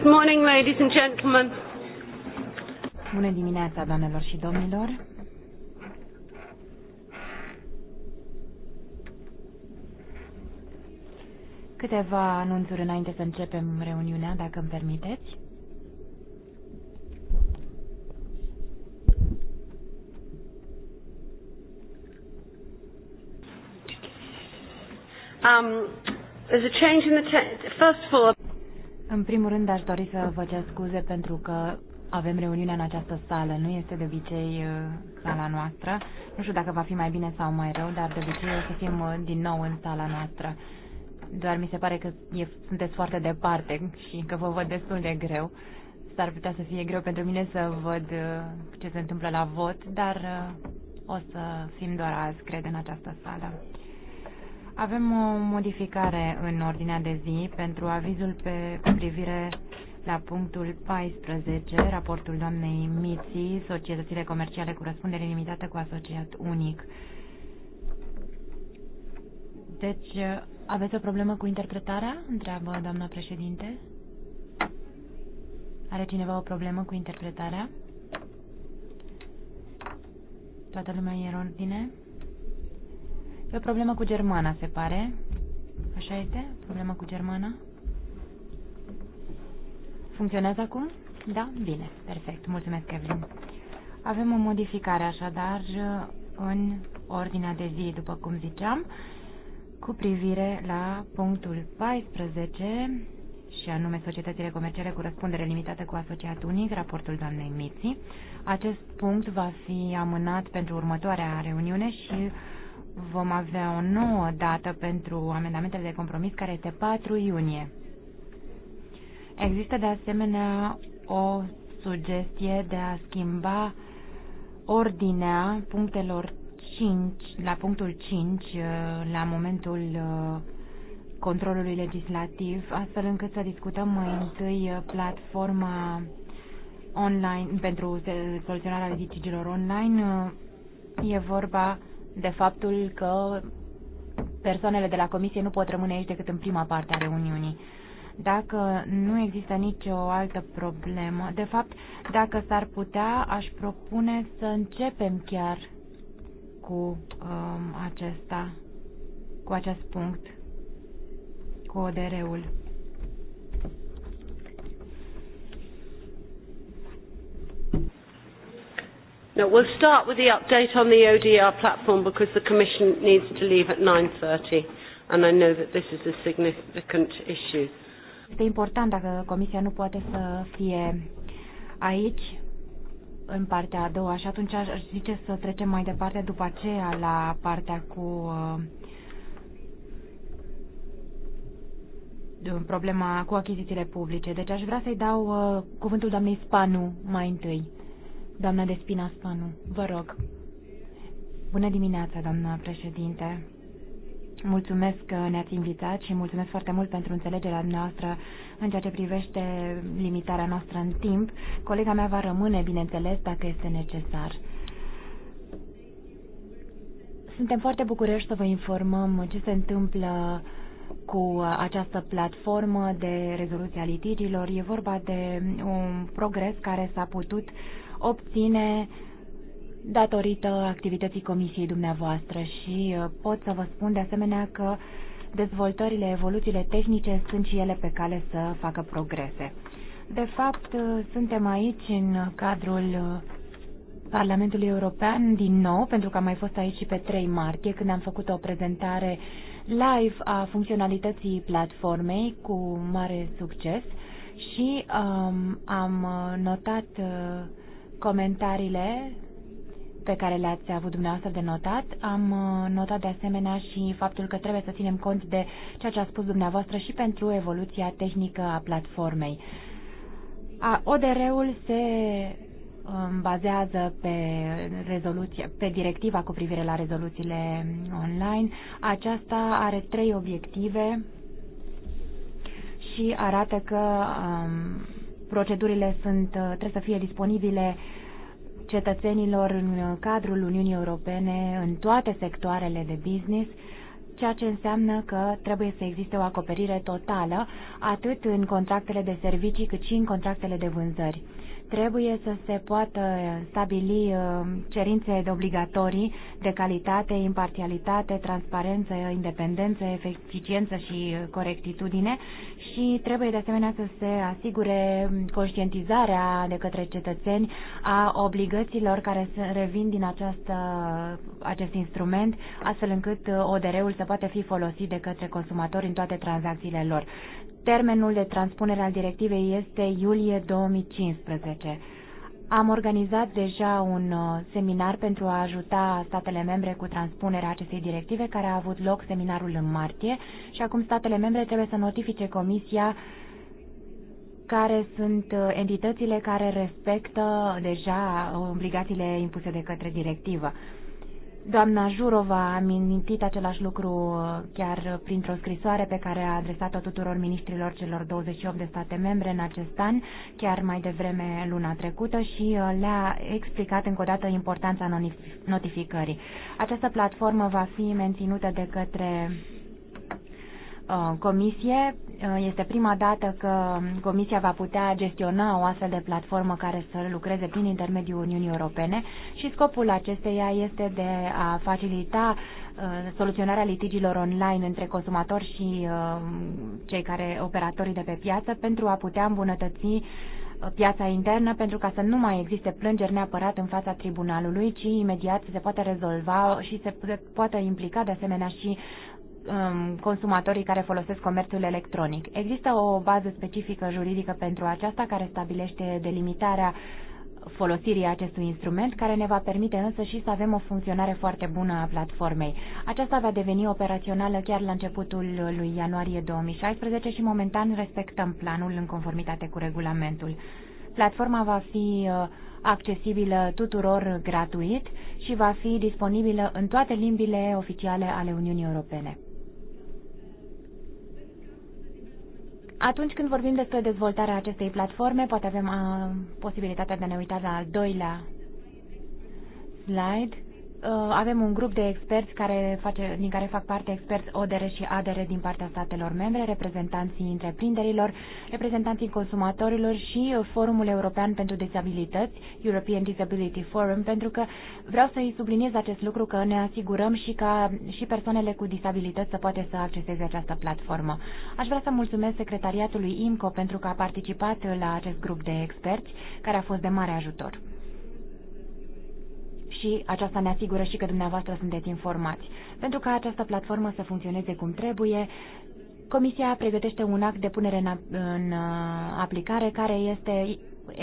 Good morning, ladies and gentlemen. Bună dimineața, doamnelor și domnilor. Câteva anunțuri înainte să începem reuniunea, dacă îmi permiteți. Um, there's a change in the First of all, în primul rând aș dori să vă cer scuze pentru că avem reuniunea în această sală. Nu este de obicei uh, sala noastră. Nu știu dacă va fi mai bine sau mai rău, dar de obicei o să fim uh, din nou în sala noastră. Doar mi se pare că e, sunteți foarte departe și că vă văd destul de greu. S-ar putea să fie greu pentru mine să văd uh, ce se întâmplă la vot, dar o să fim doar azi, cred, în această sală. Avem o modificare în ordinea de zi pentru avizul pe privire la punctul 14, raportul doamnei Miții, societățile comerciale cu răspundere limitată cu asociat unic. Deci, aveți o problemă cu interpretarea? Întreabă doamna președinte. Are cineva o problemă cu interpretarea? Toată lumea e în ordine? E o problemă cu germana, se pare. Așa este? Problema cu germana? Funcționează acum? Da? Bine. Perfect. Mulțumesc, Evelyn. Avem o modificare, așadar, în ordinea de zi, după cum ziceam, cu privire la punctul 14, și anume societățile comerciale cu răspundere limitată cu asociat unic, raportul doamnei Miții. Acest punct va fi amânat pentru următoarea reuniune și vom avea o nouă dată pentru amendamentele de compromis, care este 4 iunie. Există de asemenea o sugestie de a schimba ordinea punctelor 5, la punctul 5, uh, la momentul uh, controlului legislativ, astfel încât să discutăm mai întâi uh, platforma online pentru soluționarea litigiilor online. E vorba de faptul că persoanele de la comisie nu pot rămâne aici decât în prima parte a reuniunii. Dacă nu există nicio altă problemă, de fapt, dacă s-ar putea, aș propune să începem chiar cu um, acesta, cu acest punct, cu ODR-ul. No, we'll start with the update on the ODR platform because the Commission needs to leave at 9.30 and I know that this is a significant issue. Este important dacă Comisia nu poate să fie aici în partea a doua și atunci aș zice să trecem mai departe după aceea la partea cu uh, problema cu achizițiile publice. Deci aș vrea să-i dau uh, cuvântul doamnei Spanu mai întâi. Doamna Despina Spanu, vă rog. Bună dimineața, doamna președinte. Mulțumesc că ne-ați invitat și mulțumesc foarte mult pentru înțelegerea noastră în ceea ce privește limitarea noastră în timp. Colega mea va rămâne, bineînțeles, dacă este necesar. Suntem foarte bucuroși să vă informăm ce se întâmplă cu această platformă de rezoluție a litigilor. E vorba de un progres care s-a putut uh, obține datorită activității comisiei dumneavoastră și uh, pot să vă spun de asemenea că dezvoltările, evoluțiile tehnice sunt și ele pe cale să facă progrese. De fapt, uh, suntem aici în cadrul uh, Parlamentului European din nou, pentru că am mai fost aici și pe 3 martie, când am făcut o prezentare live a funcționalității platformei cu mare succes și um, am notat uh, comentariile pe care le-ați avut dumneavoastră de notat. Am uh, notat de asemenea și faptul că trebuie să ținem cont de ceea ce a spus dumneavoastră și pentru evoluția tehnică a platformei. ODR-ul se um, bazează pe, rezoluție, pe directiva cu privire la rezoluțiile online. Aceasta are trei obiective și arată că um, procedurile sunt, uh, trebuie să fie disponibile cetățenilor în uh, cadrul Uniunii Europene în toate sectoarele de business, ceea ce înseamnă că trebuie să existe o acoperire totală atât în contractele de servicii cât și în contractele de vânzări. Trebuie să se poată stabili uh, cerințe de obligatorii de calitate, imparțialitate, transparență, independență, eficiență și corectitudine și trebuie de asemenea să se asigure conștientizarea de către cetățeni a obligațiilor care revin din această, acest instrument, astfel încât ODR-ul să poată fi folosit de către consumatori în toate tranzacțiile lor. Termenul de transpunere al directivei este iulie 2015. Am organizat deja un uh, seminar pentru a ajuta statele membre cu transpunerea acestei directive, care a avut loc seminarul în martie și acum statele membre trebuie să notifice Comisia care sunt uh, entitățile care respectă deja uh, obligațiile impuse de către directivă. Doamna Jurova a amintit același lucru uh, chiar printr-o scrisoare pe care a adresat-o tuturor ministrilor celor 28 de state membre în acest an, chiar mai devreme luna trecută și uh, le-a explicat încă o dată importanța notificării. Această platformă va fi menținută de către Uh, comisie. Uh, este prima dată că comisia va putea gestiona o astfel de platformă care să lucreze prin intermediul Uniunii Europene și scopul acesteia este de a facilita uh, soluționarea litigilor online între consumatori și cei care operatorii de pe piață pentru a putea îmbunătăți piața internă pentru ca să nu mai existe plângeri neapărat în fața tribunalului, ci imediat se poate rezolva și se poate implica de asemenea și um, consumatorii care folosesc comerțul electronic. Există o bază specifică juridică pentru aceasta care stabilește delimitarea folosirii acestui instrument, care ne va permite însă și să avem o funcționare foarte bună a platformei. Aceasta va deveni operațională chiar la începutul lui ianuarie 2016 și momentan respectăm planul în conformitate cu regulamentul. Platforma va fi uh, accesibilă tuturor gratuit și va fi disponibilă în toate limbile oficiale ale Uniunii Europene. Atunci când vorbim despre dezvoltarea acestei platforme, poate avem a, uh, posibilitatea de a ne uita la al doilea slide. Uh, avem un grup de experți care face, din care fac parte experți ODR și ADR din partea statelor membre, reprezentanții întreprinderilor, reprezentanții consumatorilor și Forumul European pentru Disabilități, European Disability Forum, pentru că vreau să-i subliniez acest lucru că ne asigurăm și ca și persoanele cu disabilități să poate să acceseze această platformă. Aș vrea să mulțumesc secretariatului IMCO pentru că a participat la acest grup de experți care a fost de mare ajutor și aceasta ne asigură și că dumneavoastră sunteți informați. Pentru ca această platformă să funcționeze cum trebuie, Comisia pregătește un act de punere în, în uh, aplicare care este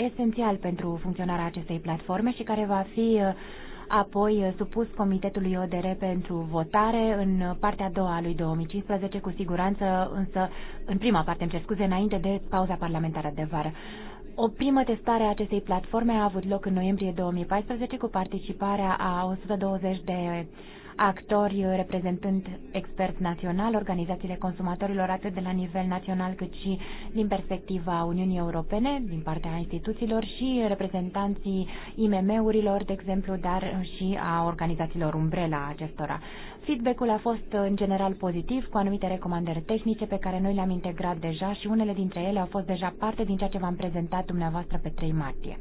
esențial pentru funcționarea acestei platforme și care va fi uh, apoi uh, supus Comitetului ODR pentru votare în partea a doua a lui 2015, cu siguranță însă în prima parte, îmi cer scuze, înainte de pauza parlamentară de vară. O primă testare a acestei platforme a avut loc în noiembrie 2014 cu participarea a 120 de actori uh, reprezentând experți naționali, organizațiile consumatorilor atât de la nivel național cât și din perspectiva Uniunii Europene, din partea instituțiilor și reprezentanții IMM-urilor, de exemplu, dar uh, și a organizațiilor umbrela acestora. Feedback-ul a fost uh, în general pozitiv, cu anumite recomandări tehnice pe care noi le-am integrat deja și unele dintre ele au fost deja parte din ceea ce v-am prezentat dumneavoastră pe 3 martie.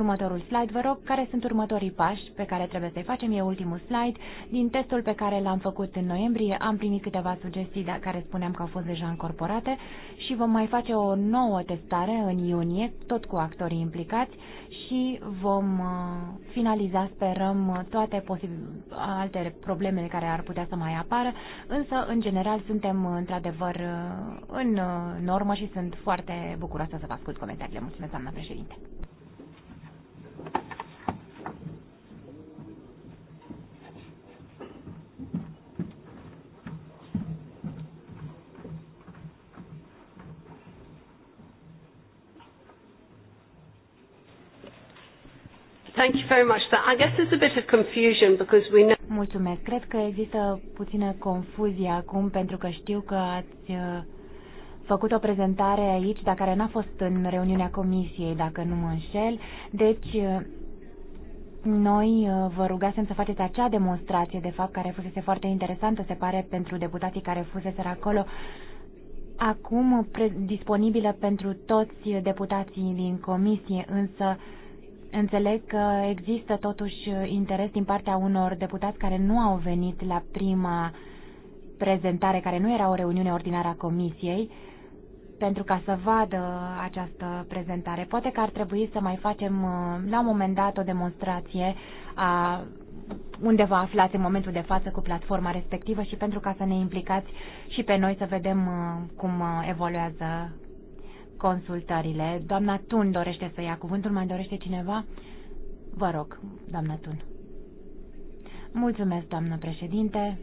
Următorul slide, vă rog, care sunt următorii pași pe care trebuie să-i facem? E ultimul slide. Din testul pe care l-am făcut în noiembrie am primit câteva sugestii da, care spuneam că au fost deja încorporate și vom mai face o nouă testare în iunie, tot cu actorii implicați și vom uh, finaliza, sperăm, toate alte probleme care ar putea să mai apară, însă, în general, suntem uh, într-adevăr uh, în normă și sunt foarte bucuroasă să vă ascult comentariile. Mulțumesc, doamna președinte! Thank you very much. I guess there's a bit of confusion because we know... Mulțumesc. Cred că există puțină confuzie acum pentru că știu că ați uh, făcut o prezentare aici, dar care n-a fost în reuniunea comisiei, dacă nu mă înșel. Deci, uh, noi uh, vă rugasem să faceți acea demonstrație, de fapt, care fusese foarte interesantă, se pare, pentru deputații care fusese acolo, acum disponibilă pentru toți deputații din comisie, însă Înțeleg că există totuși interes din partea unor deputați care nu au venit la prima prezentare, care nu era o reuniune ordinară a comisiei, pentru ca să vadă această prezentare. Poate că ar trebui să mai facem uh, la un moment dat o demonstrație a unde vă aflați în momentul de față cu platforma respectivă și pentru ca să ne implicați și pe noi să vedem uh, cum uh, evoluează consultările. Doamna Tun dorește să ia cuvântul. Mai dorește cineva? Vă rog, doamna Tun. Mulțumesc, doamnă președinte.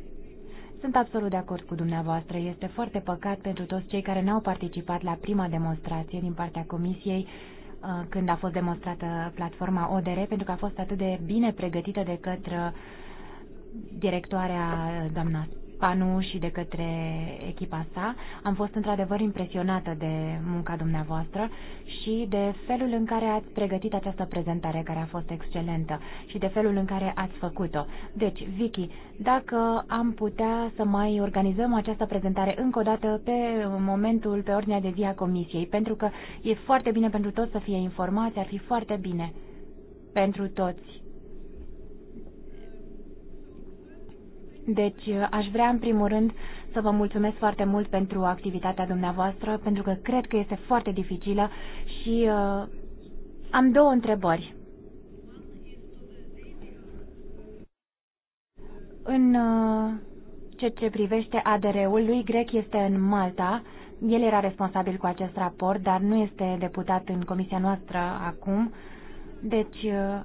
Sunt absolut de acord cu dumneavoastră. Este foarte păcat pentru toți cei care n-au participat la prima demonstrație din partea Comisiei uh, când a fost demonstrată platforma ODR, pentru că a fost atât de bine pregătită de către directoarea uh, doamna Panu și de către echipa sa. Am fost într-adevăr impresionată de munca dumneavoastră și de felul în care ați pregătit această prezentare care a fost excelentă și de felul în care ați făcut-o. Deci, Vicky, dacă am putea să mai organizăm această prezentare încă o dată pe momentul, pe ordinea de zi a comisiei, pentru că e foarte bine pentru toți să fie informați, ar fi foarte bine pentru toți Deci uh, aș vrea în primul rând să vă mulțumesc foarte mult pentru activitatea dumneavoastră, pentru că cred că este foarte dificilă și uh, am două întrebări. În uh, ce privește ADR-ul, lui Grec este în Malta. El era responsabil cu acest raport, dar nu este deputat în comisia noastră acum. Deci, uh,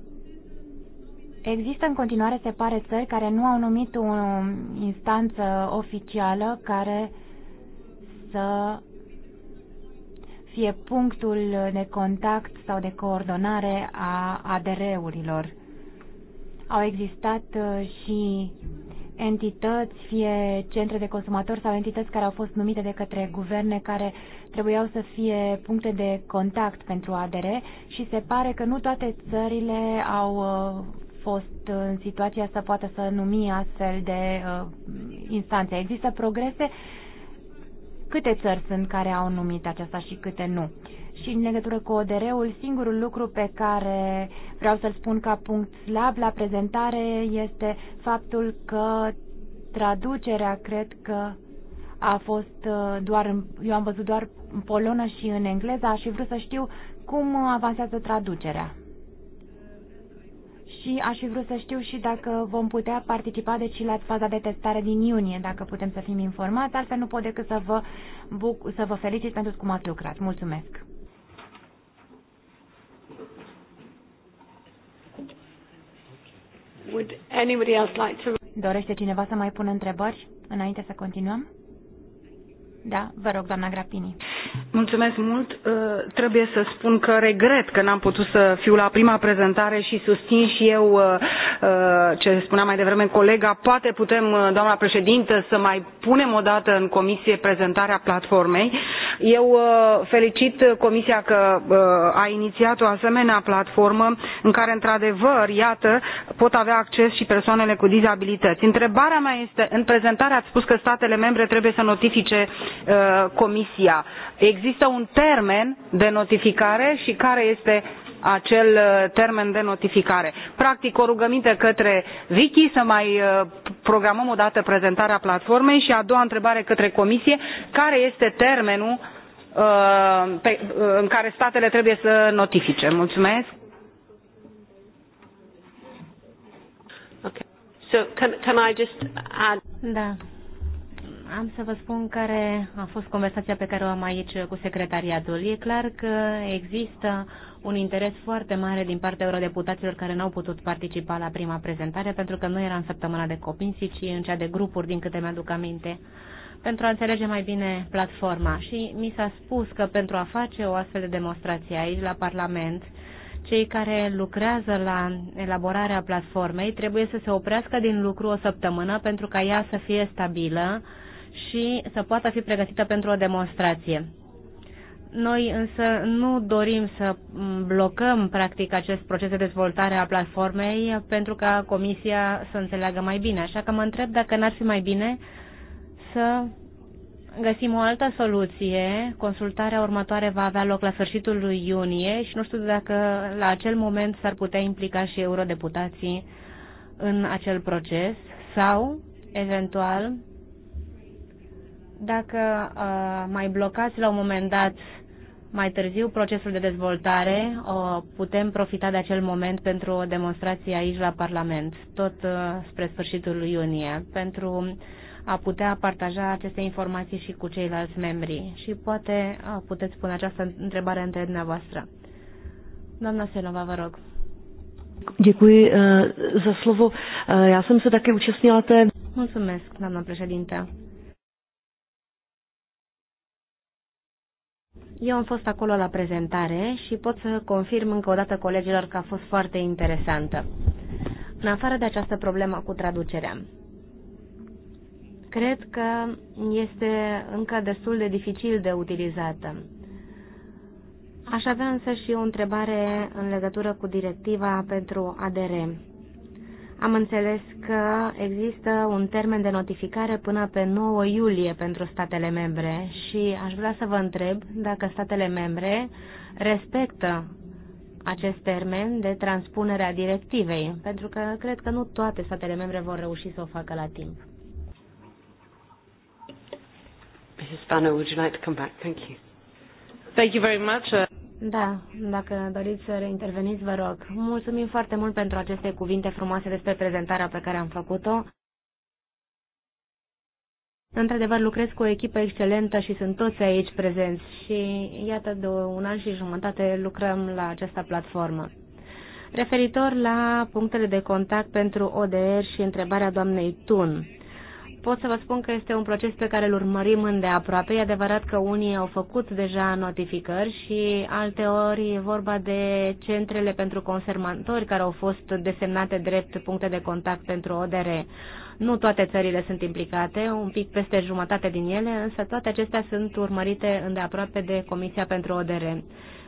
Există în continuare, se pare, țări care nu au numit o instanță oficială care să fie punctul de contact sau de coordonare a ADR-urilor. Au existat uh, și entități, fie centre de consumatori sau entități care au fost numite de către guverne care trebuiau să fie puncte de contact pentru ADR și se pare că nu toate țările au uh, fost în situația să poată să numi astfel de uh, instanțe. Există progrese? Câte țări sunt care au numit aceasta și câte nu? Și în legătură cu ODR-ul, singurul lucru pe care vreau să-l spun ca punct slab la prezentare este faptul că traducerea, cred că a fost uh, doar, eu am văzut doar în polonă și în engleză și vreau să știu cum avansează traducerea și aș fi vrut să știu și dacă vom putea participa deci la faza de testare din iunie, dacă putem să fim informați, altfel nu pot decât să vă, buc- să vă felicit pentru cum ați lucrat. Mulțumesc! Would anybody else like to... Dorește cineva să mai pună întrebări înainte să continuăm? Da, vă rog, doamna Grapini. Mulțumesc mult. Uh, trebuie să spun că regret că n-am putut să fiu la prima prezentare și susțin și eu uh, uh, ce spunea mai devreme colega. Poate putem, doamna președintă, să mai punem o dată în comisie prezentarea platformei. Eu felicit comisia că a inițiat o asemenea platformă în care, într-adevăr, iată, pot avea acces și persoanele cu dizabilități. Întrebarea mea este, în prezentare ați spus că statele membre trebuie să notifice Uh, comisia. Există un termen de notificare și care este acel uh, termen de notificare. Practic, o rugăminte către Vicky să mai uh, programăm o dată prezentarea platformei și a doua întrebare către Comisie, care este termenul pe, în care statele trebuie să notifice. Mulțumesc. Okay. So can, can I just add... Da am să vă spun care a fost conversația pe care o am aici cu secretariatul. E clar că există un interes foarte mare din partea eurodeputaților care n-au putut participa la prima prezentare, pentru că nu era în săptămâna de copinsi, ci în cea de grupuri, din câte mi-aduc aminte, pentru a înțelege mai bine platforma. Și mi s-a spus că pentru a face o astfel de demonstrație aici, la Parlament, cei care lucrează la elaborarea platformei trebuie să se oprească din lucru o săptămână pentru ca ea să fie stabilă, și să poată fi pregătită pentru o demonstrație. Noi însă nu dorim să blocăm practic acest proces de dezvoltare a platformei pentru ca Comisia să înțeleagă mai bine. Așa că mă întreb dacă n-ar fi mai bine să găsim o altă soluție. Consultarea următoare va avea loc la sfârșitul lui iunie și nu știu dacă la acel moment s-ar putea implica și eurodeputații în acel proces sau, eventual, dacă uh, mai blocați la un moment dat mai târziu procesul de dezvoltare, uh, putem profita de acel moment pentru o demonstrație aici la Parlament, tot uh, spre sfârșitul iunie, pentru a putea partaja aceste informații și cu ceilalți membri. Și poate uh, puteți pune această întrebare între dumneavoastră. Doamna Selova, vă rog. Děkuji uh, za slovo. Uh, já jsem se také účastnila té... Mulțumesc, doamna președinte. Eu am fost acolo la prezentare și pot să confirm încă o dată colegilor că a fost foarte interesantă. În afară de această problemă cu traducerea, cred că este încă destul de dificil de utilizată. Aș avea însă și o întrebare în legătură cu directiva pentru ADR. Am înțeles că există un termen de notificare până pe 9 iulie pentru statele membre și aș vrea să vă întreb dacă statele membre respectă acest termen de transpunere a directivei, pentru că cred că nu toate statele membre vor reuși să o facă la timp. Mrs. Banner, would you like to come back? Thank you. Thank you very much. Uh, da, dacă doriți să reinterveniți, vă rog. Mulțumim foarte mult pentru aceste cuvinte frumoase despre prezentarea pe care am făcut-o. Într-adevăr, lucrez cu o echipă excelentă și sunt toți aici prezenți și iată, de un an și jumătate lucrăm la această platformă. Referitor la punctele de contact pentru ODR și întrebarea doamnei Tun, pot să vă spun că este un proces pe care îl urmărim îndeaproape. E adevărat că unii au făcut deja notificări și alte ori e vorba de centrele pentru conservatori care au fost desemnate drept puncte de contact pentru ODR. Nu toate țările sunt implicate, un pic peste jumătate din ele, însă toate acestea sunt urmărite îndeaproape de Comisia pentru ODR.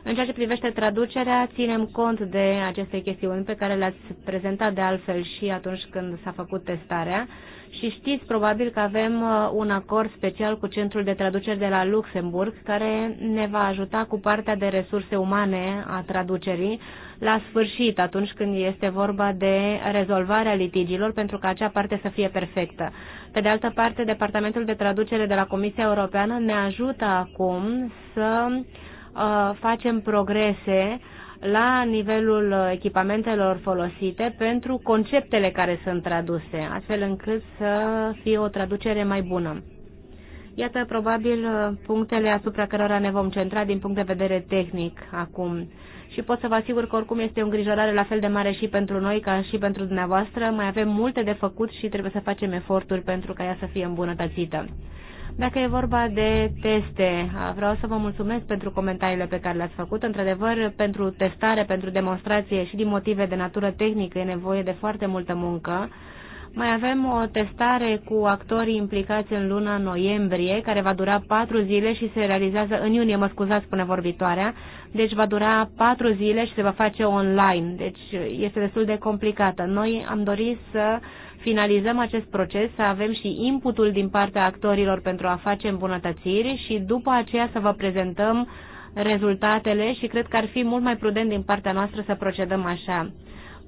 În ceea ce privește traducerea, ținem cont de aceste chestiuni pe care le-ați prezentat de altfel și atunci când s-a făcut testarea și știți probabil că avem uh, un acord special cu Centrul de Traduceri de la Luxemburg, care ne va ajuta cu partea de resurse umane a traducerii la sfârșit, atunci când este vorba de rezolvarea litigilor, pentru ca acea parte să fie perfectă. Pe de altă parte, Departamentul de Traducere de la Comisia Europeană ne ajută acum să uh, facem progrese uh, la nivelul echipamentelor folosite pentru conceptele care sunt traduse, astfel încât să fie o traducere mai bună. Iată probabil punctele asupra cărora ne vom centra din punct de vedere tehnic acum. Și pot să vă asigur că oricum este o îngrijorare la fel de mare și pentru noi ca și pentru dumneavoastră. Mai avem multe de făcut și trebuie să facem eforturi pentru ca ea să fie îmbunătățită. Dacă e vorba de teste, vreau să vă mulțumesc pentru comentariile pe care le-ați făcut. Într-adevăr, pentru testare, pentru demonstrație și din motive de natură tehnică e nevoie de foarte multă muncă. Mai avem o testare cu actorii implicați în luna noiembrie, care va dura patru zile și se realizează în iunie, mă scuzați, spune vorbitoarea. Deci va dura patru zile și se va face online, deci este destul de complicată. Noi am dorit să uh, finalizăm acest proces, să avem și inputul din partea actorilor pentru a face îmbunătățiri și după aceea să vă prezentăm rezultatele și cred că ar fi mult mai prudent din partea noastră să procedăm așa.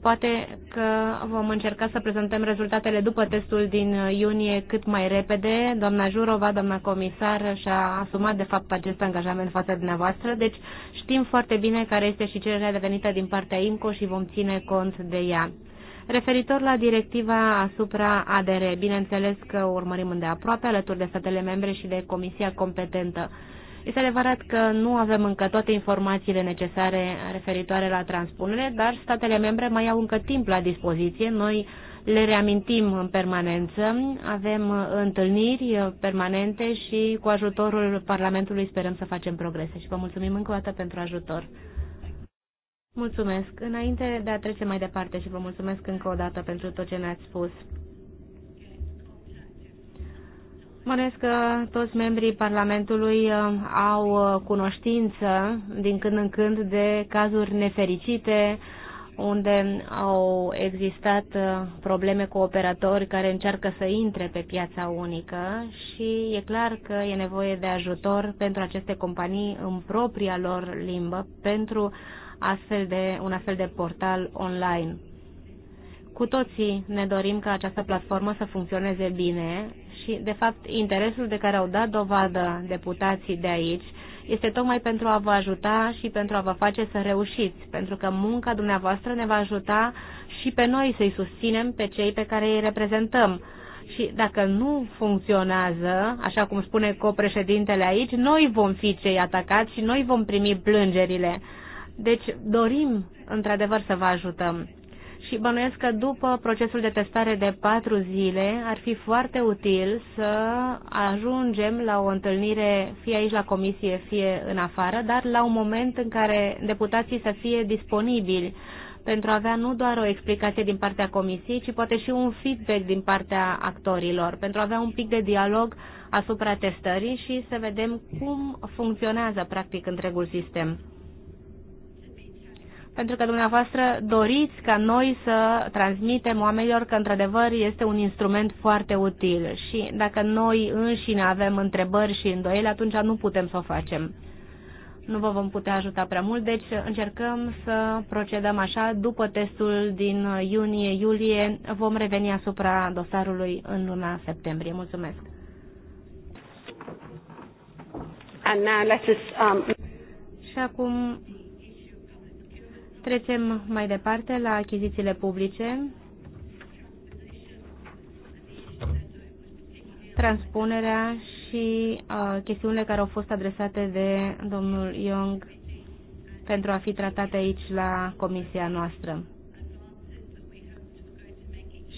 Poate că vom încerca să prezentăm rezultatele după testul din iunie cât mai repede. Doamna Jurova, doamna comisar, și-a asumat de fapt acest angajament față de dumneavoastră, deci știm foarte bine care este și cererea devenită din partea IMCO și vom ține cont de ea. Referitor la directiva asupra ADR, bineînțeles că urmărim îndeaproape alături de statele membre și de comisia competentă. Este adevărat că nu avem încă toate informațiile necesare referitoare la transpunere, dar statele membre mai au încă timp la dispoziție. Noi le reamintim în permanență, avem întâlniri permanente și cu ajutorul Parlamentului sperăm să facem progrese. Și vă mulțumim încă o dată pentru ajutor. Mulțumesc. Înainte de a trece mai departe și vă mulțumesc încă o dată pentru tot ce ne-ați spus. Mă că toți membrii Parlamentului uh, au uh, cunoștință din când în când de cazuri nefericite unde au existat uh, probleme cu operatori care încearcă să intre pe piața unică și e clar că e nevoie de ajutor pentru aceste companii în propria lor limbă pentru astfel de, un astfel de portal online. Cu toții ne dorim ca această platformă să funcționeze bine și, de fapt, interesul de care au dat dovadă deputații de aici este tocmai pentru a vă ajuta și pentru a vă face să reușiți, pentru că munca dumneavoastră ne va ajuta și pe noi să-i susținem pe cei pe care îi reprezentăm. Și dacă nu funcționează, așa cum spune copreședintele aici, noi vom fi cei atacați și noi vom primi plângerile. Deci dorim într-adevăr să vă ajutăm. Și bănuiesc că după procesul de testare de patru zile ar fi foarte util să ajungem la o întâlnire fie aici la comisie, fie în afară, dar la un moment în care deputații să fie disponibili pentru a avea nu doar o explicație din partea comisiei, ci poate și un feedback din partea actorilor, pentru a avea un pic de dialog asupra testării și să vedem cum funcționează practic întregul sistem pentru că dumneavoastră doriți ca noi să transmitem oamenilor că într-adevăr este un instrument foarte util și dacă noi înșine avem întrebări și îndoieli, atunci nu putem să o facem. Nu vă vom putea ajuta prea mult, deci încercăm să procedăm așa. După testul din iunie-iulie vom reveni asupra dosarului în luna septembrie. Mulțumesc! And now let us, um... Și acum Trecem mai departe la achizițiile publice. Transpunerea și uh, chestiunile care au fost adresate de domnul Young pentru a fi tratate aici la comisia noastră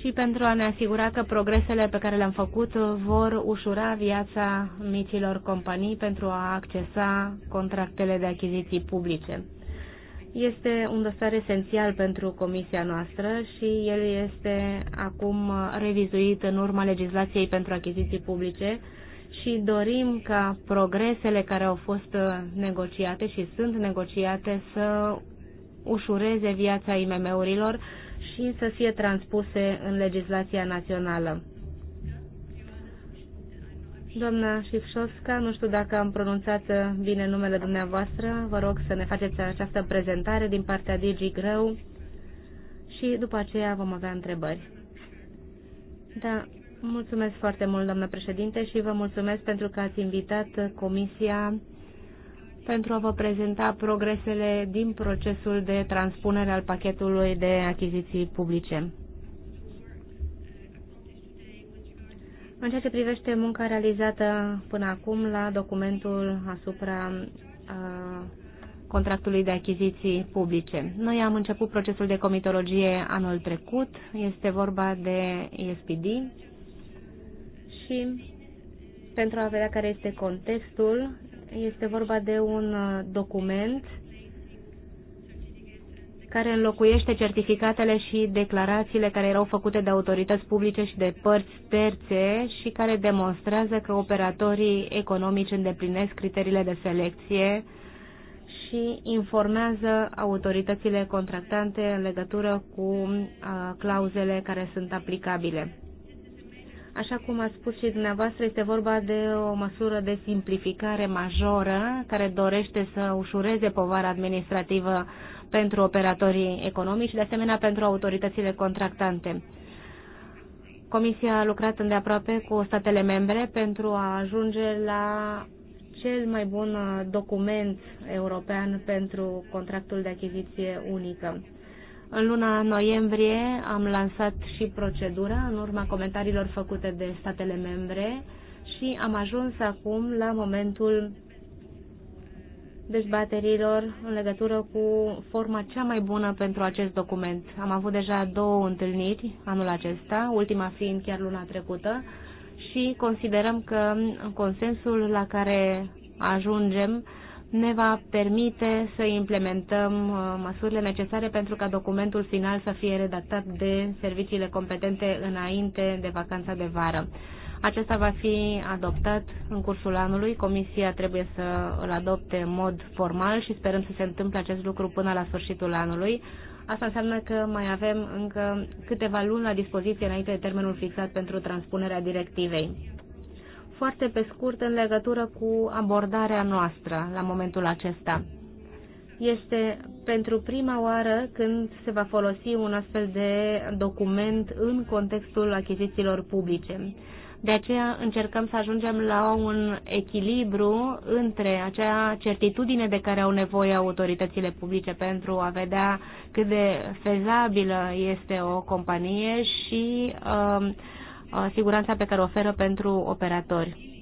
și pentru a ne asigura că progresele pe care le-am făcut vor ușura viața micilor companii pentru a accesa contractele de achiziții publice. Este un dosar esențial pentru comisia noastră și el este acum revizuit în urma legislației pentru achiziții publice și dorim ca progresele care au fost negociate și sunt negociate să ușureze viața IMM-urilor și să fie transpuse în legislația națională. Doamna Șifșovska, nu știu dacă am pronunțat uh, bine numele dumneavoastră. Vă rog să ne faceți această prezentare din partea Digi Grău și după aceea vom avea întrebări. Da, mulțumesc foarte mult, doamnă președinte, și vă mulțumesc pentru că ați invitat uh, Comisia pentru a vă prezenta progresele din procesul de transpunere al pachetului de achiziții publice. În ceea ce privește munca realizată până acum la documentul asupra a, contractului de achiziții publice. Noi am început procesul de comitologie anul trecut, este vorba de ESPD și pentru a vedea care este contextul, este vorba de un document uh, care înlocuiește certificatele și declarațiile care erau făcute de autorități publice și de părți terțe și care demonstrează că operatorii economici îndeplinesc criteriile de selecție și informează autoritățile contractante în legătură cu clauzele care sunt aplicabile. Așa cum a spus și dumneavoastră, este vorba de o măsură de simplificare majoră care dorește să ușureze povara administrativă pentru operatorii economici și de asemenea pentru autoritățile contractante. Comisia a lucrat îndeaproape cu statele membre pentru a ajunge la cel mai bun document european pentru contractul de achiziție unică. În luna noiembrie am lansat și procedura în urma comentariilor făcute de statele membre și am ajuns acum la momentul dezbaterilor în legătură cu forma cea mai bună pentru acest document. Am avut deja două întâlniri anul acesta, ultima fiind chiar luna trecută, și considerăm că consensul la care ajungem ne va permite să implementăm uh, măsurile necesare pentru ca documentul final să fie redactat de serviciile competente înainte de vacanța de vară. Acesta va fi adoptat în cursul anului. Comisia trebuie să îl adopte în mod formal și sperăm să se întâmple acest lucru până la sfârșitul anului. Asta înseamnă că mai avem încă câteva luni la dispoziție înainte de termenul fixat pentru transpunerea directivei. Foarte pe scurt, în legătură cu abordarea noastră la momentul acesta. Este pentru prima oară când se va folosi un astfel de document în contextul achizițiilor publice de aceea încercăm să ajungem la un echilibru între acea certitudine de care au nevoie autoritățile publice pentru a vedea cât de fezabilă este o companie și um, uh, siguranța pe care o oferă pentru operatori.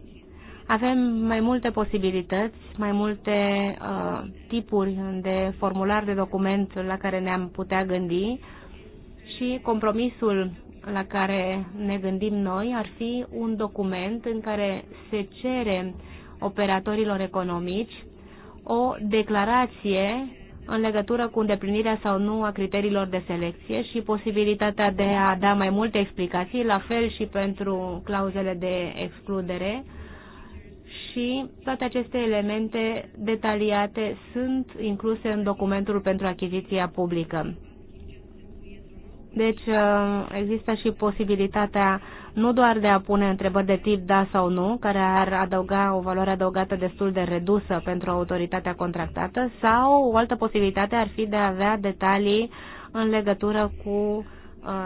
Avem mai multe posibilități, mai multe uh, tipuri de formular de document la care ne-am putea gândi și compromisul la care ne gândim noi ar fi un document în care se cere operatorilor economici o declarație în legătură cu îndeplinirea sau nu a criteriilor de selecție și posibilitatea de a da mai multe explicații, la fel și pentru clauzele de excludere. Și toate aceste elemente detaliate sunt incluse în documentul pentru achiziția publică. Deci uh, există și posibilitatea nu doar de a pune întrebări de tip da sau nu, care ar adăuga o valoare adăugată destul de redusă pentru autoritatea contractată, sau o altă posibilitate ar fi de a avea detalii în legătură cu uh,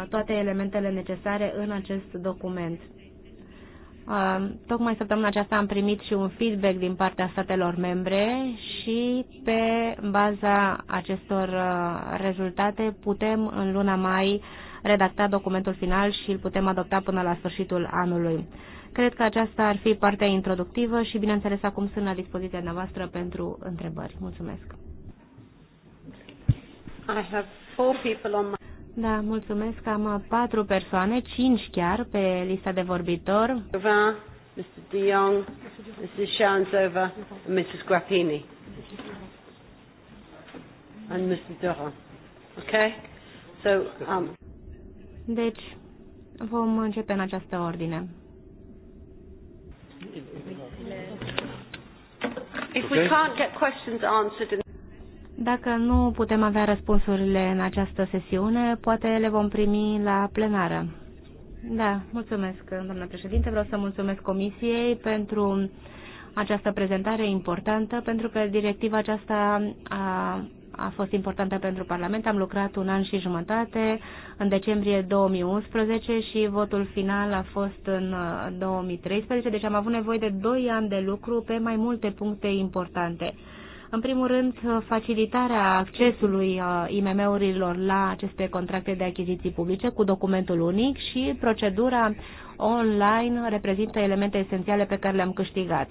toate elementele necesare în acest document. Uh, tocmai săptămâna aceasta am primit și un feedback din partea statelor membre și pe baza acestor uh, rezultate putem în luna mai redacta documentul final și îl putem adopta până la sfârșitul anului. Cred că aceasta ar fi partea introductivă și, bineînțeles, acum sunt la dispoziția noastră pentru întrebări. Mulțumesc! I have four people on my... Da, mulțumesc. Am patru persoane, cinci chiar, pe lista de vorbitor. Mr. De Jong, Mrs. Shansova, Mrs. Grappini. And Mr. Durham. Okay? So, um... Deci, vom începe în această ordine. If we can't get questions answered in dacă nu putem avea răspunsurile în această sesiune, poate le vom primi la plenară. Da, mulțumesc, doamna președinte. Vreau să mulțumesc Comisiei pentru această prezentare importantă, pentru că directiva aceasta a, a fost importantă pentru Parlament. Am lucrat un an și jumătate, în decembrie 2011 și votul final a fost în 2013, uh, deci am avut nevoie de 2 ani de lucru pe mai multe puncte importante. În primul rând, facilitarea accesului uh, IMM-urilor la aceste contracte de achiziții publice cu documentul unic și procedura online reprezintă elemente esențiale pe care le-am câștigat.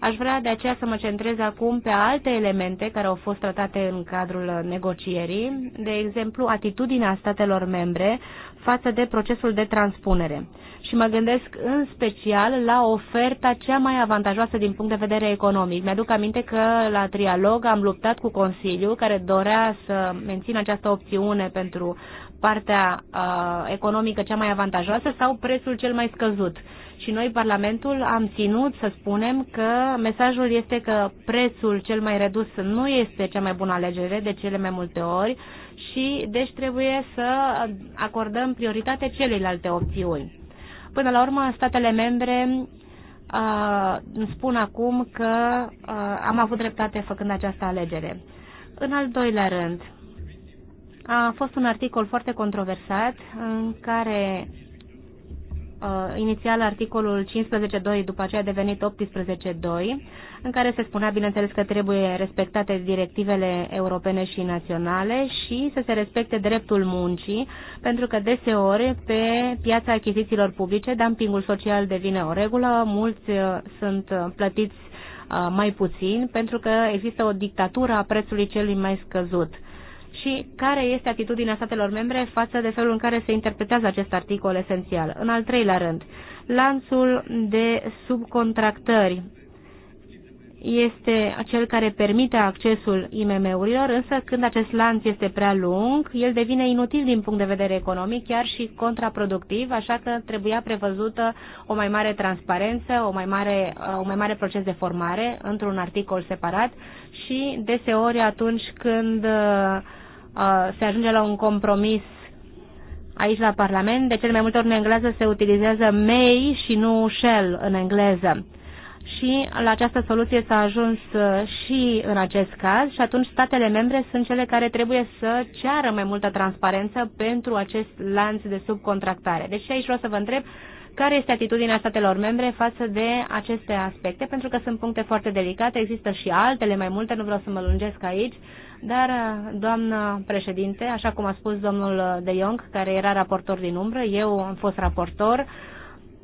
Aș vrea de aceea să mă centrez acum pe alte elemente care au fost tratate în cadrul negocierii, de exemplu atitudinea statelor membre față de procesul de transpunere. Și mă gândesc în special la oferta cea mai avantajoasă din punct de vedere economic. Mi-aduc aminte că la trialog am luptat cu Consiliul care dorea să mențină această opțiune pentru partea uh, economică cea mai avantajoasă sau prețul cel mai scăzut. Și noi, Parlamentul, am ținut să spunem că mesajul este că prețul cel mai redus nu este cea mai bună alegere de cele mai multe ori și deci trebuie să acordăm prioritate celelalte opțiuni. Până la urmă, statele membre uh, spun acum că uh, am avut dreptate făcând această alegere. În al doilea rând, a fost un articol foarte controversat în care uh, inițial articolul 15.2, după aceea a devenit 18.2, în care se spunea, bineînțeles, că trebuie respectate directivele europene și naționale și să se respecte dreptul muncii, pentru că deseori pe piața achizițiilor publice dumpingul social devine o regulă, mulți uh, sunt uh, plătiți uh, mai puțin, pentru că există o dictatură a prețului celui mai scăzut. Uh, și care este atitudinea statelor membre față de felul în care se interpretează acest articol esențial. În al treilea rând, lanțul de subcontractări este cel care permite accesul IMM-urilor, însă când acest lanț este prea lung, el devine inutil din punct de vedere economic, chiar și contraproductiv, așa că trebuia prevăzută o mai mare transparență, o mai mare, o uh, mai mare proces de formare într-un articol separat și deseori atunci când uh, se ajunge la un compromis aici la Parlament. De cele mai multe ori în engleză se utilizează may și nu shall în engleză. Și la această soluție s-a ajuns uh, și în acest caz și atunci statele membre sunt cele care trebuie să ceară mai multă transparență pentru acest lanț de subcontractare. Deci aici vreau să vă întreb care este atitudinea statelor membre față de aceste aspecte, pentru că sunt puncte foarte delicate, există și altele mai multe, nu vreau să mă lungesc aici, dar, doamnă președinte, așa cum a spus domnul De Jong, care era raportor din umbră, eu am fost raportor,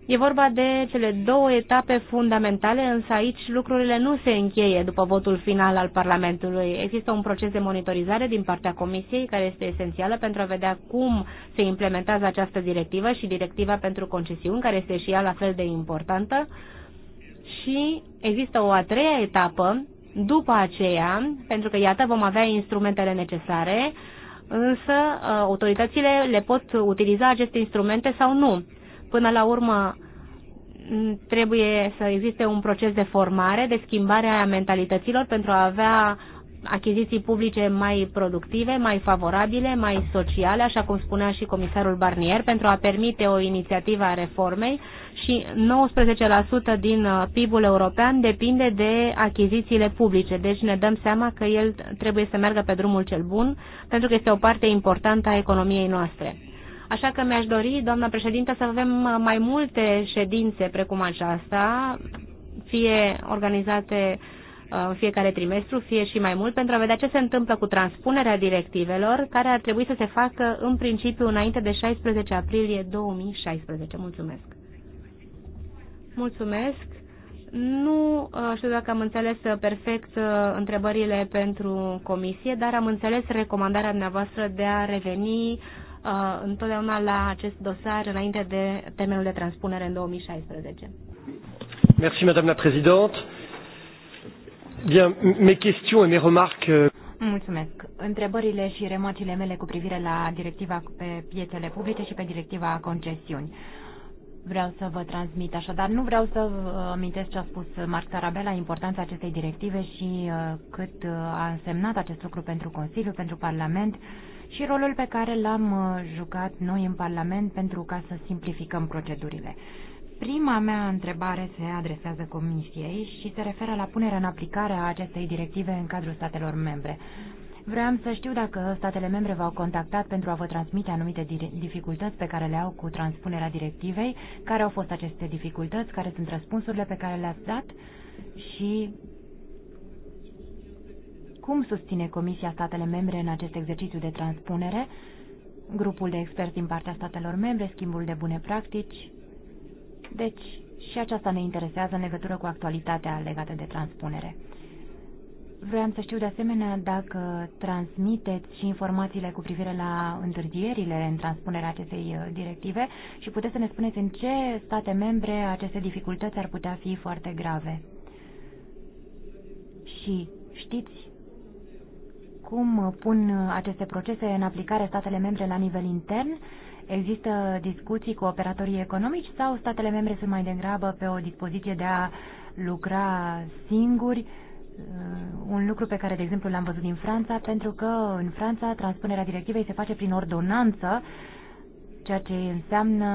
E vorba de cele două etape fundamentale, însă aici lucrurile nu se încheie după votul final al Parlamentului. Există un proces de monitorizare din partea Comisiei care este esențială pentru a vedea cum se implementează această directivă și directiva pentru concesiuni, care este și ea la fel de importantă. Și există o a treia etapă după aceea, pentru că, iată, vom avea instrumentele necesare, însă uh, autoritățile le pot utiliza aceste instrumente sau nu. Până la urmă, mm, trebuie să existe un proces de formare, de schimbare a mentalităților pentru a avea achiziții publice mai productive, mai favorabile, mai sociale, așa cum spunea și comisarul Barnier, pentru a permite o inițiativă a reformei și 19% din uh, PIB-ul european depinde de achizițiile publice. Deci ne dăm seama că el trebuie să meargă pe drumul cel bun, pentru că este o parte importantă a economiei noastre. Așa că mi-aș dori, doamna președintă, să avem uh, mai multe ședințe precum aceasta, fie organizate uh, în fiecare trimestru, fie și mai mult, pentru a vedea ce se întâmplă cu transpunerea directivelor, care ar trebui să se facă în principiu înainte de 16 aprilie 2016. Mulțumesc! Mulțumesc. Nu uh, știu dacă am înțeles uh, perfect uh, întrebările pentru comisie, dar am înțeles recomandarea dumneavoastră de a reveni întotdeauna la acest dosar înainte de termenul de transpunere în 2016. Merci, Madame la Présidente. Bien, mes questions et mes remarques. Euh, Mulțumesc. Întrebările și remarcile mele cu privire la directiva pe piețele publice și pe directiva concesiuni vreau să vă transmit așa, dar nu vreau să amintesc ce a spus Marc Tarabella, importanța acestei directive și uh, cât uh, a însemnat acest lucru pentru Consiliu, pentru Parlament și rolul pe care l-am uh, jucat noi în Parlament pentru ca să simplificăm procedurile. Prima mea întrebare se adresează Comisiei și se referă la punerea în aplicare a acestei directive în cadrul statelor membre. Vreau să știu dacă statele membre v-au contactat pentru a vă transmite anumite dificultăți pe care le au cu transpunerea directivei, care au fost aceste dificultăți, care sunt răspunsurile pe care le-ați dat și cum susține Comisia statele membre în acest exercițiu de transpunere, grupul de experți din partea statelor membre, schimbul de bune practici. Deci, și aceasta ne interesează în legătură cu actualitatea legată de transpunere. Vreau să știu de asemenea dacă transmiteți și informațiile cu privire la întârzierile în transpunerea acestei uh, directive și puteți să ne spuneți în ce state membre aceste dificultăți ar putea fi foarte grave. Și știți cum pun aceste procese în aplicare statele membre la nivel intern? Există discuții cu operatorii economici sau statele membre sunt mai degrabă pe o dispoziție de a lucra singuri? Uh, un lucru pe care, de exemplu, l-am văzut din Franța, pentru că în Franța transpunerea directivei se face prin ordonanță, ceea ce înseamnă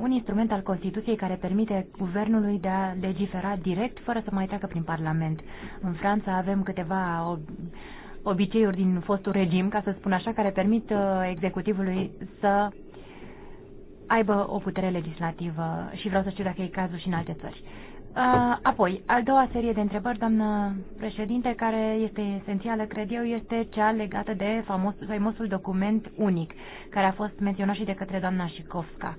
un instrument al Constituției care permite guvernului de a legifera direct fără să mai treacă prin Parlament. În Franța avem câteva obiceiuri din fostul regim, ca să spun așa, care permit uh, executivului să aibă o putere legislativă și vreau să știu dacă e cazul și în alte țări. Uh, apoi, a doua serie de întrebări, doamnă președinte, care este esențială, cred eu, este cea legată de famos, faimosul document unic, care a fost menționat și de către doamna Șicovska.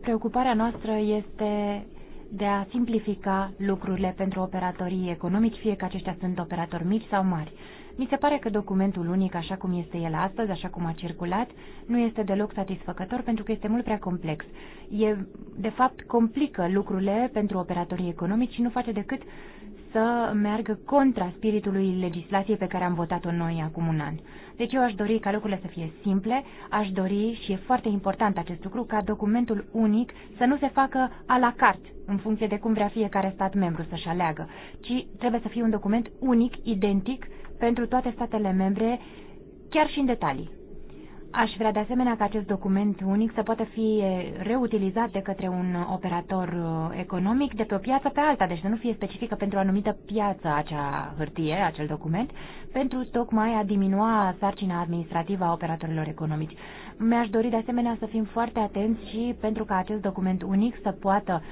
Preocuparea noastră este de a simplifica lucrurile pentru operatorii economici, fie că aceștia sunt operatori mici sau mari. Mi se pare că documentul unic, așa cum este el astăzi, așa cum a circulat, nu este deloc satisfăcător pentru că este mult prea complex. E, de fapt, complică lucrurile pentru operatorii economici și nu face decât să meargă contra spiritului legislației pe care am votat-o noi acum un an. Deci eu aș dori ca lucrurile să fie simple, aș dori, și e foarte important acest lucru, ca documentul unic să nu se facă a la carte, în funcție de cum vrea fiecare stat membru să-și aleagă, ci trebuie să fie un document unic, identic, pentru toate statele membre, chiar și în detalii. Aș vrea de asemenea ca acest document unic să poată fi reutilizat de către un operator uh, economic de pe o piață pe alta, deci să nu fie specifică pentru o anumită piață acea hârtie, acel document, pentru tocmai a diminua sarcina administrativă a operatorilor economici. Mi-aș dori de asemenea să fim foarte atenți și pentru ca acest document unic să poată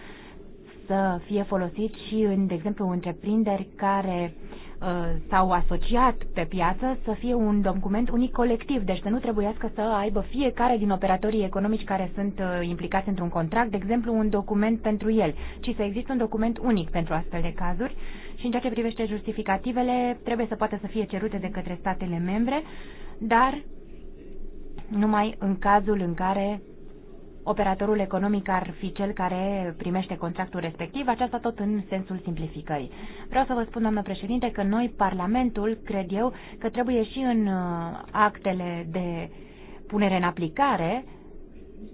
să fie folosit și în, de exemplu, întreprinderi care uh, Uh, s-au asociat pe piață să fie un document unic colectiv, deci să nu trebuiască să aibă fiecare din operatorii economici care sunt uh, implicați într-un contract, de exemplu, un document pentru el, ci să existe un document unic pentru astfel de cazuri. Și în ceea ce privește justificativele, trebuie să poată să fie cerute de către statele membre, dar numai în cazul în care operatorul economic ar fi cel care primește contractul respectiv, aceasta tot în sensul simplificării. Vreau să vă spun, doamnă președinte, că noi, Parlamentul, cred eu, că trebuie și în uh, actele de punere în aplicare,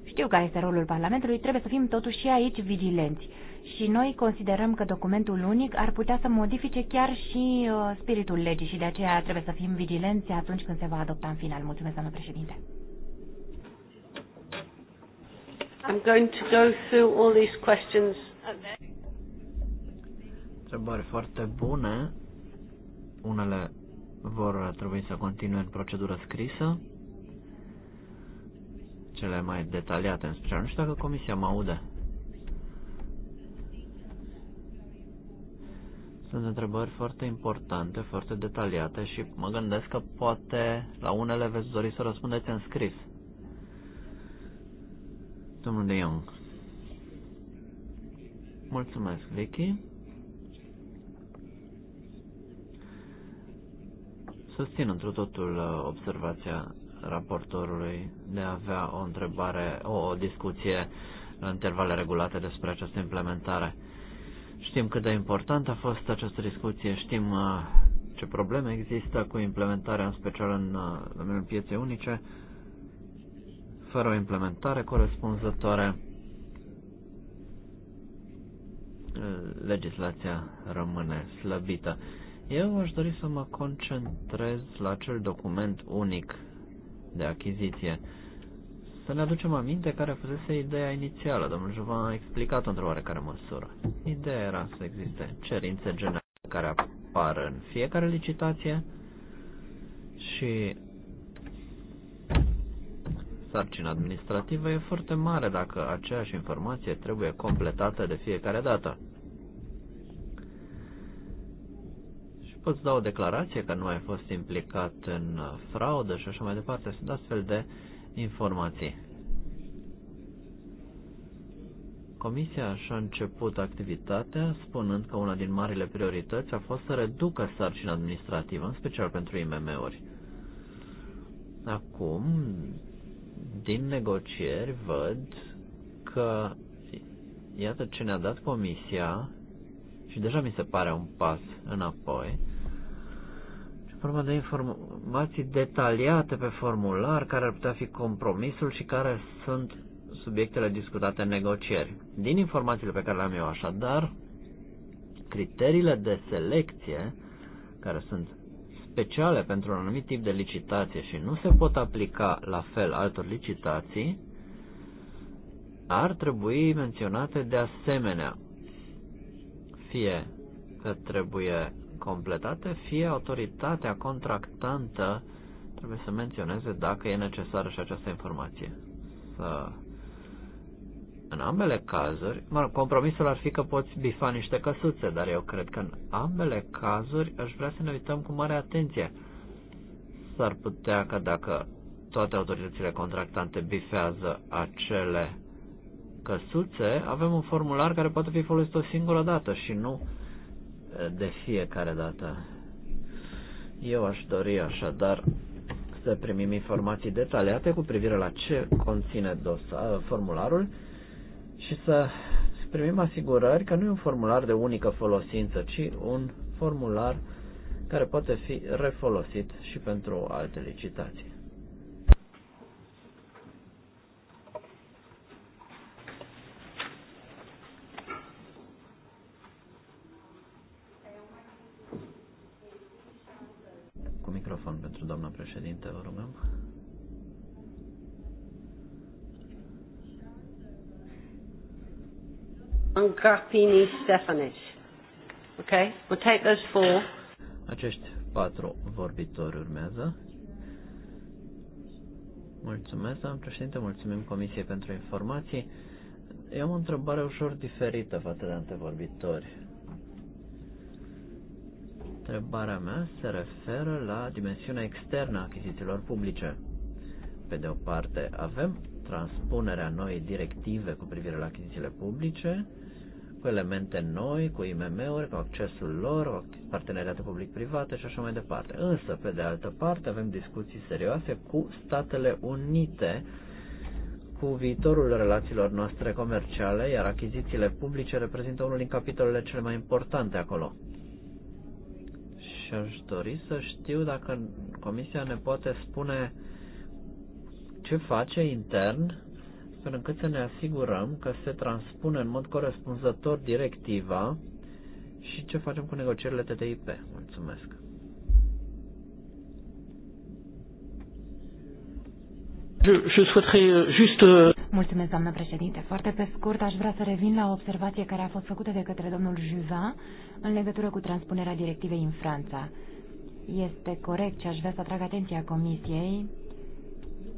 știu care este rolul Parlamentului, trebuie să fim totuși și aici vigilenți. Și noi considerăm că documentul unic ar putea să modifice chiar și uh, spiritul legii și de aceea trebuie să fim vigilenți atunci când se va adopta în final. Mulțumesc, doamnă președinte. I'm going to go through all these questions. Întrebări foarte bune. Unele vor trebui să continue în procedură scrisă, cele mai detaliate în special. Nu știu dacă comisia mă aude. Sunt întrebări foarte importante, foarte detaliate și mă gândesc că poate la unele veți dori să răspundeți în scris domnul De Jong. Mulțumesc, Vicky. Susțin într totul uh, observația raportorului de a avea o întrebare, o, o discuție la intervale regulate despre această implementare. Știm cât de important a fost această discuție, știm uh, ce probleme există cu implementarea, în special în uh, domeniul pieței unice, fără o implementare corespunzătoare, legislația rămâne slăbită. Eu aș dori să mă concentrez la acel document unic de achiziție. Să ne aducem aminte care fusese ideea inițială. Domnul Juva a explicat într-o oarecare măsură. Ideea era să existe cerințe generale care apar în fiecare licitație și sarcina administrativă e foarte mare dacă aceeași informație trebuie completată de fiecare dată. Și poți da o declarație că nu ai fost implicat în fraudă și așa mai departe. Sunt astfel de informații. Comisia și-a început activitatea spunând că una din marile priorități a fost să reducă sarcina administrativă, în special pentru IMM-uri. Acum, din negocieri văd că iată ce ne-a dat comisia și deja mi se pare un pas înapoi. Ce vorba de informații detaliate pe formular care ar putea fi compromisul și care sunt subiectele discutate în negocieri. Din informațiile pe care le am eu așadar, criteriile de selecție care sunt speciale pentru un anumit tip de licitație și nu se pot aplica la fel altor licitații, ar trebui menționate de asemenea, fie că trebuie completate, fie autoritatea contractantă trebuie să menționeze dacă e necesară și această informație. Să în ambele cazuri, compromisul ar fi că poți bifa niște căsuțe, dar eu cred că în ambele cazuri aș vrea să ne uităm cu mare atenție. S-ar putea că dacă toate autoritățile contractante bifează acele căsuțe, avem un formular care poate fi folosit o singură dată și nu de fiecare dată. Eu aș dori așadar să primim informații detaliate cu privire la ce conține dosa, formularul și să primim asigurări că nu e un formular de unică folosință, ci un formular care poate fi refolosit și pentru alte licitații. Cu microfon pentru doamna președinte, vă rugăm. and Grappini Stefanic. Okay, we'll take those four. Acești patru vorbitori urmează. Mulțumesc, doamnă președinte, mulțumim Comisiei pentru informații. Eu am o întrebare ușor diferită față de antevorbitori. Întrebarea mea se referă la dimensiunea externă a achizițiilor publice. Pe de o parte, avem transpunerea noii directive cu privire la achizițiile publice cu elemente noi, cu IMM-uri, cu accesul lor, cu parteneriate public-private și așa mai departe. Însă, pe de altă parte, avem discuții serioase cu Statele Unite cu viitorul relațiilor noastre comerciale, iar achizițiile publice reprezintă unul din capitolele cele mai importante acolo. Și aș dori să știu dacă Comisia ne poate spune ce face intern astfel încât să ne asigurăm că se transpune în mod corespunzător directiva și ce facem cu negocierile TTIP. Mulțumesc. Euh, euh, Mulțumesc, doamnă președinte. Foarte pe scurt, aș vrea să revin la o observație care a fost făcută de către domnul Juvin în legătură cu transpunerea directivei în Franța. Este corect și aș vrea să atrag atenția Comisiei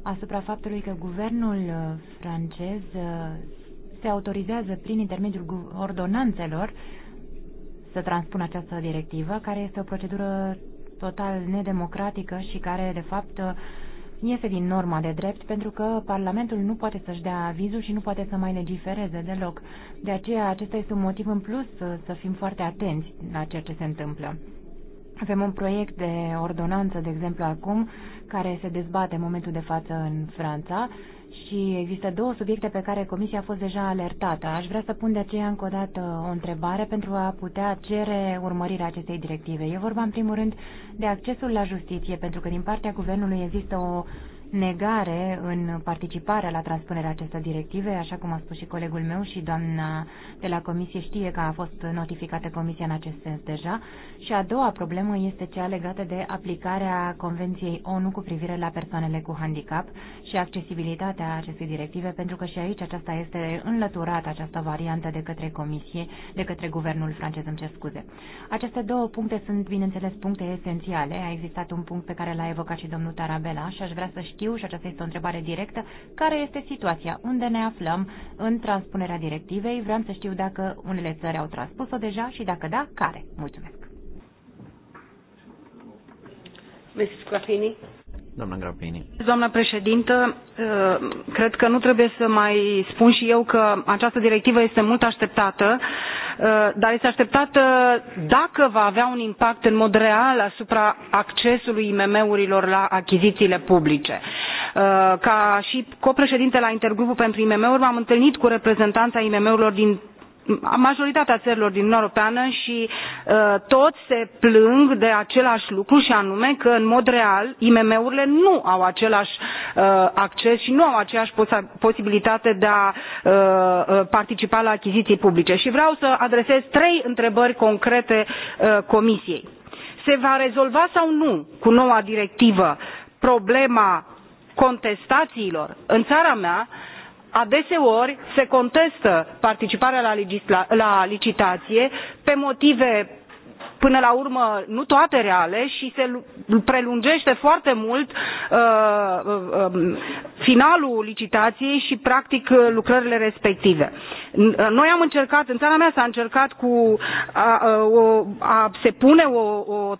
asupra faptului că guvernul uh, francez uh, se autorizează prin intermediul ordonanțelor să transpună această directivă, care este o procedură total nedemocratică și care, de fapt, uh, iese din norma de drept pentru că Parlamentul nu poate să-și dea avizul și nu poate să mai legifereze deloc. De aceea, acesta este un motiv în plus să, fim foarte atenți la ceea ce se întâmplă. Avem un proiect de ordonanță, de exemplu, acum, care se dezbate în momentul de față în Franța și există două subiecte pe care Comisia a fost deja alertată. Aș vrea să pun de aceea încă o dată o întrebare pentru a putea cere urmărirea acestei directive. E vorba, în primul rând, de accesul la justiție, pentru că din partea Guvernului există o negare în participarea la transpunerea acestor directive, așa cum a spus și colegul meu și doamna de la comisie știe că a fost notificată comisia în acest sens deja. Și a doua problemă este cea legată de aplicarea Convenției ONU cu privire la persoanele cu handicap și accesibilitatea acestei directive, pentru că și aici aceasta este înlăturată, această variantă de către comisie, de către guvernul francez, îmi cer scuze. Aceste două puncte sunt, bineînțeles, puncte esențiale. A existat un punct pe care l-a evocat și domnul Tarabela și aș vrea să știu știu, și aceasta este o întrebare directă, care este situația, unde ne aflăm în transpunerea directivei. Vreau să știu dacă unele țări au transpus-o deja și dacă da, care. Mulțumesc. Mrs. Doamna președintă, ă, cred că nu trebuie să mai spun și eu că această directivă este mult așteptată, ă, dar este așteptată dacă va avea un impact în mod real asupra accesului IMM-urilor la achizițiile publice. Ă, ca și copreședinte la Intergrupul pentru IMM-uri, m-am întâlnit cu reprezentanța IMM-urilor din majoritatea țărilor din uniunea europeană și uh, toți se plâng de același lucru și anume că în mod real imm urile nu au același uh, acces și nu au aceeași posibilitate de a uh, participa la achiziții publice și vreau să adresez trei întrebări concrete comisiei se va rezolva sau nu cu noua directivă problema contestațiilor în țara mea adeseori se contestă participarea la, la licitație pe motive până la urmă nu toate reale și se prelungește foarte mult uh, uh, um, finalul licitației și practic uh, lucrările respective. Uh, noi am încercat, în țara mea s-a încercat cu a, a, uh, a se pune o, o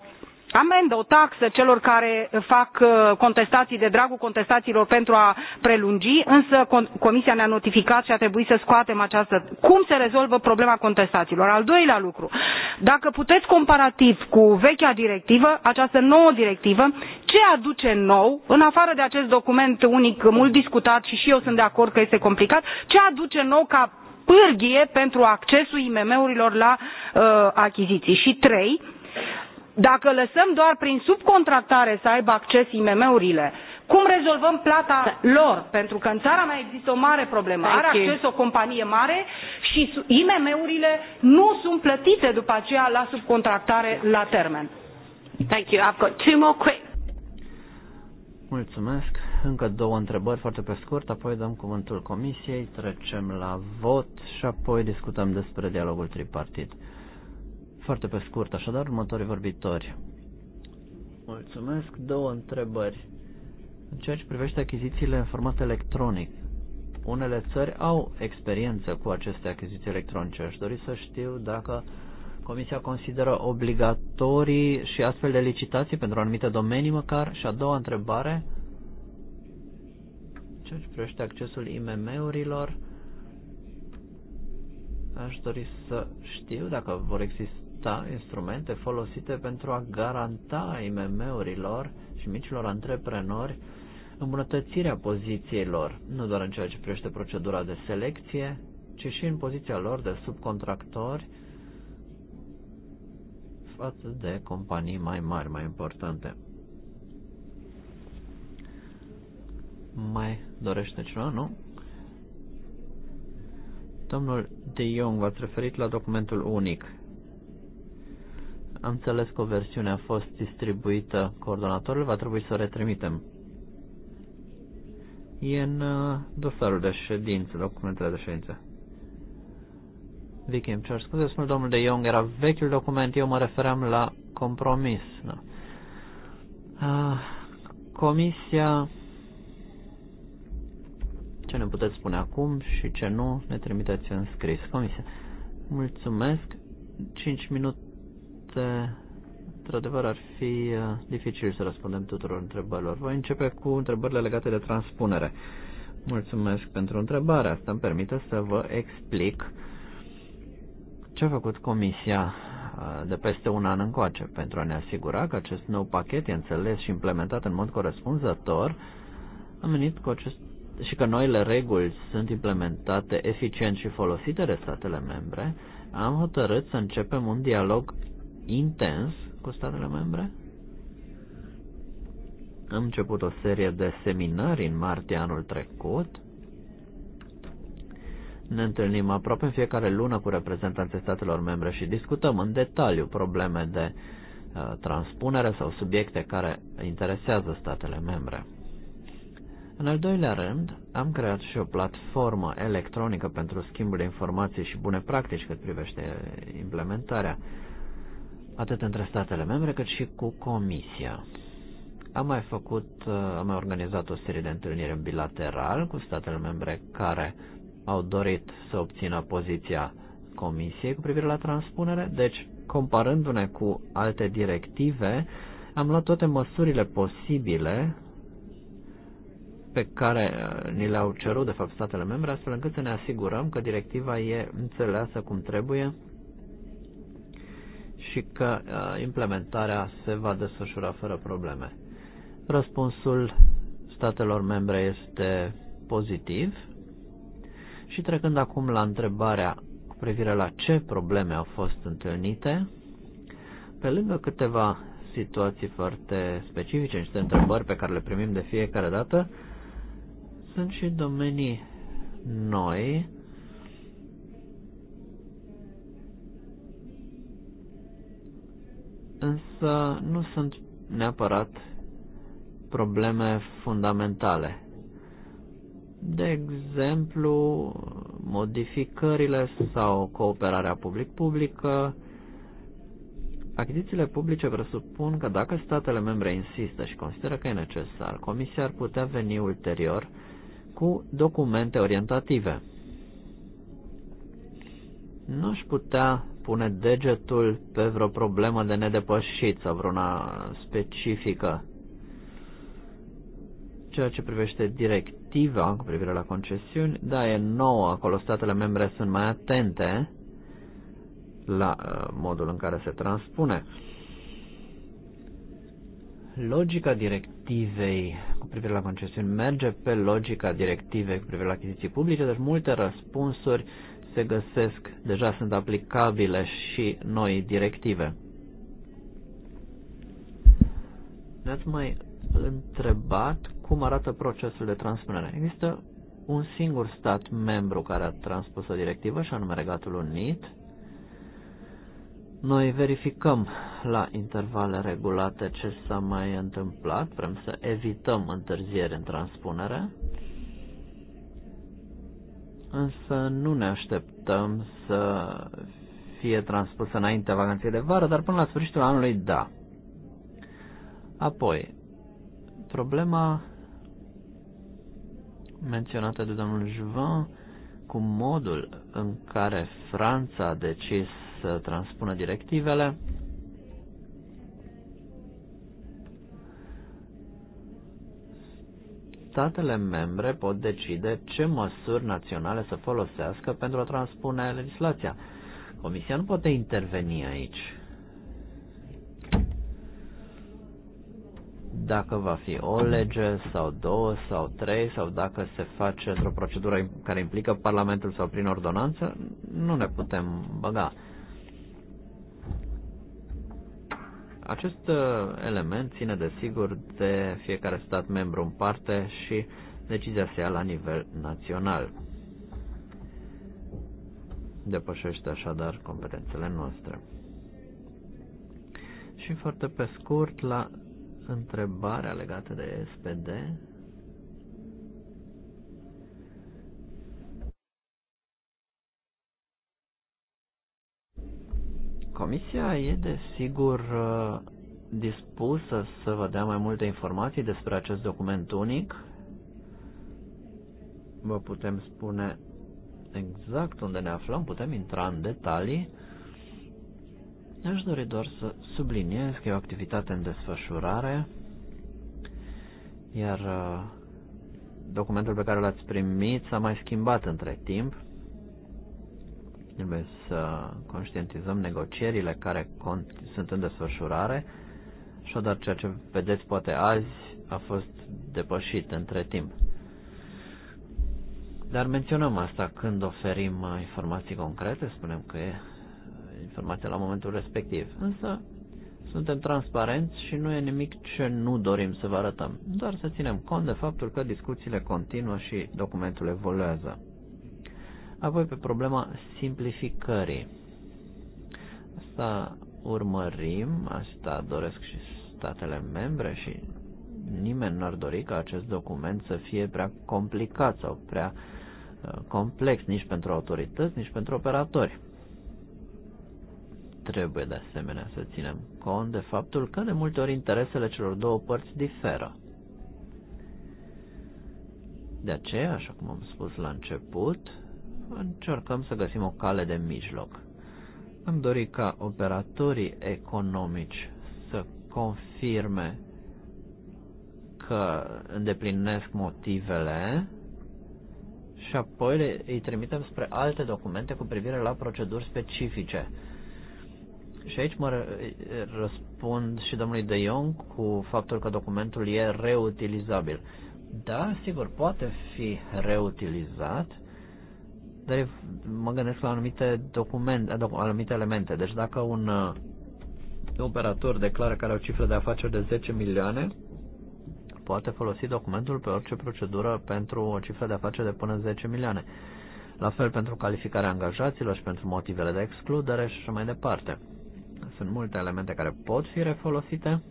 amendă o taxă celor care fac uh, contestații de dragul contestațiilor pentru a prelungi însă comisia ne a notificat și a trebuit să scoatem această cum se rezolvă problema contestațiilor. al doilea lucru dacă puteți comparativ cu vechea directivă această nouă directivă ce aduce nou în afară de acest document unic mult discutat și și eu sunt de acord că este complicat ce aduce nou ca pârghie pentru accesul imm urilor la uh, achiziții? și trei dacă lăsăm doar prin subcontractare să aibă acces imm urile cum rezolvăm plata lor? Pentru că în țara mea există o mare problemă. Are acces o companie mare și IMM-urile nu sunt plătite după aceea la subcontractare la termen. Thank you. I've got two more quick. Mulțumesc. Încă două întrebări foarte pe scurt, apoi dăm cuvântul comisiei, trecem la vot și apoi discutăm despre dialogul tripartit. Foarte pe scurt, așadar, următorii vorbitori. Mulțumesc. Două întrebări. În ceea ce privește achizițiile în format electronic, unele țări au experiență cu aceste achiziții electronice. Aș dori să știu dacă Comisia consideră obligatorii și astfel de licitații pentru anumite domenii măcar. Și a doua întrebare, ceea ce privește accesul IMM-urilor, aș dori să știu dacă vor exista adopta instrumente folosite pentru a garanta IMM-urilor și micilor antreprenori îmbunătățirea poziției lor, nu doar în ceea ce privește procedura de selecție, ci și în poziția lor de subcontractori față de companii mai mari, mai importante. Mai dorește ceva, nu? Domnul De Jong, v-ați referit la documentul unic. Am înțeles că o versiune a fost distribuită coordonatorului, va trebui să o retrimitem. E în uh, dosarul de ședință, documentele de ședință. Vicky, îmi cer scuze, spune domnul de Young, era vechiul document, eu mă refeream la compromis. Da. Uh, comisia, ce ne puteți spune acum și ce nu, ne trimiteți în scris. Comisia, mulțumesc, 5 minute este, Într-adevăr, ar fi uh, dificil să răspundem tuturor întrebărilor. Voi începe cu întrebările legate de transpunere. Mulțumesc pentru întrebare. Asta îmi permite să vă explic ce a făcut Comisia uh, de peste un an încoace pentru a ne asigura că acest nou pachet e înțeles și implementat în mod corespunzător. Am venit cu acest și că noile reguli sunt implementate eficient și folosite de statele membre, am hotărât să începem un dialog intens cu statele membre. Am început o serie de seminarii în martie anul trecut. Ne întâlnim aproape în fiecare lună cu reprezentanții statelor membre și discutăm în detaliu probleme de uh, transpunere sau subiecte care interesează statele membre. În al doilea rând, am creat și o platformă electronică pentru schimbul de informații și bune practici cât privește implementarea. Uh, atât între statele membre cât și cu Comisia. Am mai făcut, uh, am mai organizat o serie de întâlniri bilateral cu statele membre care au dorit să obțină poziția Comisiei cu privire la transpunere, deci comparându-ne cu alte directive, am luat toate măsurile posibile pe care uh, ni le-au cerut, de fapt, statele membre, astfel încât să ne asigurăm că directiva e înțeleasă cum trebuie și că uh, implementarea se va desfășura fără probleme. Răspunsul statelor membre este pozitiv. Și trecând acum la întrebarea cu privire la ce probleme au fost întâlnite, pe lângă câteva situații foarte specifice, niște întrebări pe care le primim de fiecare dată, sunt și domenii noi însă nu sunt neapărat probleme fundamentale. De exemplu, modificările sau cooperarea public-publică. Achizițiile publice presupun că dacă statele membre insistă și consideră că e necesar, Comisia ar putea veni ulterior cu documente orientative. Nu aș putea pune degetul pe vreo problemă de nedepășit sau vreuna specifică. Ceea ce privește directiva cu privire la concesiuni, da, e nouă, acolo statele membre sunt mai atente la uh, modul în care se transpune. Logica directivei cu privire la concesiuni merge pe logica directivei cu privire la achiziții publice, deci multe răspunsuri uh, se găsesc, deja sunt aplicabile și noi directive. Ne-ați mai întrebat cum arată procesul de transpunere. Există un singur stat membru care a transpus o directivă, și anume Regatul Unit. Noi verificăm la intervale regulate ce s-a mai întâmplat, vrem să evităm întârzieri în transpunere însă nu ne așteptăm să fie transpusă înaintea vacanței de vară, dar până la sfârșitul anului, da. Apoi, problema menționată de domnul Juvan cu modul în care Franța a decis să transpună directivele, statele membre pot decide ce măsuri naționale să folosească pentru a transpune legislația. Comisia nu poate interveni aici. Dacă va fi o lege sau două sau trei sau dacă se face într-o procedură care implică Parlamentul sau prin ordonanță, nu ne putem băga. Acest uh, element ține desigur de fiecare stat membru în parte și decizia se ia la nivel național. Depășește așadar competențele noastre. Și foarte pe scurt la întrebarea legată de SPD, Comisia e desigur uh, dispusă să vă dea mai multe informații despre acest document unic. Vă putem spune exact unde ne aflăm, putem intra în detalii. Aș dori doar să subliniez că e o activitate în desfășurare, iar uh, documentul pe care l-ați primit s-a mai schimbat între timp. Trebuie să conștientizăm negocierile care sunt în desfășurare și odată ceea ce vedeți poate azi a fost depășit între timp. Dar menționăm asta când oferim informații concrete, spunem că e informația la momentul respectiv. Însă suntem transparenți și nu e nimic ce nu dorim să vă arătăm, doar să ținem cont de faptul că discuțiile continuă și documentul evoluează. Apoi pe problema simplificării. Asta urmărim, asta doresc și statele membre și nimeni n-ar dori ca acest document să fie prea complicat sau prea uh, complex nici pentru autorități, nici pentru operatori. Trebuie de asemenea să ținem cont de faptul că de multe ori interesele celor două părți diferă. De aceea, așa cum am spus la început, încercăm să găsim o cale de mijloc. Am dorit ca operatorii economici să confirme că îndeplinesc motivele și apoi îi trimitem spre alte documente cu privire la proceduri specifice. Și aici mă răspund și domnului De Jong cu faptul că documentul e reutilizabil. Da, sigur, poate fi reutilizat dar mă gândesc la anumite documente, anumite elemente. Deci dacă un uh, operator declară că are o cifră de afaceri de 10 milioane, poate folosi documentul pe orice procedură pentru o cifră de afaceri de până 10 milioane. La fel pentru calificarea angajaților și pentru motivele de excludere și așa mai departe. Sunt multe elemente care pot fi refolosite,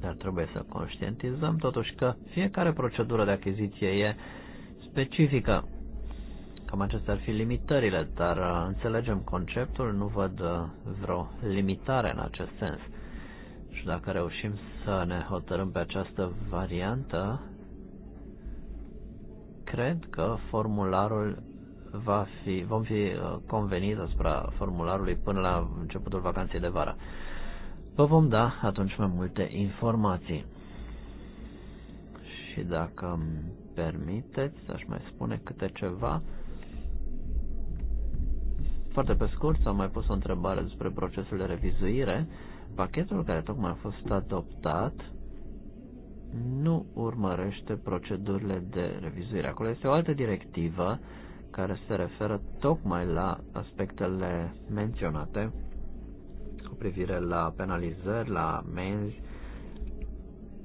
dar trebuie să conștientizăm totuși că fiecare procedură de achiziție e specifică Cam acestea ar fi limitările, dar uh, înțelegem conceptul, nu văd uh, vreo limitare în acest sens. Și dacă reușim să ne hotărâm pe această variantă, cred că formularul va fi, vom fi uh, convenit asupra formularului până la începutul vacanței de vară. Vă vom da atunci mai multe informații. Și dacă îmi permiteți, aș mai spune câte ceva. Foarte pe scurt, am mai pus o întrebare despre procesul de revizuire. Pachetul care tocmai a fost adoptat nu urmărește procedurile de revizuire. Acolo este o altă directivă care se referă tocmai la aspectele menționate cu privire la penalizări, la menzi,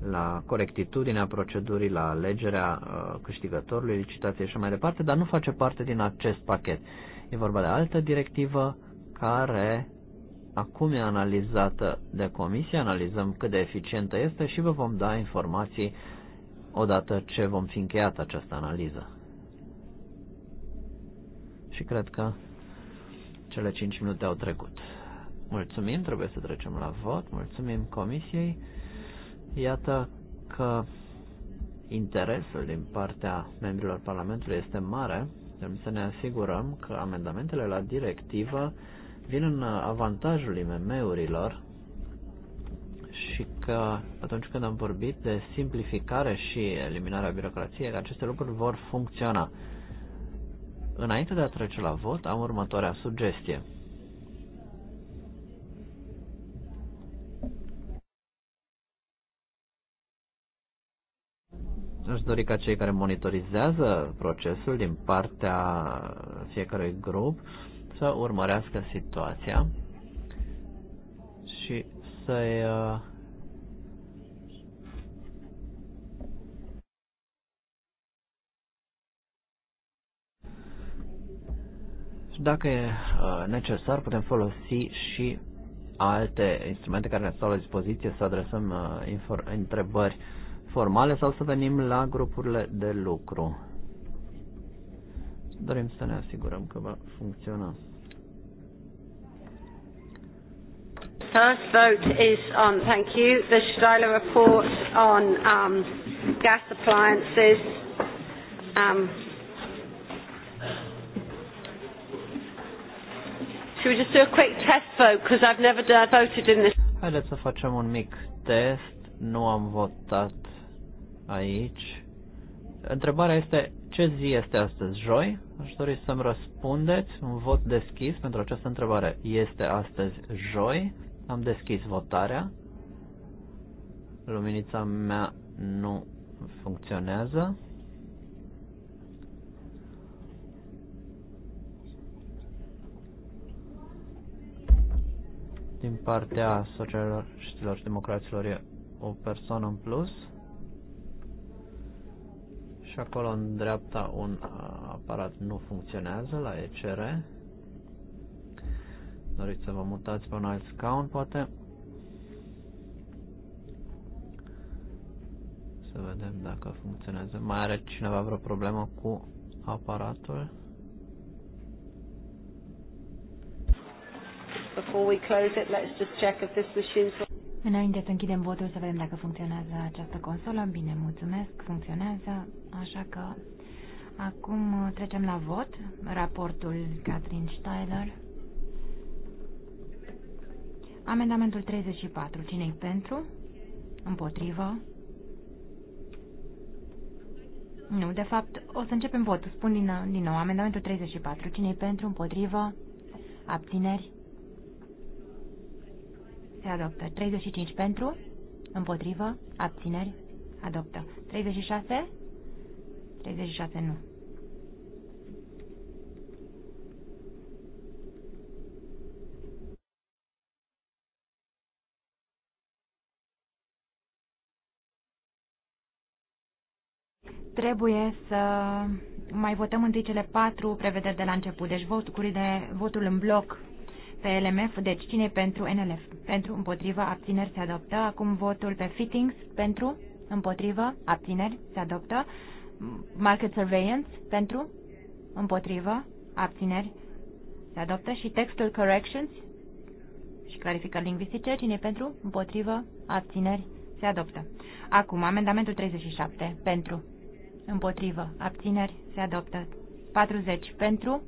la corectitudinea procedurii, la alegerea uh, câștigătorului licitației și mai departe, dar nu face parte din acest pachet. E vorba de altă directivă care acum e analizată de comisie, analizăm cât de eficientă este și vă vom da informații odată ce vom fi încheiat această analiză. Și cred că cele 5 minute au trecut. Mulțumim, trebuie să trecem la vot, mulțumim comisiei. Iată că interesul din partea membrilor Parlamentului este mare, trebuie să ne asigurăm că amendamentele la directivă vin în avantajul IMM-urilor și că atunci când am vorbit de simplificare și eliminarea birocrației, aceste lucruri vor funcționa. Înainte de a trece la vot, am următoarea sugestie. aș dori ca cei care monitorizează procesul din partea fiecărui grup să urmărească situația și să-i uh, dacă e uh, necesar, putem folosi și alte instrumente care ne stau la dispoziție să adresăm uh, întrebări formale sau să venim la grupurile de lucru. Dorim să ne asigurăm că va funcționa. First vote is on, thank you, the Steiler report on um, gas appliances. Um, Should we just do a quick test vote because I've never done, voted in this. Haideți să facem un mic test. Nu am votat aici. Întrebarea este ce zi este astăzi? Joi? Aș dori să-mi răspundeți un vot deschis pentru această întrebare. Este astăzi joi? Am deschis votarea. Luminița mea nu funcționează. Din partea socialiștilor și democraților e o persoană în plus. Și acolo în dreapta un aparat nu funcționează la ECR. Doriți să vă mutați pe un alt scaun, poate? Să vedem dacă funcționează. Mai are cineva vreo problemă cu aparatul? Before we close it, let's just check if this machine's Înainte să închidem votul să vedem dacă funcționează această consolă. Bine, mulțumesc, funcționează, așa că acum trecem la vot. Raportul Catherine Steiler. Amendamentul 34. Cine-i pentru? Împotrivă? Nu, de fapt, o să începem votul. Spun din, din nou, amendamentul 34. Cine-i pentru? Împotrivă? Abțineri? se adoptă. 35 pentru, împotrivă, abțineri, adoptă. 36, 36 nu. Trebuie să mai votăm întâi cele patru prevederi de la început. Deci voturile, votul în bloc pe LMF, deci cine pentru NLF? Pentru, împotriva abțineri se adoptă. Acum votul pe fittings, pentru, împotriva abțineri se adoptă. Market surveillance, pentru, împotriva abțineri se adoptă. Și textul corrections și clarificări lingvistice, cine pentru, împotriva abțineri se adoptă. Acum, amendamentul 37, pentru, împotrivă, abțineri se adoptă. 40 pentru,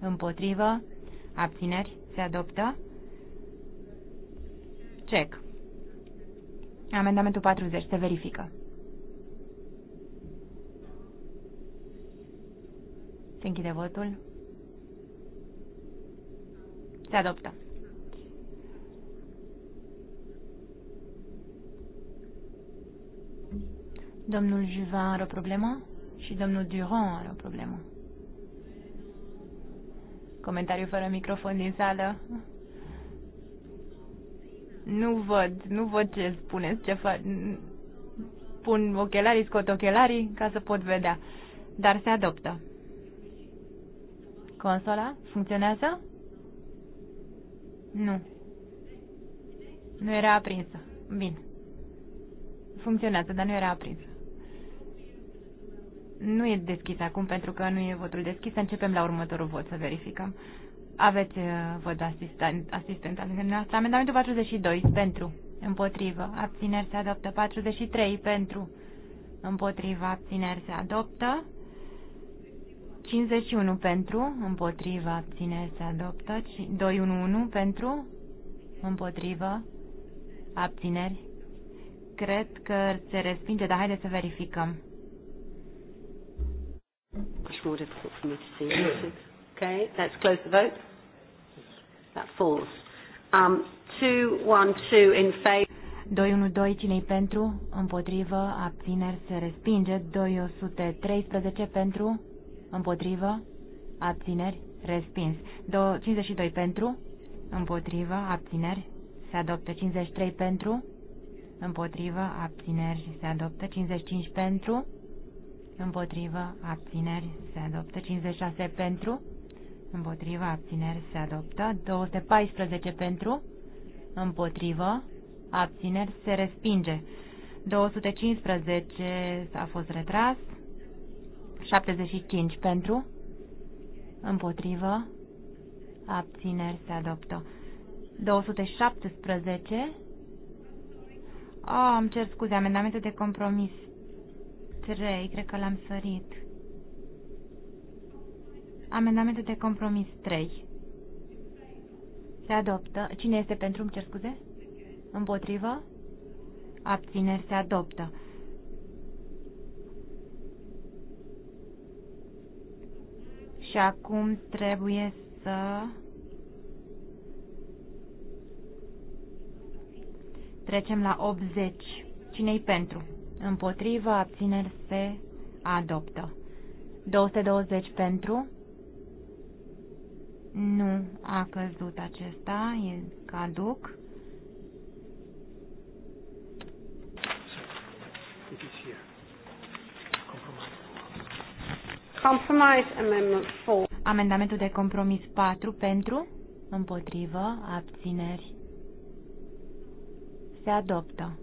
împotrivă, abțineri se adoptă. Check. Amendamentul 40. Se verifică. Se închide votul. Se adoptă. Domnul Juvan are o problemă și domnul Durand are o problemă. Comentariu fără microfon din sală. Nu văd, nu văd ce spuneți, ce fac. Pun ochelarii, scot ochelarii ca să pot vedea. Dar se adoptă. Consola funcționează? Nu. Nu era aprinsă. Bine. Funcționează, dar nu era aprinsă. Nu e deschis acum pentru că nu e votul deschis. Să începem la următorul vot să verificăm. Aveți, uh, vot asistent, asistent al dumneavoastră. Amendamentul 42 pentru, împotrivă, abțineri se adoptă. 43 pentru, împotrivă, abțineri se adoptă. 51 pentru, împotrivă, abțineri se adoptă. 211 pentru, împotrivă, abțineri. Cred că se respinge, dar haideți să verificăm. Much more difficult for me to see. okay, let's close the vote. That falls. Um, two, one, two in favour. 212 cine pentru, împotrivă, abțineri se respinge, 213 pentru, împotrivă, abțineri, respins, 52 pentru, împotrivă, abțineri, se adoptă 53 pentru, împotrivă, abțineri, se adoptă 55 pentru, împotrivă, abțineri, se adoptă. 56 pentru, împotrivă, abțineri, se adoptă. 214 pentru, împotrivă, abțineri, se respinge. 215 a fost retras. 75 pentru, împotrivă, abțineri, se adoptă. 217 Oh, am cer scuze, amendamente de compromis 3, cred că l-am sărit. Amendamentul de compromis 3. Se adoptă. Cine este pentru? Îmi cer scuze? Împotrivă? Abțineri se adoptă. Și acum trebuie să... Trecem la 80. Cine-i pentru? Împotrivă, abțineri, se adoptă. 220 pentru. Nu a căzut acesta, e caduc. Amendamentul de compromis 4 pentru, împotrivă, abțineri. Se adoptă.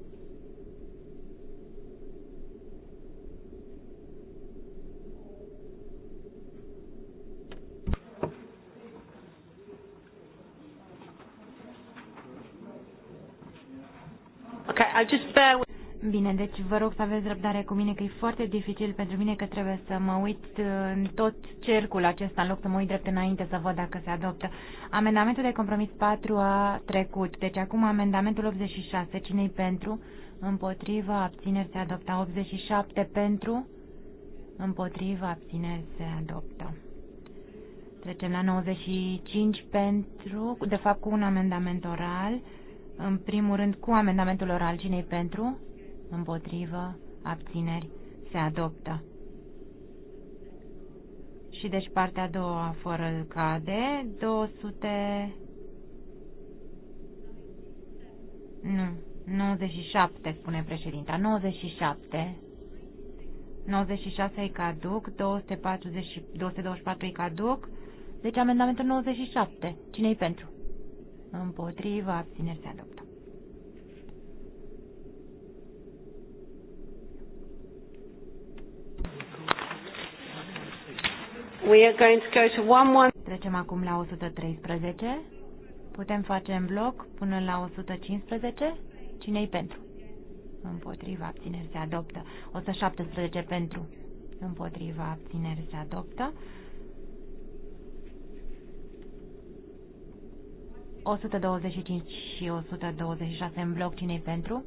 Bine, deci vă rog să aveți răbdare cu mine, că e foarte dificil pentru mine că trebuie să mă uit uh, în tot cercul acesta, în loc să mă uit drept înainte să văd dacă se adoptă. Amendamentul de compromis 4 a trecut, deci acum amendamentul 86, cine-i pentru? Împotrivă, abțineri se adoptă. 87 pentru, împotrivă, abțineri se adoptă. Trecem la 95 pentru, de fapt cu un amendament oral, în primul rând, cu amendamentul oral cinei pentru, împotrivă, abțineri, se adoptă. Și deci partea a doua fără cade, 200... Nu, 97, spune președinta, 97. 96 îi caduc, 240, 224 îi caduc, deci amendamentul 97. Cine-i pentru? împotriva abțineri se adoptă. We are going to go to one, one. Trecem acum la 113. Putem face în bloc până la 115. Cine-i pentru? Împotriva abțineri se adoptă. 117 pentru. Împotriva abțineri se adoptă. 125 și 126 în bloc, cine pentru?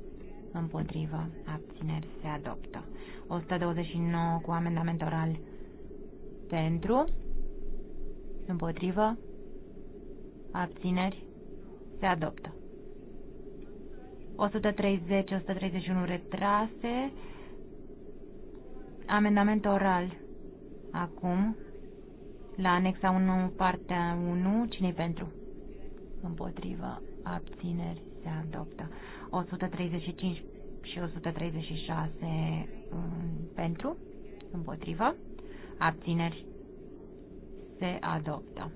Împotrivă, abțineri, se adoptă. 129 cu amendament oral pentru, împotrivă, abțineri, se adoptă. 130-131 retrase, amendament oral acum, la anexa 1, partea 1, cine pentru? împotrivă, abțineri, se adoptă. 135 și 136 mm, pentru, împotrivă, abțineri, se adoptă.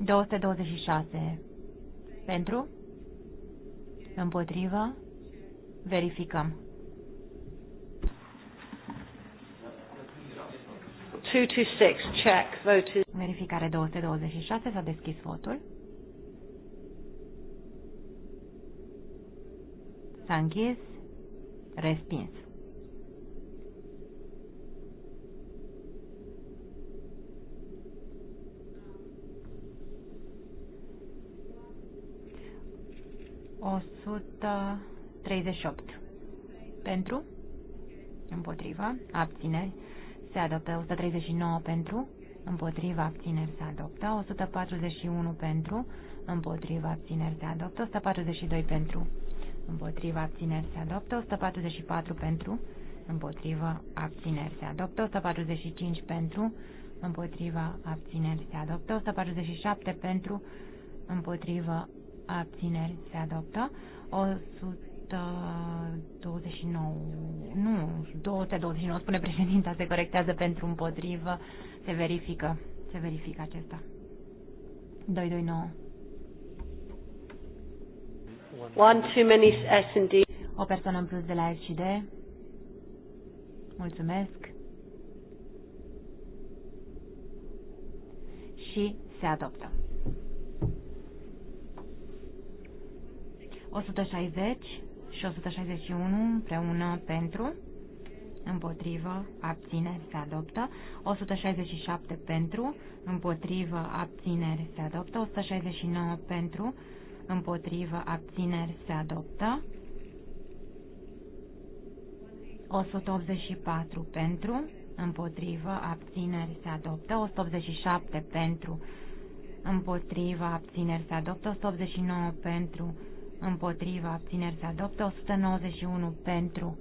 226 pentru, împotrivă, verificăm. 226, check, vote is... Verificare 226, s-a deschis votul. S-a închis, respins. O sută Pentru? Împotriva? Abține? se adoptă 139 pentru, împotriva abțineri se adoptă, 141 pentru, împotriva abțineri se adoptă, 142 pentru, împotriva abțineri se adoptă, 144 pentru, împotriva abțineri se adoptă, 145 pentru, împotriva abțineri se adoptă, 147 pentru, împotriva abțineri se adoptă, 100 129, nu, 229, spune președinta, se corectează pentru împotrivă, se verifică, se verifică acesta. 229. One too many S&D. O persoană în plus de la SCD. Mulțumesc. Și se adoptă. 160 și 161 împreună pentru, împotrivă, abțineri, se adoptă, 167 pentru, împotrivă, abțineri, se adoptă, 169 pentru, împotrivă, abțineri, se adoptă, 184 pentru, împotrivă, abțineri, se adoptă, 187 pentru, împotrivă, abțineri, se adoptă, 189 pentru, împotriva, abțineri se adoptă, 191 pentru,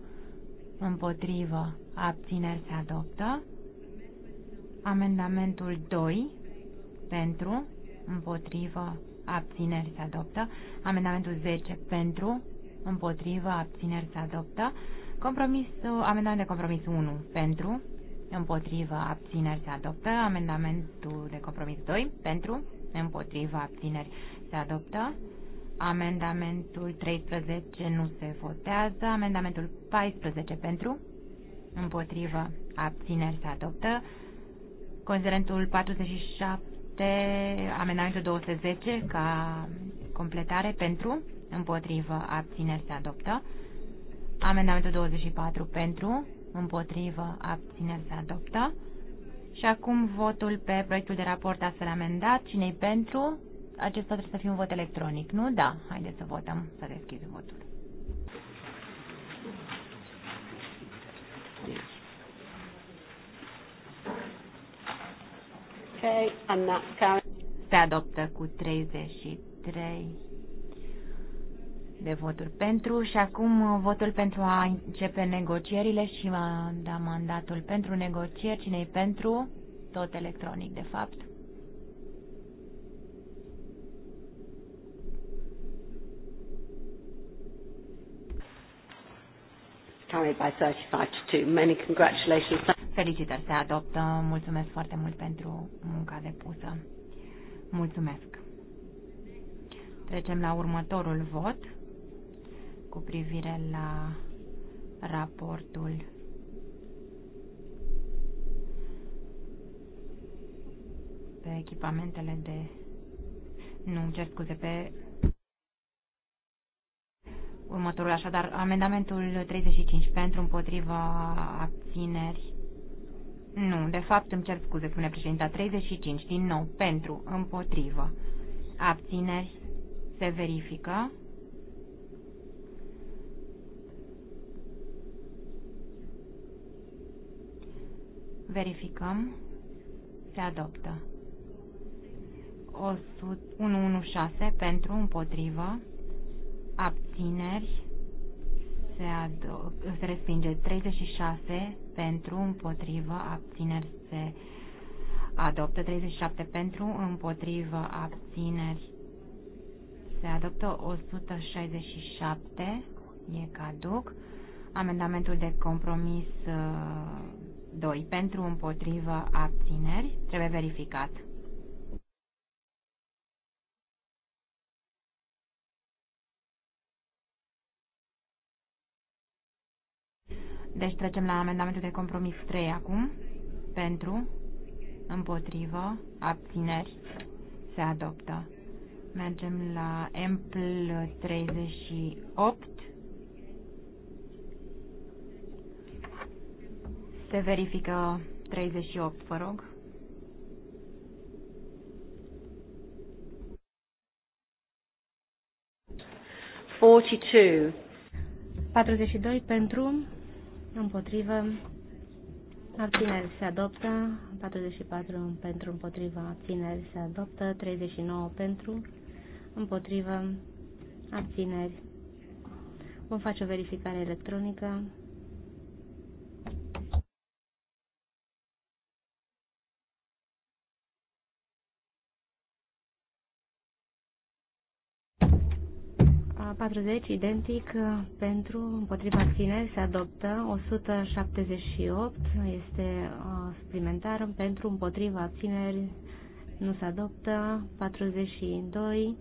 împotrivă, abțineri se adoptă, amendamentul 2 pentru, împotrivă, abțineri se adoptă, amendamentul 10 pentru, împotrivă, abțineri se adoptă, compromis, amendament de compromis 1 pentru, împotrivă, abțineri se adoptă, amendamentul de compromis 2 pentru, împotrivă, abțineri se adoptă, Amendamentul 13 nu se votează. Amendamentul 14 pentru. Împotrivă. Abțineri se adoptă. Considerentul 47, amendamentul 210 ca completare pentru. Împotrivă. Abțineri se adoptă. Amendamentul 24 pentru. Împotrivă. Abțineri se adoptă. Și acum votul pe proiectul de raport astfel amendat. Cine-i pentru? acesta trebuie să fie un vot electronic, nu? Da. Haideți să votăm, să deschid votul. Se adoptă cu 33 de voturi pentru și acum votul pentru a începe negocierile și a da mandatul pentru negocieri. Cine-i pentru? Tot electronic, de fapt. Carried by 35 2. Many congratulations. Felicitări, se adoptă. Mulțumesc foarte mult pentru munca depusă. Mulțumesc. Trecem la următorul vot cu privire la raportul pe echipamentele de nu, cer scuze, pe Următorul așadar, amendamentul 35 pentru împotriva abțineri. Nu, de fapt îmi cer scuze, spune președinta. 35 din nou pentru împotriva Abțineri se verifică. Verificăm. Se adoptă. 116 pentru împotrivă abțineri, se, ad- se respinge 36 pentru, împotrivă, abțineri se adoptă 37 pentru, împotrivă, abțineri se adoptă 167, e caduc. Amendamentul de compromis 2 uh, pentru, împotrivă, abțineri trebuie verificat. Deci trecem la amendamentul de compromis 3 acum. Pentru, împotrivă, abțineri, se adoptă. Mergem la Empl 38. Se verifică 38, vă rog. Forty-two. 42 pentru, împotrivă, abțineri se adoptă, 44 pentru împotrivă, abțineri se adoptă, 39 pentru împotrivă, abțineri. Vom face o verificare electronică. 40, identic, uh, pentru, împotriva abțineri, se adoptă 178, este uh, suplimentar, pentru, împotriva abțineri, nu se adoptă 42,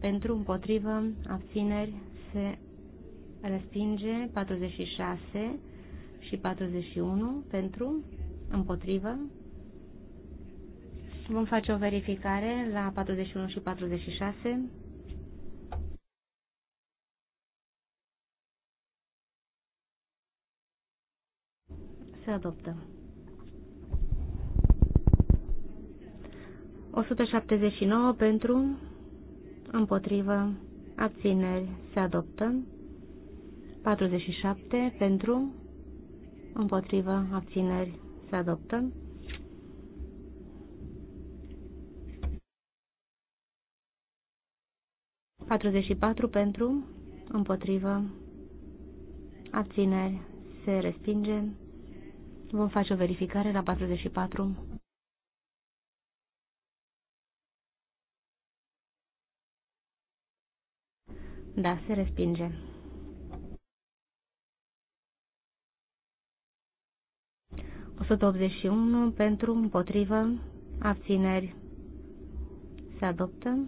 pentru, împotriva abțineri, se respinge 46 și 41, pentru, împotrivă. Vom face o verificare la 41 și 46. se adoptă. 179 pentru, împotrivă, abțineri, se adoptă. 47 pentru, împotrivă, abțineri, se adoptă. 44 pentru, împotrivă, abțineri, se respinge. Vom face o verificare la 44. Da, se respinge. O pentru, împotrivă, abțineri. Se adoptă.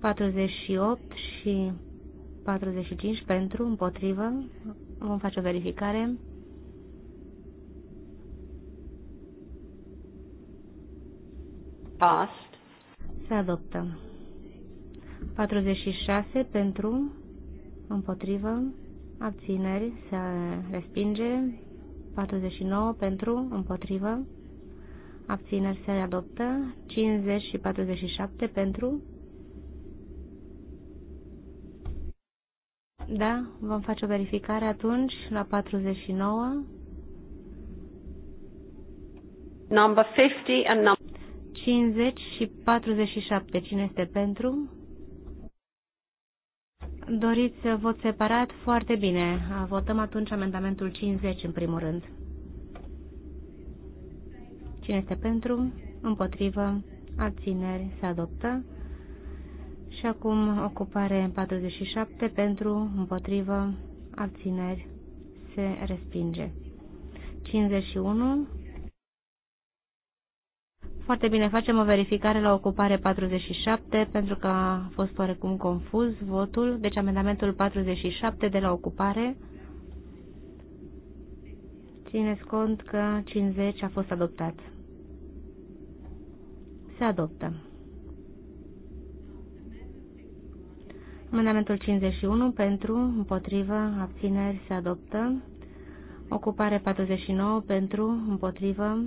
48 și 45 pentru, împotrivă. Vom face o verificare. Passed. Se adoptă. 46 pentru, împotrivă, abțineri, se respinge. 49 pentru, împotrivă, abțineri, se adoptă. 50 și 47 pentru. Da, vom face o verificare atunci la 49. Number 50 and number 50 și 47. Cine este pentru? Doriți vot separat? Foarte bine. Votăm atunci amendamentul 50 în primul rând. Cine este pentru? Împotrivă? Abțineri? Se adoptă. Și acum ocupare 47 pentru, împotrivă, abțineri, se respinge. 51 foarte bine, facem o verificare la ocupare 47, pentru că a fost oarecum confuz votul. Deci amendamentul 47 de la ocupare. Țineți cont că 50 a fost adoptat. Se adoptă. Amendamentul 51 pentru, împotrivă, abțineri se adoptă. Ocupare 49 pentru, împotrivă,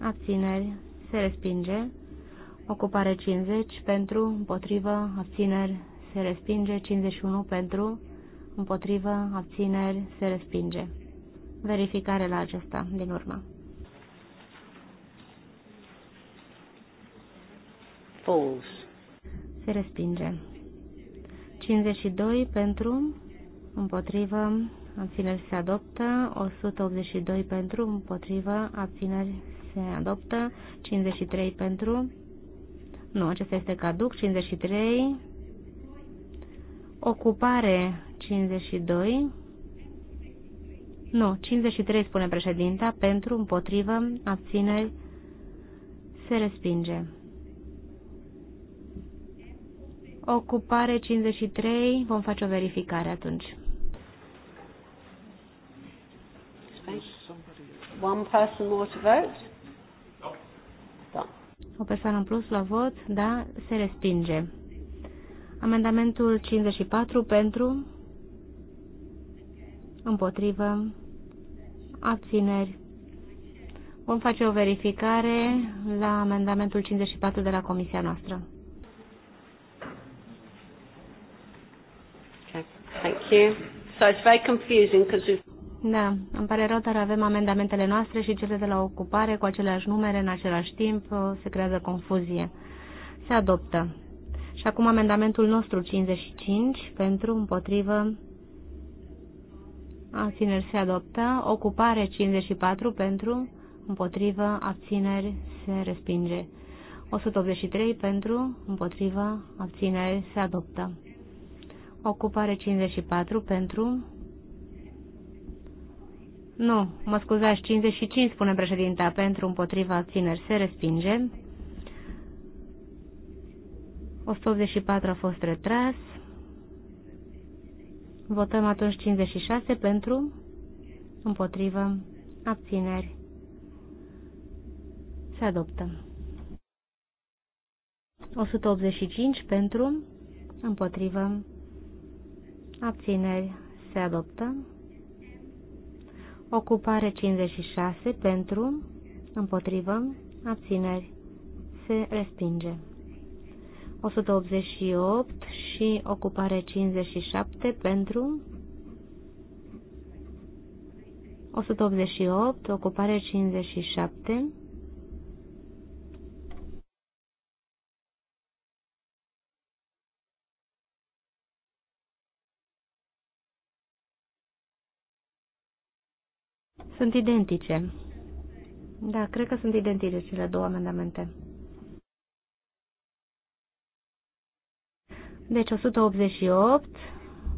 abțineri se respinge. Ocupare 50 pentru, împotrivă, abțineri, se respinge. 51 pentru, împotrivă, abțineri, se respinge. Verificare la acesta din urmă. False. Se respinge. 52 pentru, împotrivă, abțineri se adoptă, 182 pentru, împotrivă, abțineri se adoptă, 53 pentru, nu, acesta este caduc, 53, ocupare 52, nu, 53 spune președinta, pentru, împotrivă, abțineri, se respinge. Ocupare 53, vom face o verificare atunci. One person more to vote. O persoană în plus la vot? Da. Se respinge. Amendamentul 54 pentru, împotrivă, abțineri. Vom face o verificare la amendamentul 54 de la comisia noastră. Thank you. So it's very confusing because we've da, îmi pare rău, dar avem amendamentele noastre și cele de la ocupare cu aceleași numere în același timp, uh, se creează confuzie. Se adoptă. Și acum amendamentul nostru 55 pentru împotrivă abțineri se adoptă, ocupare 54 pentru împotrivă abțineri se respinge. 183 pentru împotrivă abțineri se adoptă. Ocupare 54 pentru nu, mă scuzați, 55, spune președinta, pentru împotriva abțineri se respinge. 184 a fost retras. Votăm atunci 56 pentru, împotriva abțineri. Se adoptă. 185 pentru, împotriva abțineri. Se adoptă. Ocupare 56 pentru, împotrivă, abțineri, se respinge. 188 și ocupare 57 pentru 188, ocupare 57 Sunt identice. Da, cred că sunt identice cele două amendamente. Deci 188,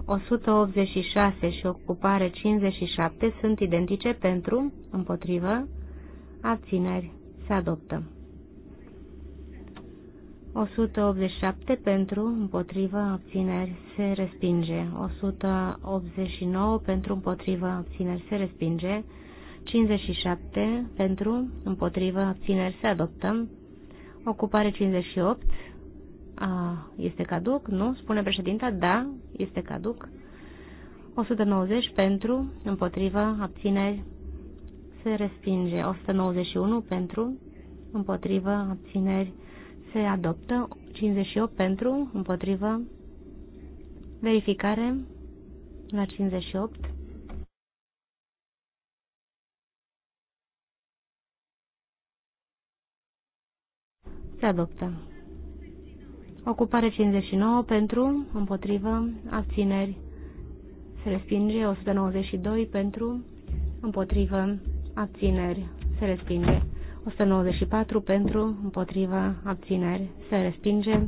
186 și ocupare 57 sunt identice pentru, împotrivă, abțineri. Se adoptă. 187 pentru, împotrivă, abțineri, se respinge. 189 pentru, împotrivă, abțineri, se respinge. 57 pentru, împotrivă, abțineri se adoptă. Ocupare 58 a, este caduc, nu? Spune președinta, da, este caduc. 190 pentru, împotrivă, abțineri se respinge. 191 pentru, împotrivă, abțineri se adoptă. 58 pentru, împotrivă, verificare la 58. Se adoptă. Ocupare 59 pentru, împotrivă, abțineri. Se respinge 192 pentru, împotrivă, abțineri. Se respinge 194 pentru, împotrivă, abțineri. Se respinge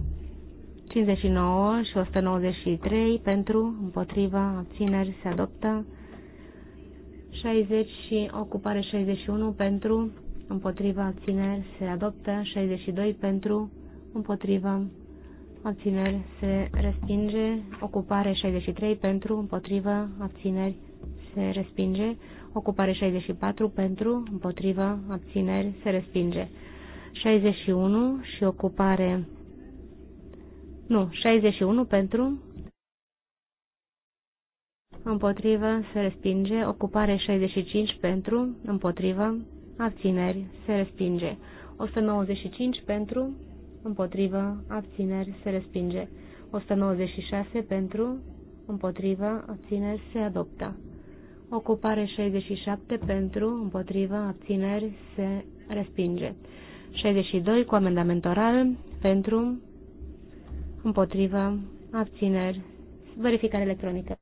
59 și 193 pentru, împotrivă, abțineri. Se adoptă 60 și ocupare 61 pentru, împotriva abțineri se adoptă, 62 pentru, împotriva abțineri se respinge, ocupare 63 pentru, împotriva abțineri se respinge, ocupare 64 pentru, împotriva abțineri se respinge, 61 și ocupare, nu, 61 pentru, împotrivă, se respinge, ocupare 65 pentru, împotrivă, abțineri, se respinge. 195 pentru, împotrivă, abțineri, se respinge. 196 pentru, împotrivă, abțineri, se adoptă. Ocupare 67 pentru, împotrivă, abțineri, se respinge. 62 cu amendament oral pentru, împotrivă, abțineri, verificare electronică.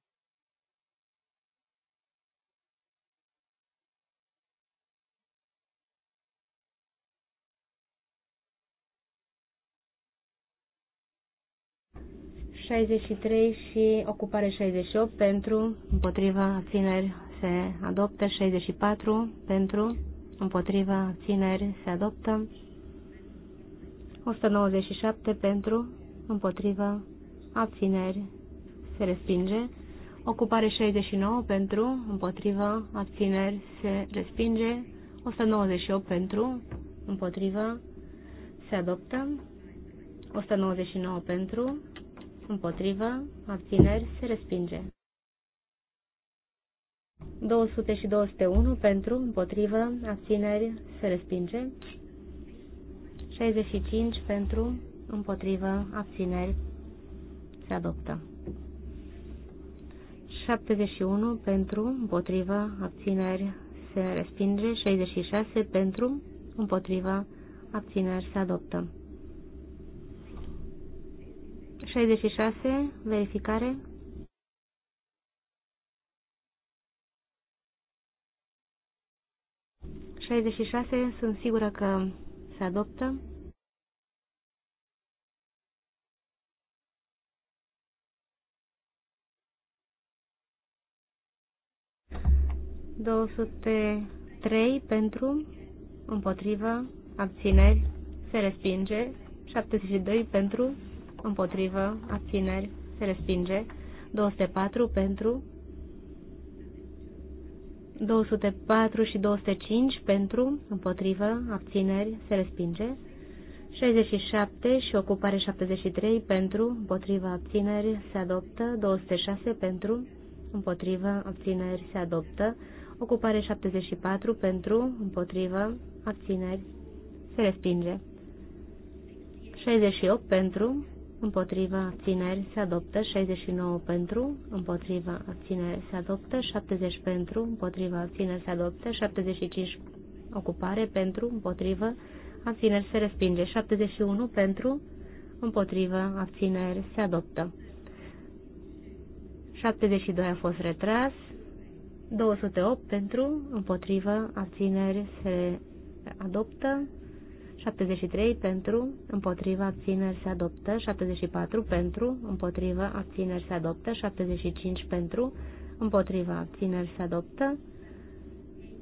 63 și ocupare 68 pentru, împotriva, abțineri se adoptă, 64 pentru, împotriva, abțineri se adoptă, 197 pentru, împotriva, abțineri se respinge, ocupare 69 pentru, împotriva, abțineri se respinge, 198 pentru, împotriva, se adoptă, 199 pentru, împotrivă, abțineri, se respinge. 200 și 201 pentru, împotrivă, abțineri, se respinge. 65 pentru, împotrivă, abțineri, se adoptă. 71 pentru, împotrivă, abțineri, se respinge. 66 pentru, împotrivă, abțineri, se adoptă. 66, verificare. Șaizeci șase, sunt sigură că se adoptă. Două sute trei pentru, împotrivă, abțineri, se respinge. Șaptezeci și doi pentru, împotrivă, abțineri, se respinge. 204 pentru, 204 și 205 pentru, împotrivă, abțineri, se respinge. 67 și ocupare 73 pentru, împotrivă, abțineri, se adoptă. 206 pentru, împotrivă, abțineri, se adoptă. Ocupare 74 pentru, împotrivă, abțineri, se respinge. 68 pentru, împotriva abțineri se adoptă, 69 pentru, împotriva abțineri se adoptă, 70 pentru, împotriva abțineri se adoptă, 75 ocupare pentru, împotriva abțineri se respinge, 71 pentru, împotriva abțineri se adoptă. 72 a fost retras, 208 pentru, împotriva abțineri se adoptă, 73 pentru, împotriva, abțineri se adoptă, 74 pentru, împotriva, abțineri se adoptă, 75 pentru, împotriva, abțineri se adoptă,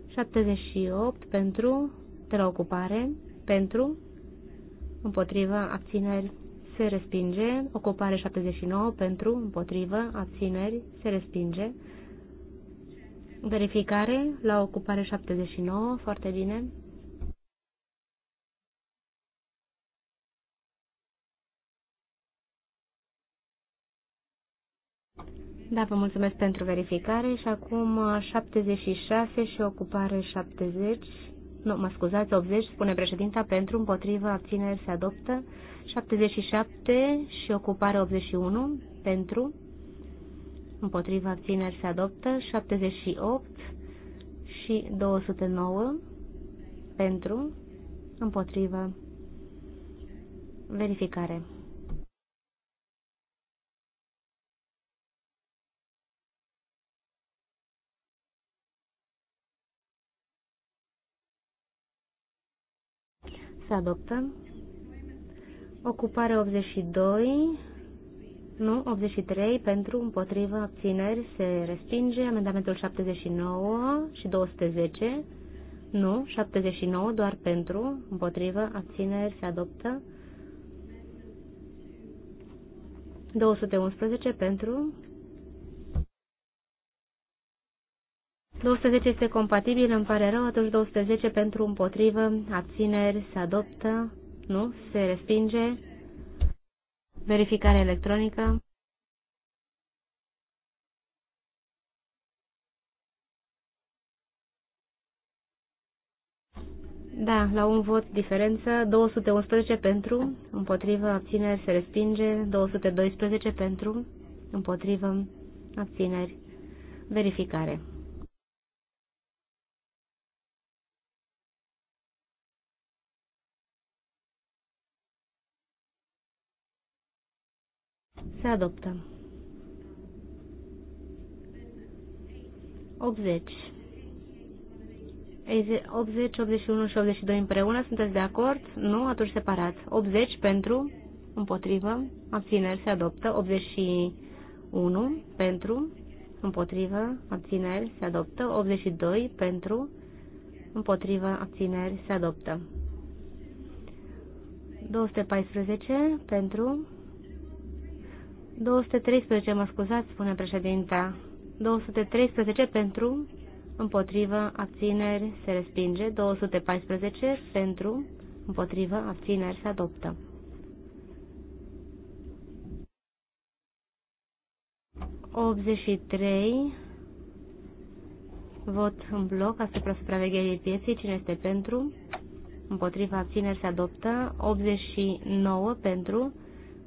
78 pentru, ocupare pentru, împotriva, abțineri se respinge, ocupare 79 pentru, împotriva abțineri, se respinge. Verificare la ocupare 79, foarte bine. Da, vă mulțumesc pentru verificare și acum 76 uh, și ocupare 70. Nu, mă scuzați, 80, spune președinta, pentru, împotrivă, abțineri se adoptă. 77 și ocupare 81, pentru, împotrivă, abțineri se adoptă. 78 și 209, pentru, împotrivă, verificare. se adoptă. Ocupare 82, nu, 83 pentru, împotrivă, abțineri se respinge. Amendamentul 79 și 210, nu, 79 doar pentru, împotrivă, abțineri se adoptă. 211 pentru, 210 este compatibil, îmi pare rău, atunci 210 pentru împotrivă, abțineri, se adoptă, nu, se respinge, verificare electronică. Da, la un vot diferență, 211 pentru, împotrivă, abțineri, se respinge, 212 pentru, împotrivă, abțineri, verificare. Se adoptă. 80. 80, 81 și 82 împreună, sunteți de acord? Nu? Atunci separat. 80 pentru, împotrivă, abțineri, se adoptă. 81 pentru, împotrivă, abțineri, se adoptă. 82 pentru, împotrivă, abțineri, se adoptă. 214 pentru, 213, mă scuzați, spune președinta. 213 pentru, împotrivă, abțineri, se respinge. 214 pentru, împotrivă, abțineri, se adoptă. trei vot în bloc asupra supravegherii pieții, cine este pentru, împotriva abțineri se adoptă, 89 pentru,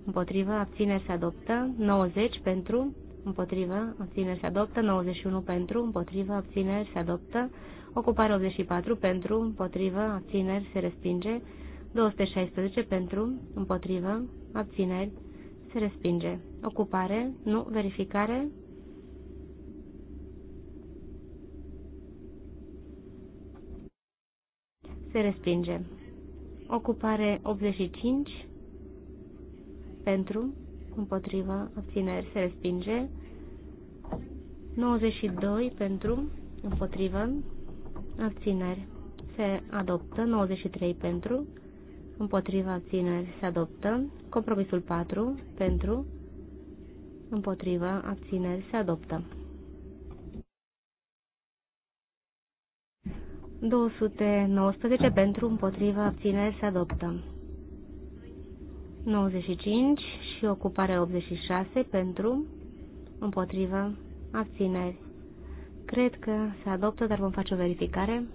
împotrivă, abțineri se adoptă, 90 pentru, împotrivă, abțineri se adoptă, 91 pentru, împotrivă, abțineri se adoptă, ocupare 84 pentru, împotrivă, abțineri se respinge, 216 pentru, împotrivă, abțineri se respinge, ocupare, nu, verificare, se respinge. Ocupare 85 pentru, împotriva, abțineri, se respinge. 92 pentru, împotriva, abțineri, se adoptă. 93 pentru, împotriva, abțineri, se adoptă. Compromisul 4 pentru, împotriva, abțineri, se adoptă. 219 pentru, împotriva, abțineri, se adoptă. 95 și ocupare 86 pentru, împotrivă, abțineri. Cred că se adoptă, dar vom face o verificare.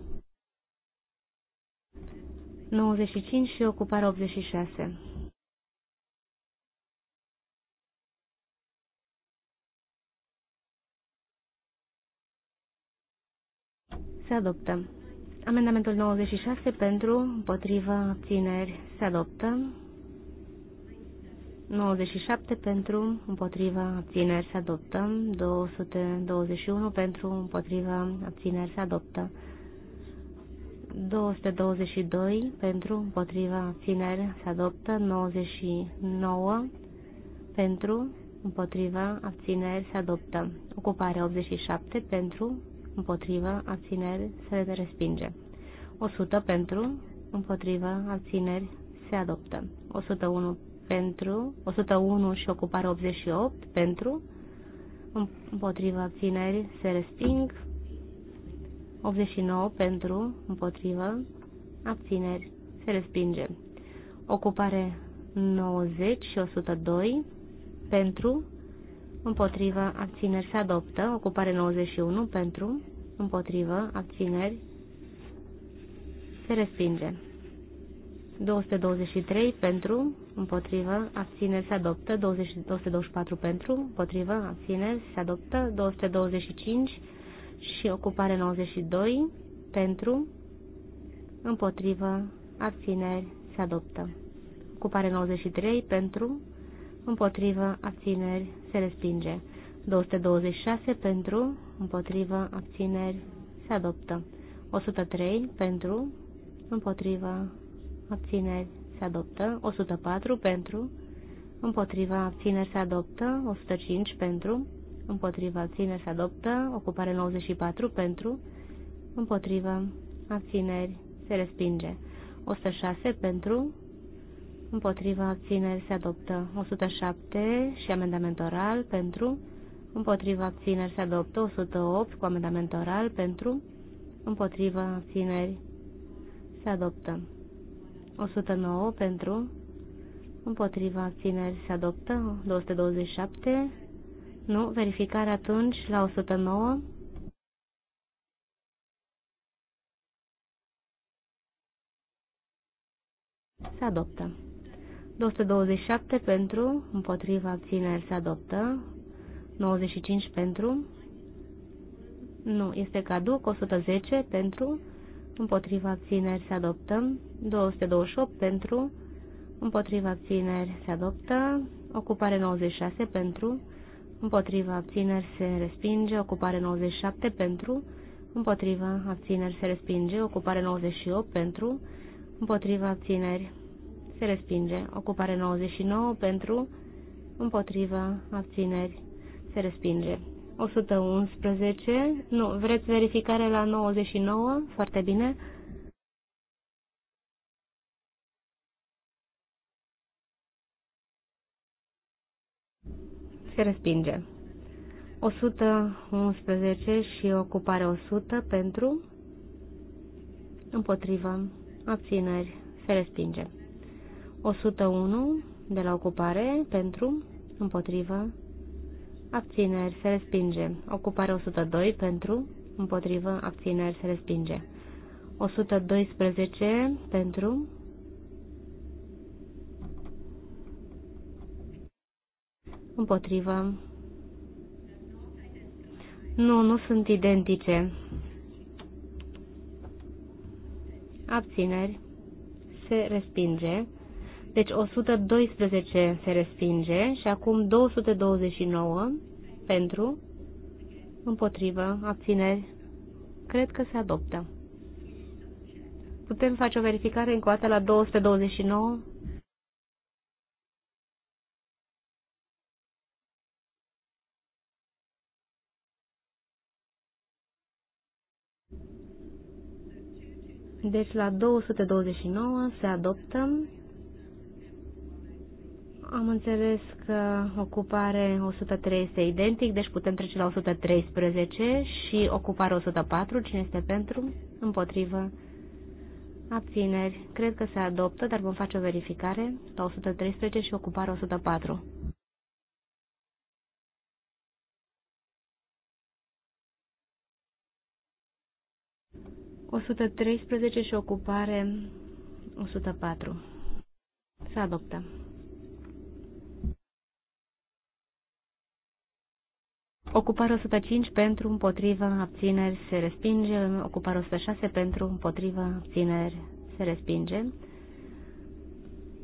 95 și ocupare 86. Se adoptă. Amendamentul 96 pentru, împotrivă, abțineri se adoptă. 97 pentru, împotriva, abțineri se adoptă. 221 pentru, împotriva, abțineri se adoptă. 222 pentru, împotriva, abțineri se adoptă. 99 pentru, împotriva, abțineri se adoptă. Ocupare 87 pentru, împotriva, abțineri se respinge. 100 pentru, împotriva, abțineri se adoptă. 101 pentru, 101 și ocupare 88 pentru, împotriva abțineri se resping, 89 pentru, împotriva, abțineri se respinge. Ocupare 90 și 102 pentru, împotriva, abțineri se adoptă, ocupare 91 pentru, împotriva abțineri, se respinge. 223 pentru, împotrivă, abține, se adoptă, 20, 224 pentru, împotrivă, abține, se adoptă, 225 și ocupare 92 pentru, împotrivă, abțineri se adoptă. Ocupare 93 pentru, împotrivă, abțineri se respinge. 226 pentru, împotrivă, abțineri se adoptă. 103 pentru, împotrivă, abțineri, se adoptă. 104 pentru, împotriva, abțineri, se adoptă. 105 pentru, împotriva, abțineri, se adoptă. Ocupare 94 pentru, împotriva, abțineri, se respinge. 106 pentru, împotriva, abțineri, se adoptă. 107 și amendament oral pentru, împotriva, abțineri, se adoptă. 108 cu amendament oral pentru, împotriva, abțineri, se adoptă. 109 pentru, împotriva abțineri se adoptă, 227, nu, verificare atunci la 109. Se adoptă. 227 pentru, împotriva abțineri se adoptă, 95 pentru, nu, este caduc, 110 pentru, împotriva abțineri se adoptă, 228 pentru, împotriva abțineri se adoptă, ocupare 96 pentru, împotriva abțineri se respinge, ocupare 97 pentru, împotriva abțineri se respinge, ocupare 98 pentru, împotriva abțineri se respinge, ocupare 99 pentru, împotriva abțineri se respinge. 111. Nu, vreți verificare la 99? Foarte bine. Se respinge. 111 și ocupare 100 pentru împotrivă, abțineri, se respinge. 101 de la ocupare pentru împotrivă, Abțineri se respinge. Ocupare 102 pentru, împotrivă, abțineri se respinge. 112 pentru, împotrivă. Nu, nu sunt identice. Abțineri se respinge. Deci 112 se respinge și acum 229 pentru, împotrivă, abțineri, cred că se adoptă. Putem face o verificare încă o dată la 229? Deci la 229 se adoptă am înțeles că ocupare 103 este identic, deci putem trece la 113 și ocupare 104. Cine este pentru? Împotrivă. Abțineri. Cred că se adoptă, dar vom face o verificare la 113 și ocupare 104. ...113 și ocupare 104. Se adoptă. Ocupare 105 pentru, împotriva, abțineri, se respinge. Ocupare 106 pentru, împotriva, abțineri, se respinge.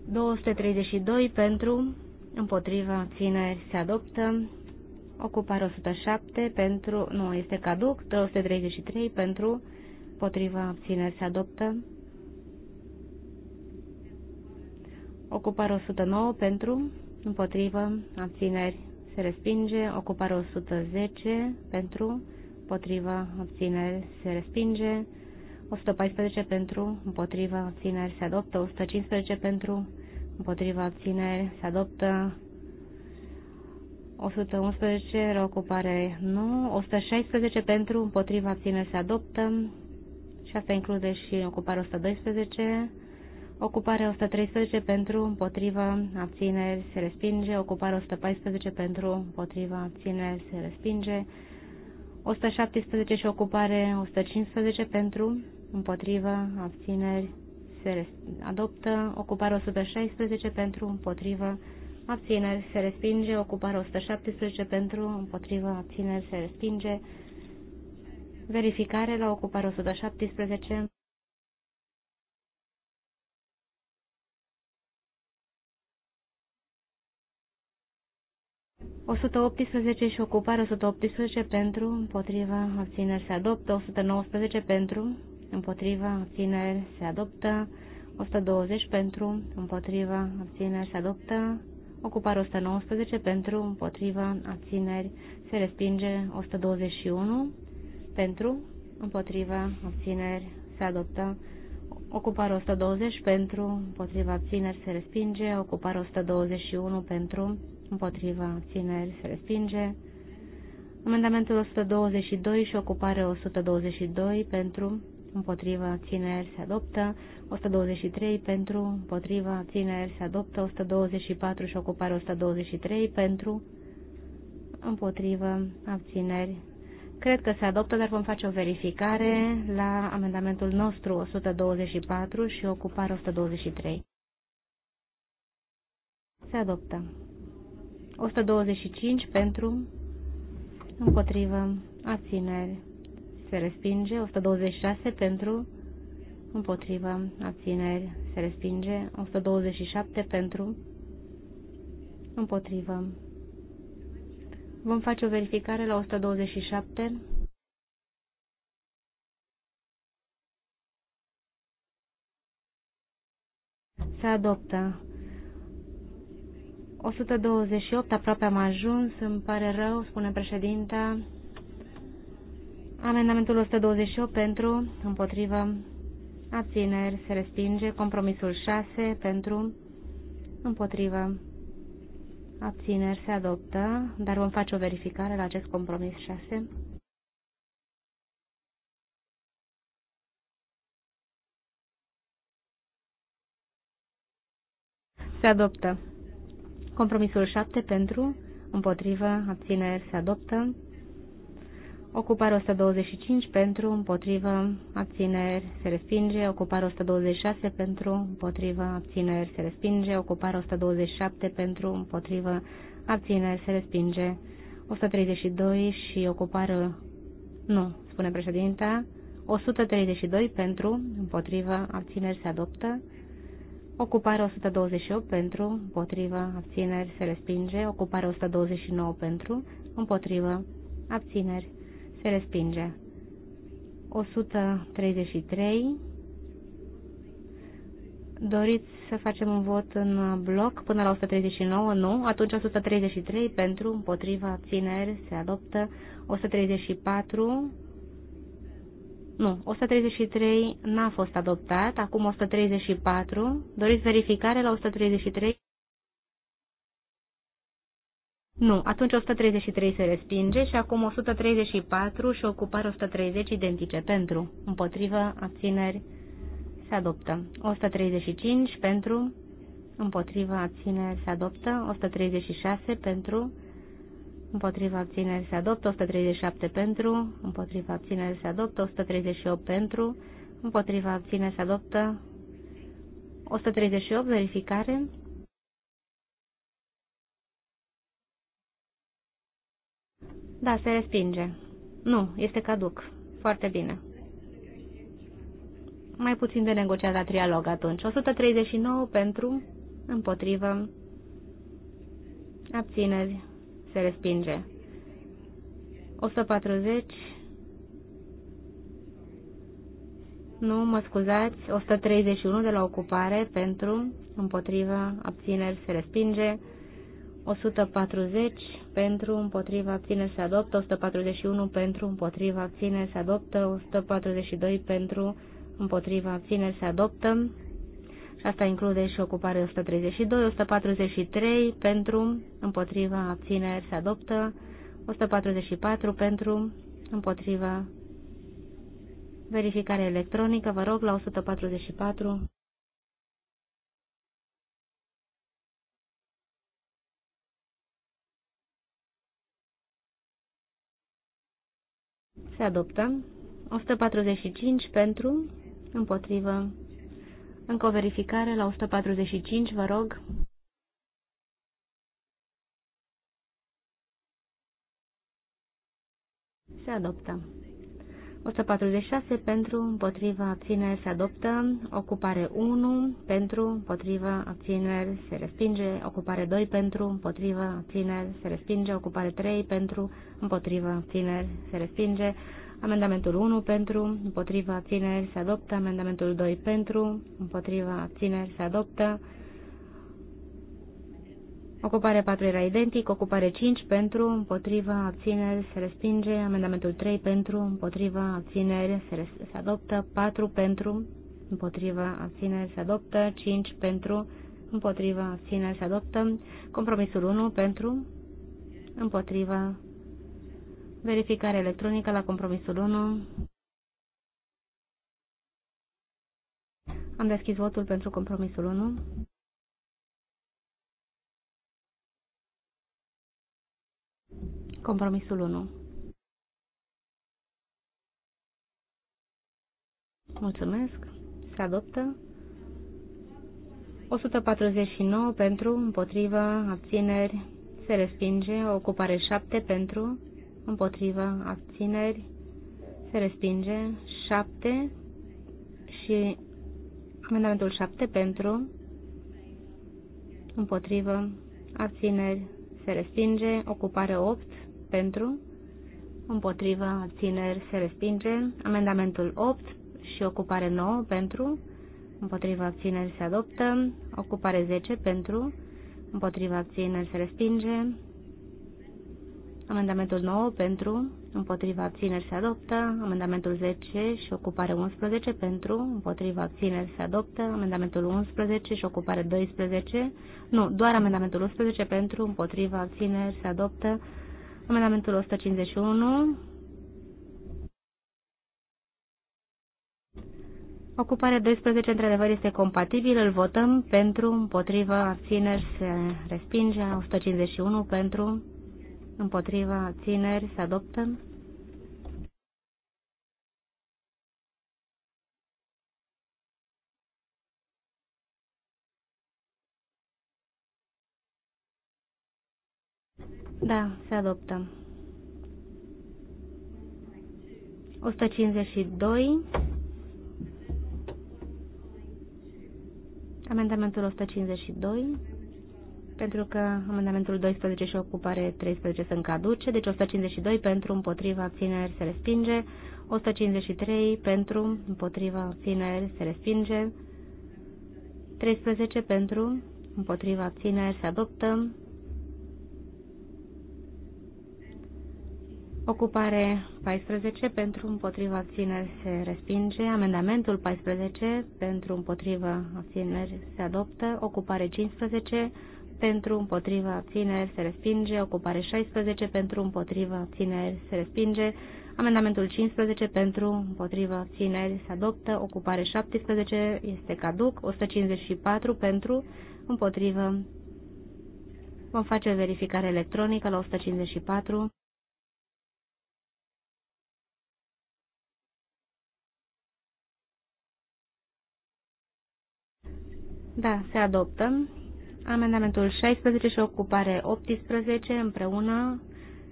232 pentru, împotriva, abțineri, se adoptă. Ocupare 107 pentru, nu, este caduc. 233 pentru, împotriva, abțineri, se adoptă. Ocupare 109 pentru, împotriva, abțineri, se respinge, ocupare 110 pentru, împotriva, abțineri, se respinge, 114 pentru, împotriva, abțineri, se adoptă, 115 pentru, împotriva, abțineri, se adoptă, 111, reocupare nu, 116 pentru, împotriva, abțineri, se adoptă, și asta include și ocuparea 112, Ocupare 113 pentru, împotriva, abțineri, se respinge. Ocupare 114 pentru, împotriva, abțineri, se respinge. 117 și ocupare 115 pentru, împotriva, abțineri, se adoptă. Ocupare 116 pentru, împotriva, abțineri, se respinge. Ocupare 117 pentru, împotriva, abțineri, se respinge. Verificare la ocupare 117. 118 și ocupare 118 pentru, împotriva, abțineri se adoptă, 119 pentru, împotriva, abțineri se adoptă, 120 pentru, împotriva, abțineri se adoptă, ocupare 119 pentru, împotriva, abțineri se respinge, 121 pentru, împotriva, abțineri se adoptă, ocupare 120 pentru, împotriva, abțineri se respinge, ocupare 121 pentru, împotriva țineri se respinge. Amendamentul 122 și ocupare 122 pentru împotriva țineri se adoptă, 123 pentru împotriva țineri se adoptă, 124 și ocupare 123 pentru împotriva abțineri. Cred că se adoptă, dar vom face o verificare la amendamentul nostru 124 și ocupare 123. Se adoptă. 125 pentru, împotrivă, abțineri, se respinge. 126 pentru, împotrivă, abțineri, se respinge. 127 pentru, împotrivă. Vom face o verificare la 127. Se adoptă 128, aproape am ajuns, îmi pare rău, spune președinta. Amendamentul 128 pentru, împotrivă, abțineri, se respinge. Compromisul 6 pentru, împotrivă, abțineri, se adoptă, dar vom face o verificare la acest compromis 6. Se adoptă. Compromisul 7 pentru, împotrivă, abțineri se adoptă. Ocupare 125 pentru, împotrivă, abțineri se respinge. Ocupare 126 pentru, împotrivă, abțineri se respinge. Ocupare 127 pentru, împotrivă, abțineri se respinge. 132 și ocupare... Nu, spune președinta. 132 pentru, împotrivă, abțineri se adoptă. Ocupare 128 pentru, împotrivă, abțineri, se respinge. Ocupare 129 pentru, împotrivă, abțineri, se respinge. 133. Doriți să facem un vot în bloc până la 139? Nu. Atunci 133 pentru, împotrivă, abțineri, se adoptă. 134 nu, 133 n-a fost adoptat, acum 134. Doriți verificare la 133? Nu, atunci 133 se respinge și acum 134 și ocupare 130 identice pentru, împotrivă, abțineri, se adoptă. 135 pentru, împotrivă, abțineri, se adoptă. 136 pentru, împotriva abținere se adoptă 137 pentru, împotriva abținere se adoptă 138 pentru, împotriva abținere se adoptă 138 verificare. Da, se respinge. Nu, este caduc. Foarte bine. Mai puțin de negociat la trialog atunci. 139 pentru, împotrivă, abțineri se respinge. 140, nu, mă scuzați, 131 de la ocupare pentru, împotriva, abțineri, se respinge. 140 pentru, împotriva, abțineri, se adoptă. 141 pentru, împotriva, abțineri, se adoptă. 142 pentru, împotriva, abțineri, se adoptă asta include și ocuparea 132, 143 pentru, împotriva, abțineri, se adoptă, 144 pentru, împotriva, verificare electronică, vă rog, la 144. Se adoptă. 145 pentru, împotrivă, încă o verificare la 145, vă rog. Se adoptă. 146 pentru, împotriva, abțineri, se adoptă. Ocupare 1 pentru, împotriva, abțineri, se respinge. Ocupare 2 pentru, împotriva, abțineri, se respinge. Ocupare 3 pentru, împotriva, abțineri, se respinge. Amendamentul 1 pentru, împotriva țineri se adoptă. Amendamentul 2 pentru, împotriva țineri se adoptă. Ocupare 4 era identic, ocupare 5 pentru, împotriva, abțineri, se respinge, amendamentul 3 pentru, împotriva, abțineri, se, se adoptă, 4 pentru, împotriva, abțineri, se adoptă, 5 pentru, împotriva, abțineri, se adoptă, compromisul 1 pentru, împotriva, Verificare electronică la compromisul 1. Am deschis votul pentru compromisul 1. Compromisul 1. Mulțumesc. Se adoptă. 149 pentru, împotriva, abțineri, se respinge, ocupare 7 pentru, împotrivă, abțineri, se respinge. 7 și amendamentul 7 pentru, împotrivă, abțineri, se respinge. Ocupare 8 pentru, împotrivă, abțineri, se respinge. Amendamentul 8 și ocupare 9 pentru, împotrivă, abțineri se adoptă, ocupare 10 pentru, împotriva abțineri se respinge, Amendamentul 9 pentru, împotriva abțineri se adoptă. Amendamentul 10 și ocupare 11 pentru, împotriva abțineri se adoptă. Amendamentul 11 și ocupare 12, nu, doar amendamentul 11 pentru, împotriva abțineri se adoptă. Amendamentul 151, Ocuparea 12, într-adevăr, este compatibilă. Îl votăm pentru, împotriva, abțineri, se respinge. 151 pentru, împotriva țineri să adoptă. Da, se adoptă. 152. Amendamentul 152 pentru că amendamentul 12 și ocupare 13 sunt caduce, deci 152 pentru, împotriva, abțineri, se respinge, 153 pentru, împotriva, abțineri, se respinge, 13 pentru, împotriva, abțineri, se adoptă, Ocupare 14 pentru împotriva abțineri se respinge. Amendamentul 14 pentru împotriva abțineri se adoptă. Ocupare 15 pentru împotriva abțineri se respinge, ocupare 16 pentru împotriva abțineri se respinge, amendamentul 15 pentru împotriva abțineri se adoptă, ocupare 17 este caduc, 154 pentru împotriva. Vom face verificare electronică la 154. Da, se adoptă. Amendamentul 16 și ocupare 18 împreună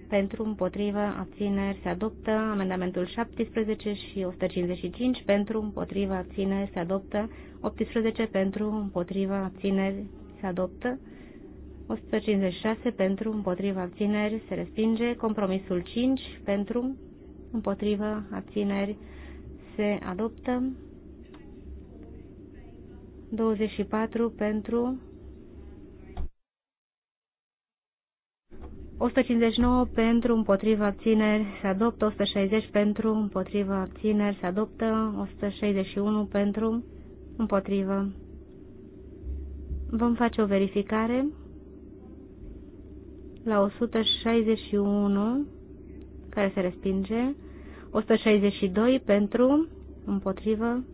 pentru împotrivă abțineri se adoptă. Amendamentul 17 și 155 pentru împotrivă abțineri se adoptă. 18 pentru împotrivă abțineri se adoptă. 156 pentru împotrivă abțineri se respinge. Compromisul 5 pentru împotrivă abțineri se adoptă. 24 pentru 159 pentru, împotriva abțineri se adoptă, 160 pentru, împotriva abțineri se adoptă, 161 pentru, împotrivă. Vom face o verificare la 161 care se respinge, 162 pentru, împotrivă,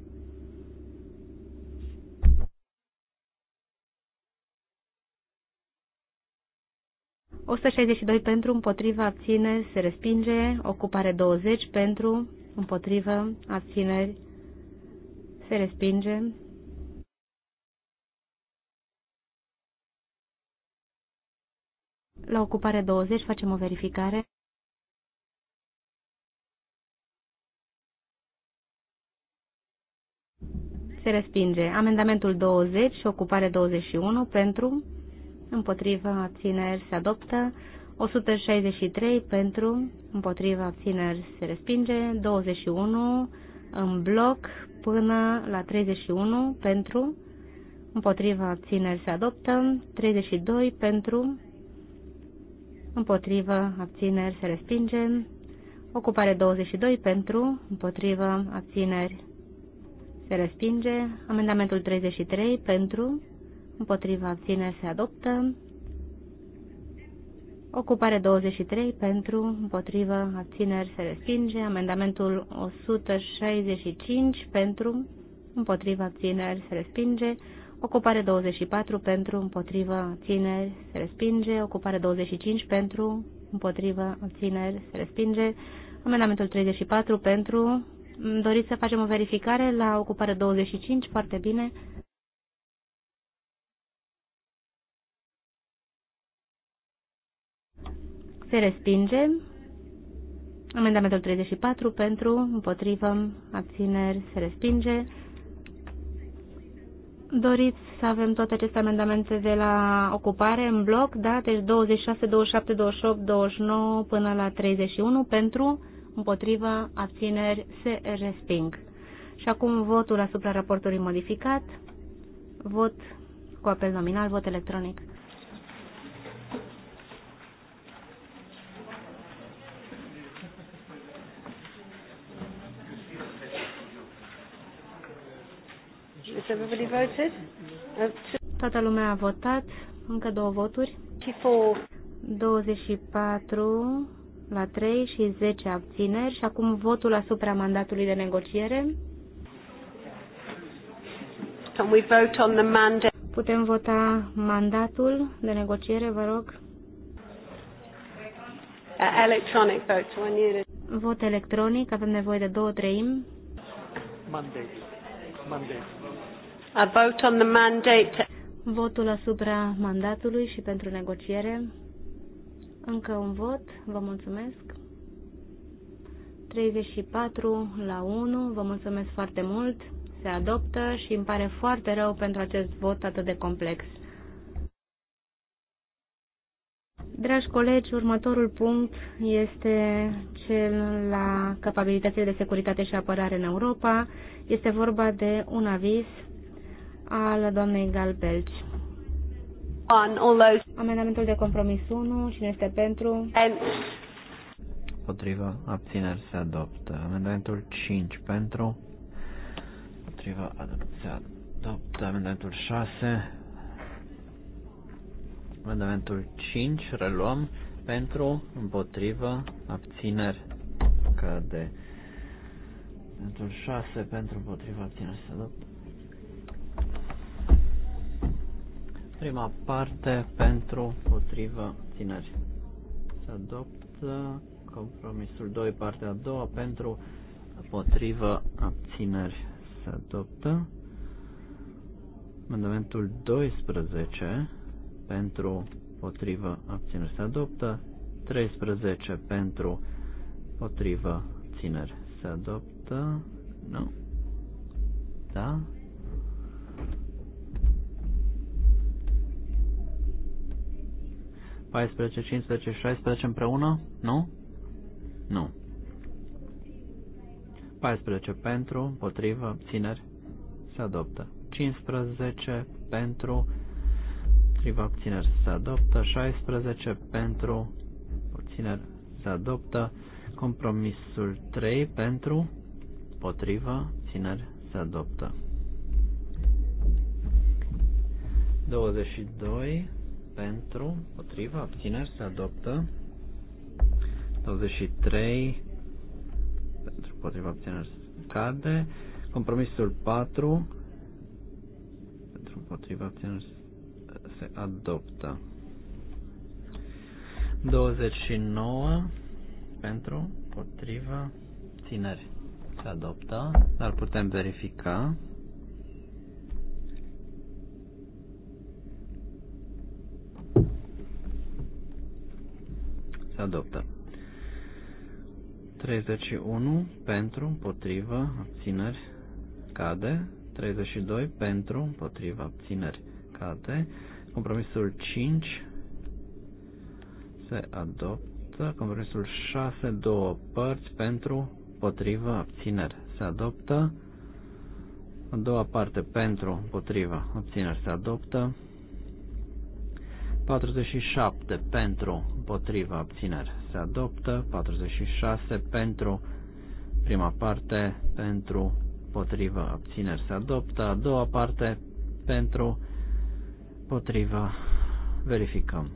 162 pentru, împotriva, abține, se respinge. Ocupare 20 pentru, împotrivă, abțineri, se respinge. La ocupare 20 facem o verificare. Se respinge amendamentul 20 și ocupare 21 pentru împotriva abțineri se adoptă, 163 pentru, împotriva abțineri se respinge, 21 în bloc până la 31 pentru, împotriva abțineri se adoptă, 32 pentru, împotriva abțineri se respinge, ocupare 22 pentru, împotriva abțineri se respinge, amendamentul 33 pentru, împotriva abține se adoptă. Ocupare 23 pentru, împotrivă, abțineri se respinge. Amendamentul 165 pentru, împotrivă, abțineri se respinge. Ocupare 24 pentru, împotrivă, abțineri se respinge. Ocupare 25 pentru, împotrivă, abțineri se respinge. Amendamentul 34 pentru, doriți să facem o verificare la ocupare 25, foarte bine. Se respinge. Amendamentul 34 pentru, împotrivă, abțineri, se respinge. Doriți să avem toate aceste amendamente de la ocupare în bloc, da? Deci 26, 27, 28, 29 până la 31 pentru, împotrivă, abțineri, se resping. Și acum votul asupra raportului modificat, vot cu apel nominal, vot electronic. everybody voted? Toată lumea a votat. Încă două voturi. 24 la 3 și 10 abțineri și acum votul asupra mandatului de negociere. Can we vote on the mandate? Putem vota mandatul de negociere, vă rog. Electronic vote. Vot electronic, avem nevoie de două treimi. Mandate. Mandate. A vote on the mandate. Votul asupra mandatului și pentru negociere. Încă un vot. Vă mulțumesc. 34 la 1. Vă mulțumesc foarte mult. Se adoptă și îmi pare foarte rău pentru acest vot atât de complex. Dragi colegi, următorul punct este cel la capabilitățile de securitate și apărare în Europa. Este vorba de un aviz al doamnei Galbelci. On all those. Amendamentul de compromis 1, cine este pentru? And... Potrivă, abțineri se adoptă. Amendamentul 5 pentru. Potrivă, se adoptă. Amendamentul 6. Amendamentul 5, reluăm. Pentru, împotrivă, abțineri cade. Amendamentul 6 pentru, împotrivă, abțineri se adoptă. Prima parte pentru potrivă țineri. Se adoptă compromisul 2, partea a doua pentru potrivă abțineri. Se adoptă amendamentul 12 pentru potrivă abțineri. Se adoptă 13 pentru potrivă abțineri. Se adoptă nu? Da? 14, 15, 16 împreună? Nu? Nu. 14 pentru, potrivă, abțineri, se adoptă. 15 pentru, potrivă, abțineri, se adoptă. 16 pentru, abțineri, se adoptă. Compromisul 3 pentru, potrivă, abțineri, se adoptă. 22 pentru, potriva, abțineri se adoptă. 23 pentru, potriva, abțineri cade. Compromisul 4 pentru, potriva, abțineri se adoptă. 29 pentru, potriva, abțineri, se adoptă, dar putem verifica. se adoptă. 31 pentru, împotrivă, abțineri, cade. 32 pentru, împotrivă, abțineri, cade. Compromisul 5 se adoptă. Compromisul 6, două părți pentru, împotrivă, abțineri, se adoptă. A doua parte pentru, împotrivă, abțineri, se adoptă. 47 pentru, împotriva abțineri se adoptă, 46 pentru, prima parte, pentru, împotriva abțineri se adoptă, a doua parte, pentru, împotriva, verificăm.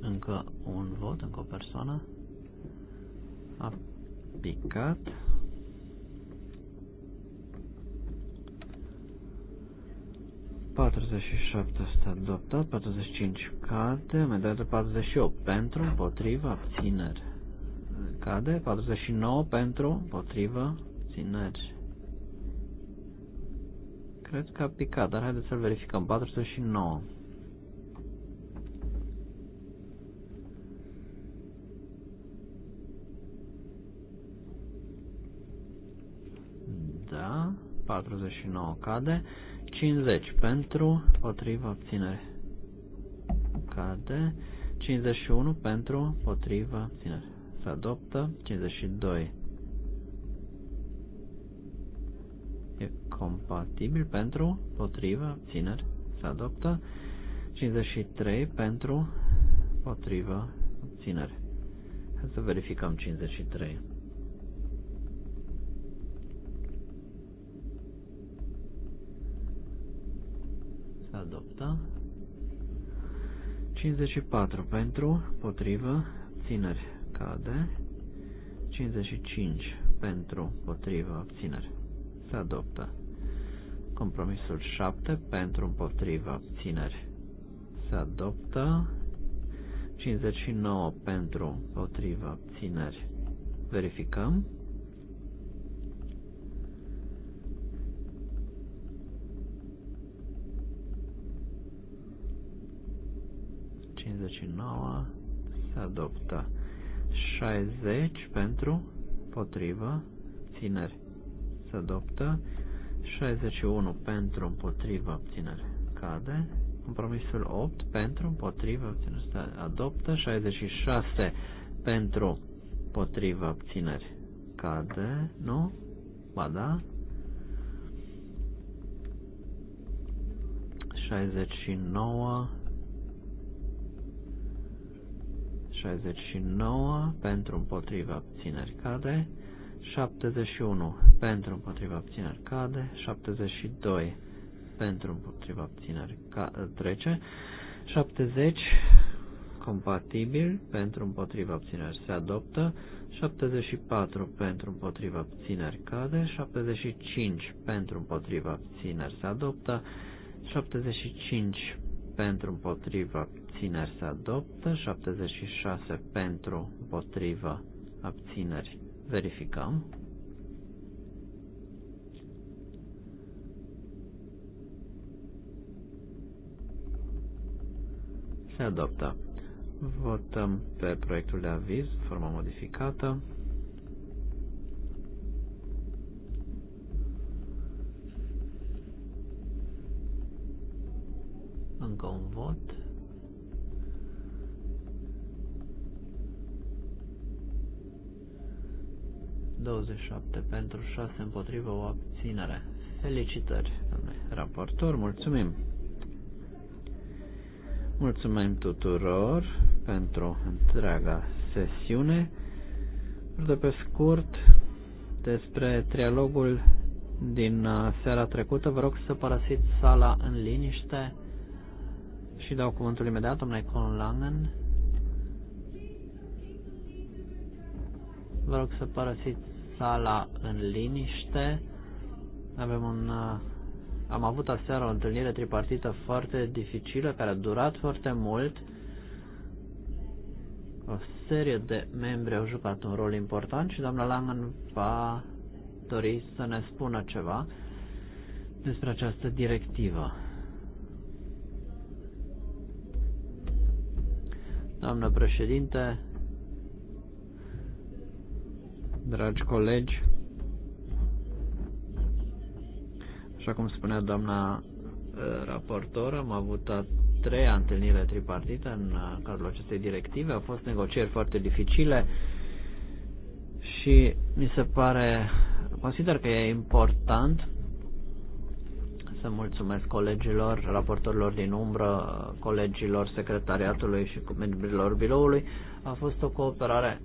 Încă un vot, încă o persoană. A picat. 47 este adoptat, 45 cade, amendamentul 48 pentru, împotriva, abțineri. Cade, 49 pentru, împotriva, abțineri. Cred că a picat, dar haideți să-l verificăm. 49. Da, 49 cade. 50 pentru, potriva abținere. Cade. 51 pentru, potriva abținere. Se adoptă. 52 e compatibil pentru, potriva abținere. Se adoptă. 53 pentru, potriva abținere. Hai să verificăm 53. se adoptă. 54 pentru, potrivă, țineri, cade. 55 pentru, potrivă, abțineri se adoptă. Compromisul 7 pentru, împotrivă, abțineri se adoptă. 59 pentru, potrivă, abțineri verificăm. 59 se adoptă. 60 pentru, potrivă, țineri se adoptă. 61 pentru, împotrivă, obținere cade. Compromisul 8 pentru, împotrivă, obținere se adoptă. 66 pentru, potrivă, obținere cade. Nu? Ba da. 69 69 pentru împotriva obțineri cade, 71 pentru împotriva obțineri cade, 72 pentru împotriva obțineri trece, 70 compatibil pentru împotriva obțineri se adoptă, 74 pentru împotriva obțineri cade, 75 pentru împotriva obțineri se adoptă, 75 pentru împotriva abțineri se adoptă, 76 pentru, împotrivă, abțineri. Verificăm. Se adoptă. Votăm pe proiectul de aviz, forma modificată. Încă un vot. 27 pentru 6 împotrivă o abținere. Felicitări, domnule raportor, mulțumim! Mulțumim tuturor pentru întreaga sesiune. De pe scurt, despre trialogul din uh, seara trecută, vă rog să părăsiți sala în liniște și dau cuvântul imediat, domnule Conlangen. Vă rog să părăsiți sala în liniște. Avem un, uh, am avut aseară o întâlnire tripartită foarte dificilă, care a durat foarte mult. O serie de membri au jucat un rol important și doamna Langan va dori să ne spună ceva despre această directivă. Doamnă președinte, dragi colegi, așa cum spunea doamna uh, raportor, am avut a treia întâlnire tripartită în uh, cadrul acestei directive. Au fost negocieri foarte dificile și mi se pare, consider că e important să mulțumesc colegilor, raportorilor din umbră, colegilor secretariatului și membrilor biroului. A fost o cooperare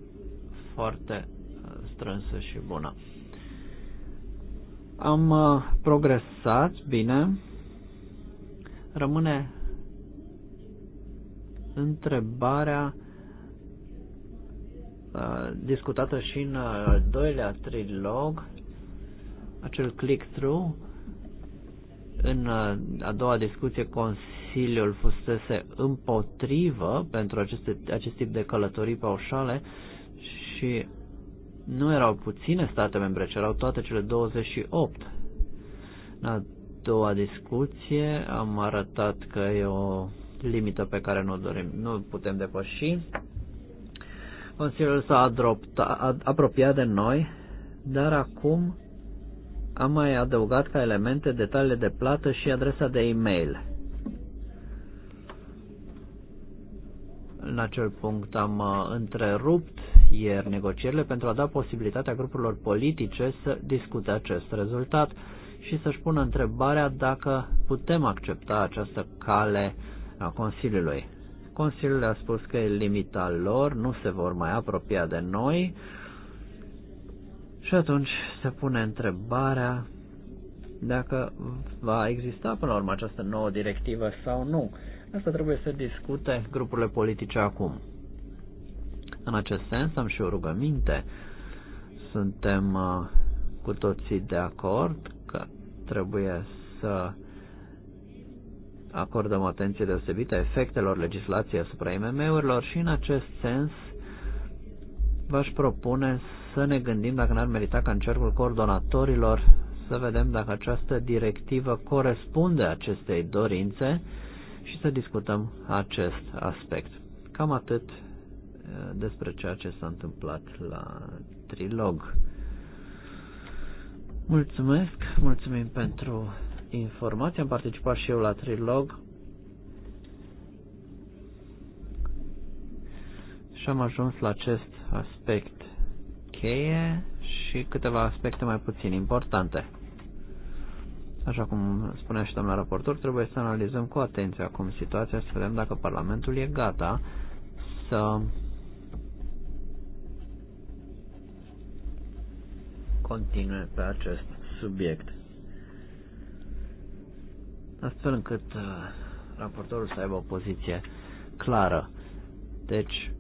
foarte strânsă și bună. Am uh, progresat bine. Rămâne întrebarea uh, discutată și în al uh, doilea trilog, acel click-through, în a doua discuție Consiliul fusese împotrivă pentru aceste, acest tip de călătorii paușale și nu erau puține state membre, ci erau toate cele 28. În a doua discuție am arătat că e o limită pe care nu, dorim, nu putem depăși. Consiliul s-a apropiat de noi, dar acum am mai adăugat ca elemente detaliile de plată și adresa de e-mail. În acel punct am uh, întrerupt ieri negocierile pentru a da posibilitatea grupurilor politice să discute acest rezultat și să-și pună întrebarea dacă putem accepta această cale a Consiliului. Consiliul a spus că e limita lor, nu se vor mai apropia de noi și atunci se pune întrebarea dacă va exista până la urmă această nouă directivă sau nu. Asta trebuie să discute grupurile politice acum. În acest sens am și o rugăminte. Suntem uh, cu toții de acord că trebuie să acordăm atenție deosebită efectelor legislației asupra IMM-urilor și în acest sens v-aș propune să ne gândim dacă n-ar merita ca în cercul coordonatorilor să vedem dacă această directivă corespunde acestei dorințe și să discutăm acest aspect. Cam atât despre ceea ce s-a întâmplat la trilog. Mulțumesc, mulțumim pentru informații. Am participat și eu la trilog și am ajuns la acest aspect cheie și câteva aspecte mai puțin importante. Așa cum spunea și domnul raportor, trebuie să analizăm cu atenție acum situația, să vedem dacă Parlamentul e gata să continue pe acest subiect. Astfel încât uh, raportorul să aibă o poziție clară. Deci,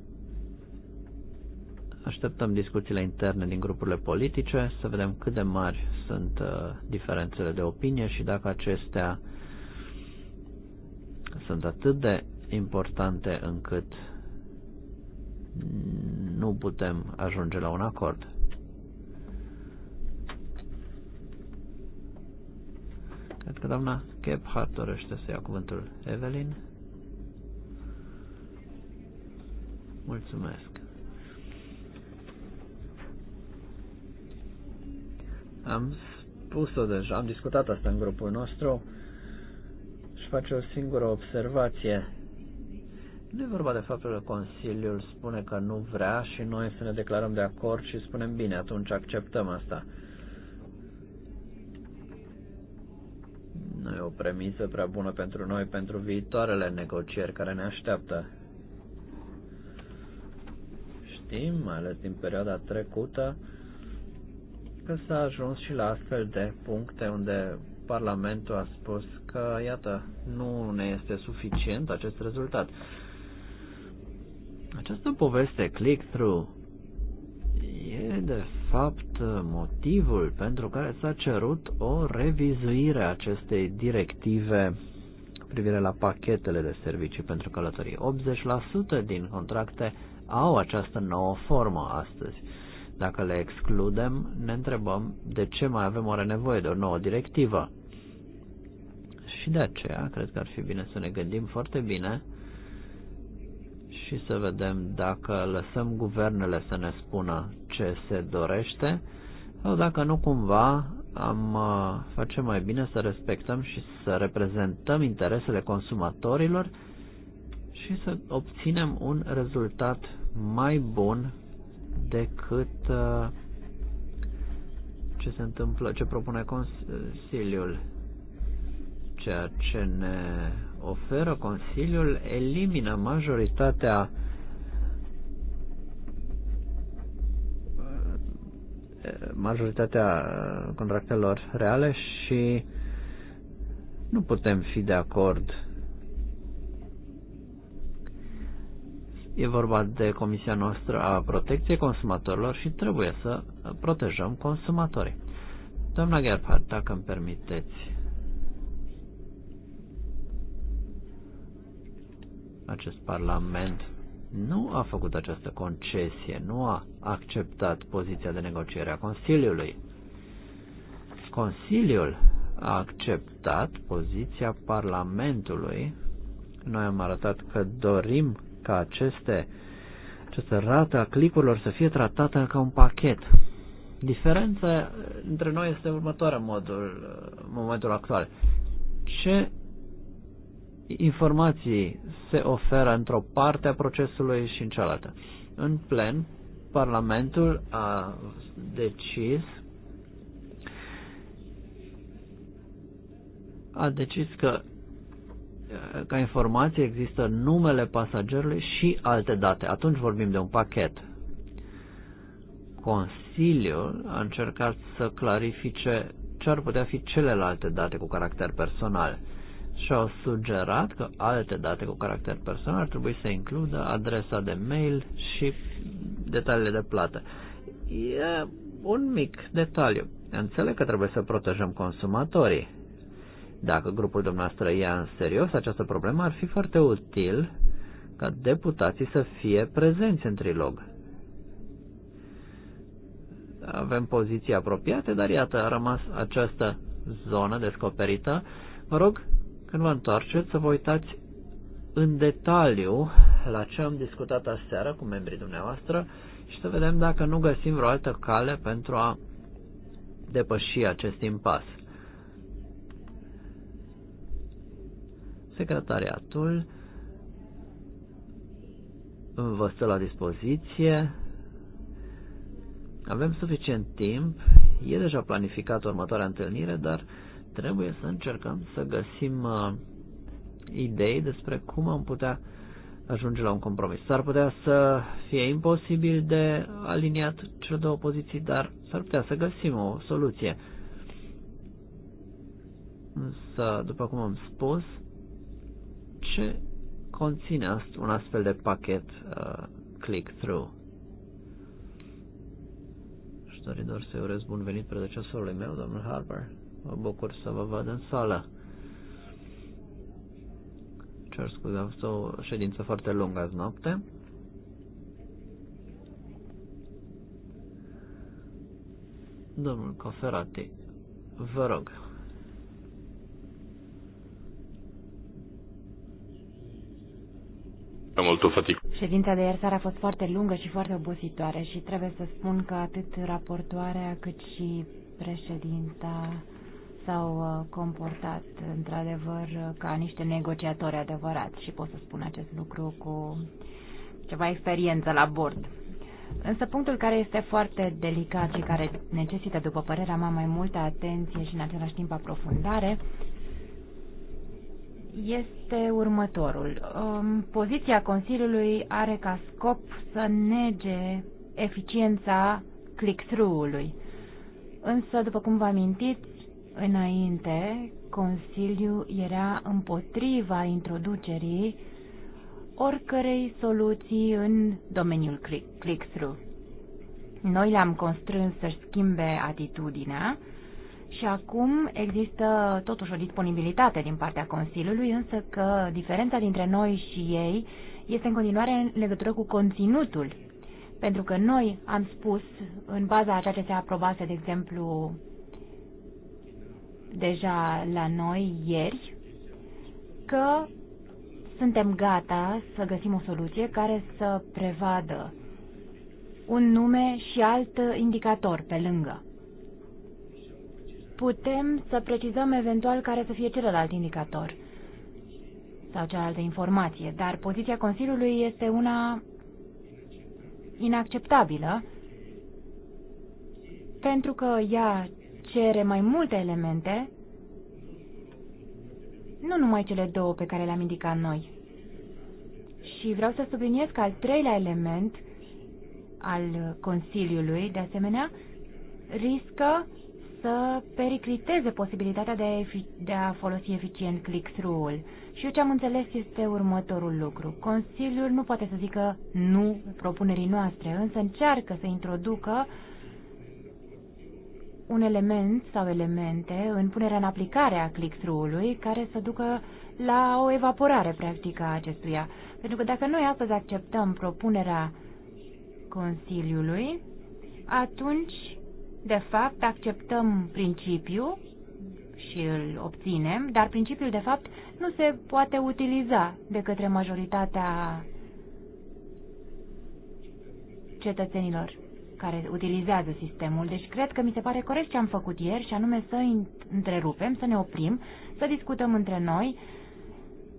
așteptăm discuțiile interne din grupurile politice, să vedem cât de mari sunt uh, diferențele de opinie și dacă acestea sunt atât de importante încât nu putem ajunge la un acord. Cred că doamna Gebhardt dorește să ia cuvântul. Evelyn? Mulțumesc. Am spus-o deja, am discutat asta în grupul nostru și face o singură observație. Nu e vorba de faptul că Consiliul spune că nu vrea și noi să ne declarăm de acord și spunem bine, atunci acceptăm asta. Nu e o premisă prea bună pentru noi, pentru viitoarele negocieri care ne așteaptă. Știm, mai ales din perioada trecută, că s-a ajuns și la astfel de puncte unde Parlamentul a spus că, iată, nu ne este suficient acest rezultat. Această poveste click-through e de fapt motivul pentru care s-a cerut o revizuire a acestei directive privire la pachetele de servicii pentru călătorii. 80% din contracte au această nouă formă astăzi. Dacă le excludem, ne întrebăm de ce mai avem oare nevoie de o nouă directivă. Și de aceea, cred că ar fi bine să ne gândim foarte bine și să vedem dacă lăsăm guvernele să ne spună ce se dorește sau dacă nu cumva am uh, face mai bine să respectăm și să reprezentăm interesele consumatorilor și să obținem un rezultat mai bun decât uh, ce se întâmplă, ce propune Consiliul, ceea ce ne oferă Consiliul elimină majoritatea majoritatea contractelor reale și nu putem fi de acord. E vorba de Comisia noastră a protecției consumatorilor și trebuie să protejăm consumatorii. Doamna Gerhard, dacă îmi permiteți, Acest Parlament nu a făcut această concesie, nu a acceptat poziția de negociere a Consiliului. Consiliul a acceptat poziția Parlamentului. Noi am arătat că dorim ca aceste, această rată a clipurilor să fie tratată ca un pachet. Diferența între noi este următoarea modul, momentul actual. Ce informații se oferă într-o parte a procesului și în cealaltă. În plen, Parlamentul a decis a decis că ca informație există numele pasagerului și alte date. Atunci vorbim de un pachet. Consiliul a încercat să clarifice ce ar putea fi celelalte date cu caracter personal și au sugerat că alte date cu caracter personal ar trebui să includă adresa de mail și detaliile de plată. E un mic detaliu. Înțeleg că trebuie să protejăm consumatorii. Dacă grupul dumneavoastră ia în serios această problemă, ar fi foarte util ca deputații să fie prezenți în trilog. Avem poziții apropiate, dar iată, a rămas această zonă descoperită. Vă rog când vă întoarceți, să vă uitați în detaliu la ce am discutat aseară cu membrii dumneavoastră și să vedem dacă nu găsim vreo altă cale pentru a depăși acest impas. Secretariatul vă stă la dispoziție. Avem suficient timp, e deja planificată următoarea întâlnire, dar trebuie să încercăm să găsim uh, idei despre cum am putea ajunge la un compromis. S-ar putea să fie imposibil de aliniat cele două poziții, dar s-ar putea să găsim o soluție. Însă, după cum am spus, ce conține un astfel de pachet uh, click-through? Și dori doar să-i urez bun venit predecesorului meu, domnul Harper. Mă bucur să vă văd în sală. Cer scuze, a fost o ședință foarte lungă azi noapte. Domnul Coferati, vă rog. Ședința de ieri a fost foarte lungă și foarte obositoare și trebuie să spun că atât raportoarea cât și președinta s-au uh, comportat într-adevăr uh, ca niște negociatori adevărați și pot să spun acest lucru cu ceva experiență la bord. Însă punctul care este foarte delicat și care necesită, după părerea mea, mai multă atenție și în același timp aprofundare, este următorul. Um, poziția Consiliului are ca scop să nege eficiența click-through-ului. Însă, după cum vă amintiți, înainte, Consiliul era împotriva introducerii oricărei soluții în domeniul click-through. Noi l-am constrâns să-și schimbe atitudinea și acum există totuși o disponibilitate din partea Consiliului, însă că diferența dintre noi și ei este în continuare în legătură cu conținutul. Pentru că noi am spus, în baza a ceea ce se aprobase, de exemplu, deja la noi ieri că suntem gata să găsim o soluție care să prevadă un nume și alt indicator pe lângă. Putem să precizăm eventual care să fie celălalt indicator sau cealaltă informație, dar poziția Consiliului este una inacceptabilă pentru că ea cere mai multe elemente, nu numai cele două pe care le-am indicat noi. Și vreau să subliniez că al treilea element al Consiliului, de asemenea, riscă să pericliteze posibilitatea de a, de a folosi eficient click-through-ul. Și eu ce am înțeles este următorul lucru. Consiliul nu poate să zică nu propunerii noastre, însă încearcă să introducă uh, un element sau elemente în punerea în aplicare a click-through-ului care să ducă la o evaporare practică a acestuia. Pentru că dacă noi astăzi acceptăm propunerea Consiliului, atunci, de fapt, acceptăm principiul și îl obținem, dar principiul, de fapt, nu se poate utiliza de către majoritatea cetățenilor care utilizează sistemul. Deci cred că mi se pare corect ce am făcut ieri și anume să întrerupem, să ne oprim, să discutăm între noi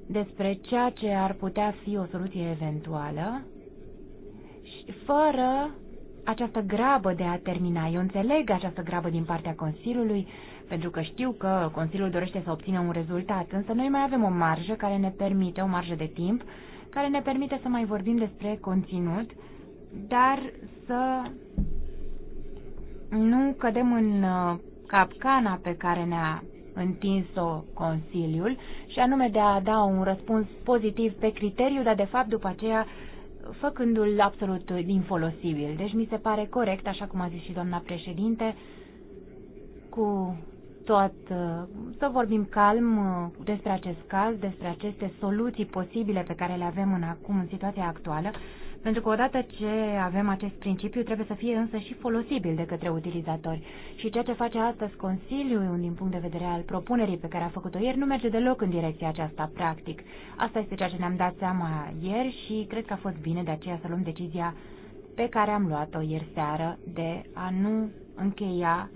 despre ceea ce ar putea fi o soluție eventuală și fără această grabă de a termina. Eu înțeleg această grabă din partea Consiliului, pentru că știu că Consiliul dorește să obțină un rezultat, însă noi mai avem o marjă care ne permite, o marjă de timp, care ne permite să mai vorbim despre conținut dar să nu cădem în uh, capcana pe care ne-a întins-o Consiliul și anume de a da un răspuns pozitiv pe criteriu, dar de fapt după aceea făcându-l absolut infolosibil. Deci mi se pare corect, așa cum a zis și doamna președinte, cu tot uh, să vorbim calm uh, despre acest caz, despre aceste soluții posibile pe care le avem în acum în situația actuală pentru că odată ce avem acest principiu, trebuie să fie însă și folosibil de către utilizatori. Și ceea ce face astăzi Consiliul, din punct de vedere al propunerii pe care a făcut-o ieri, nu merge deloc în direcția aceasta, practic. Asta este ceea ce ne-am dat seama ieri și cred că a fost bine de aceea să luăm decizia pe care am luat-o ieri seară de a nu încheia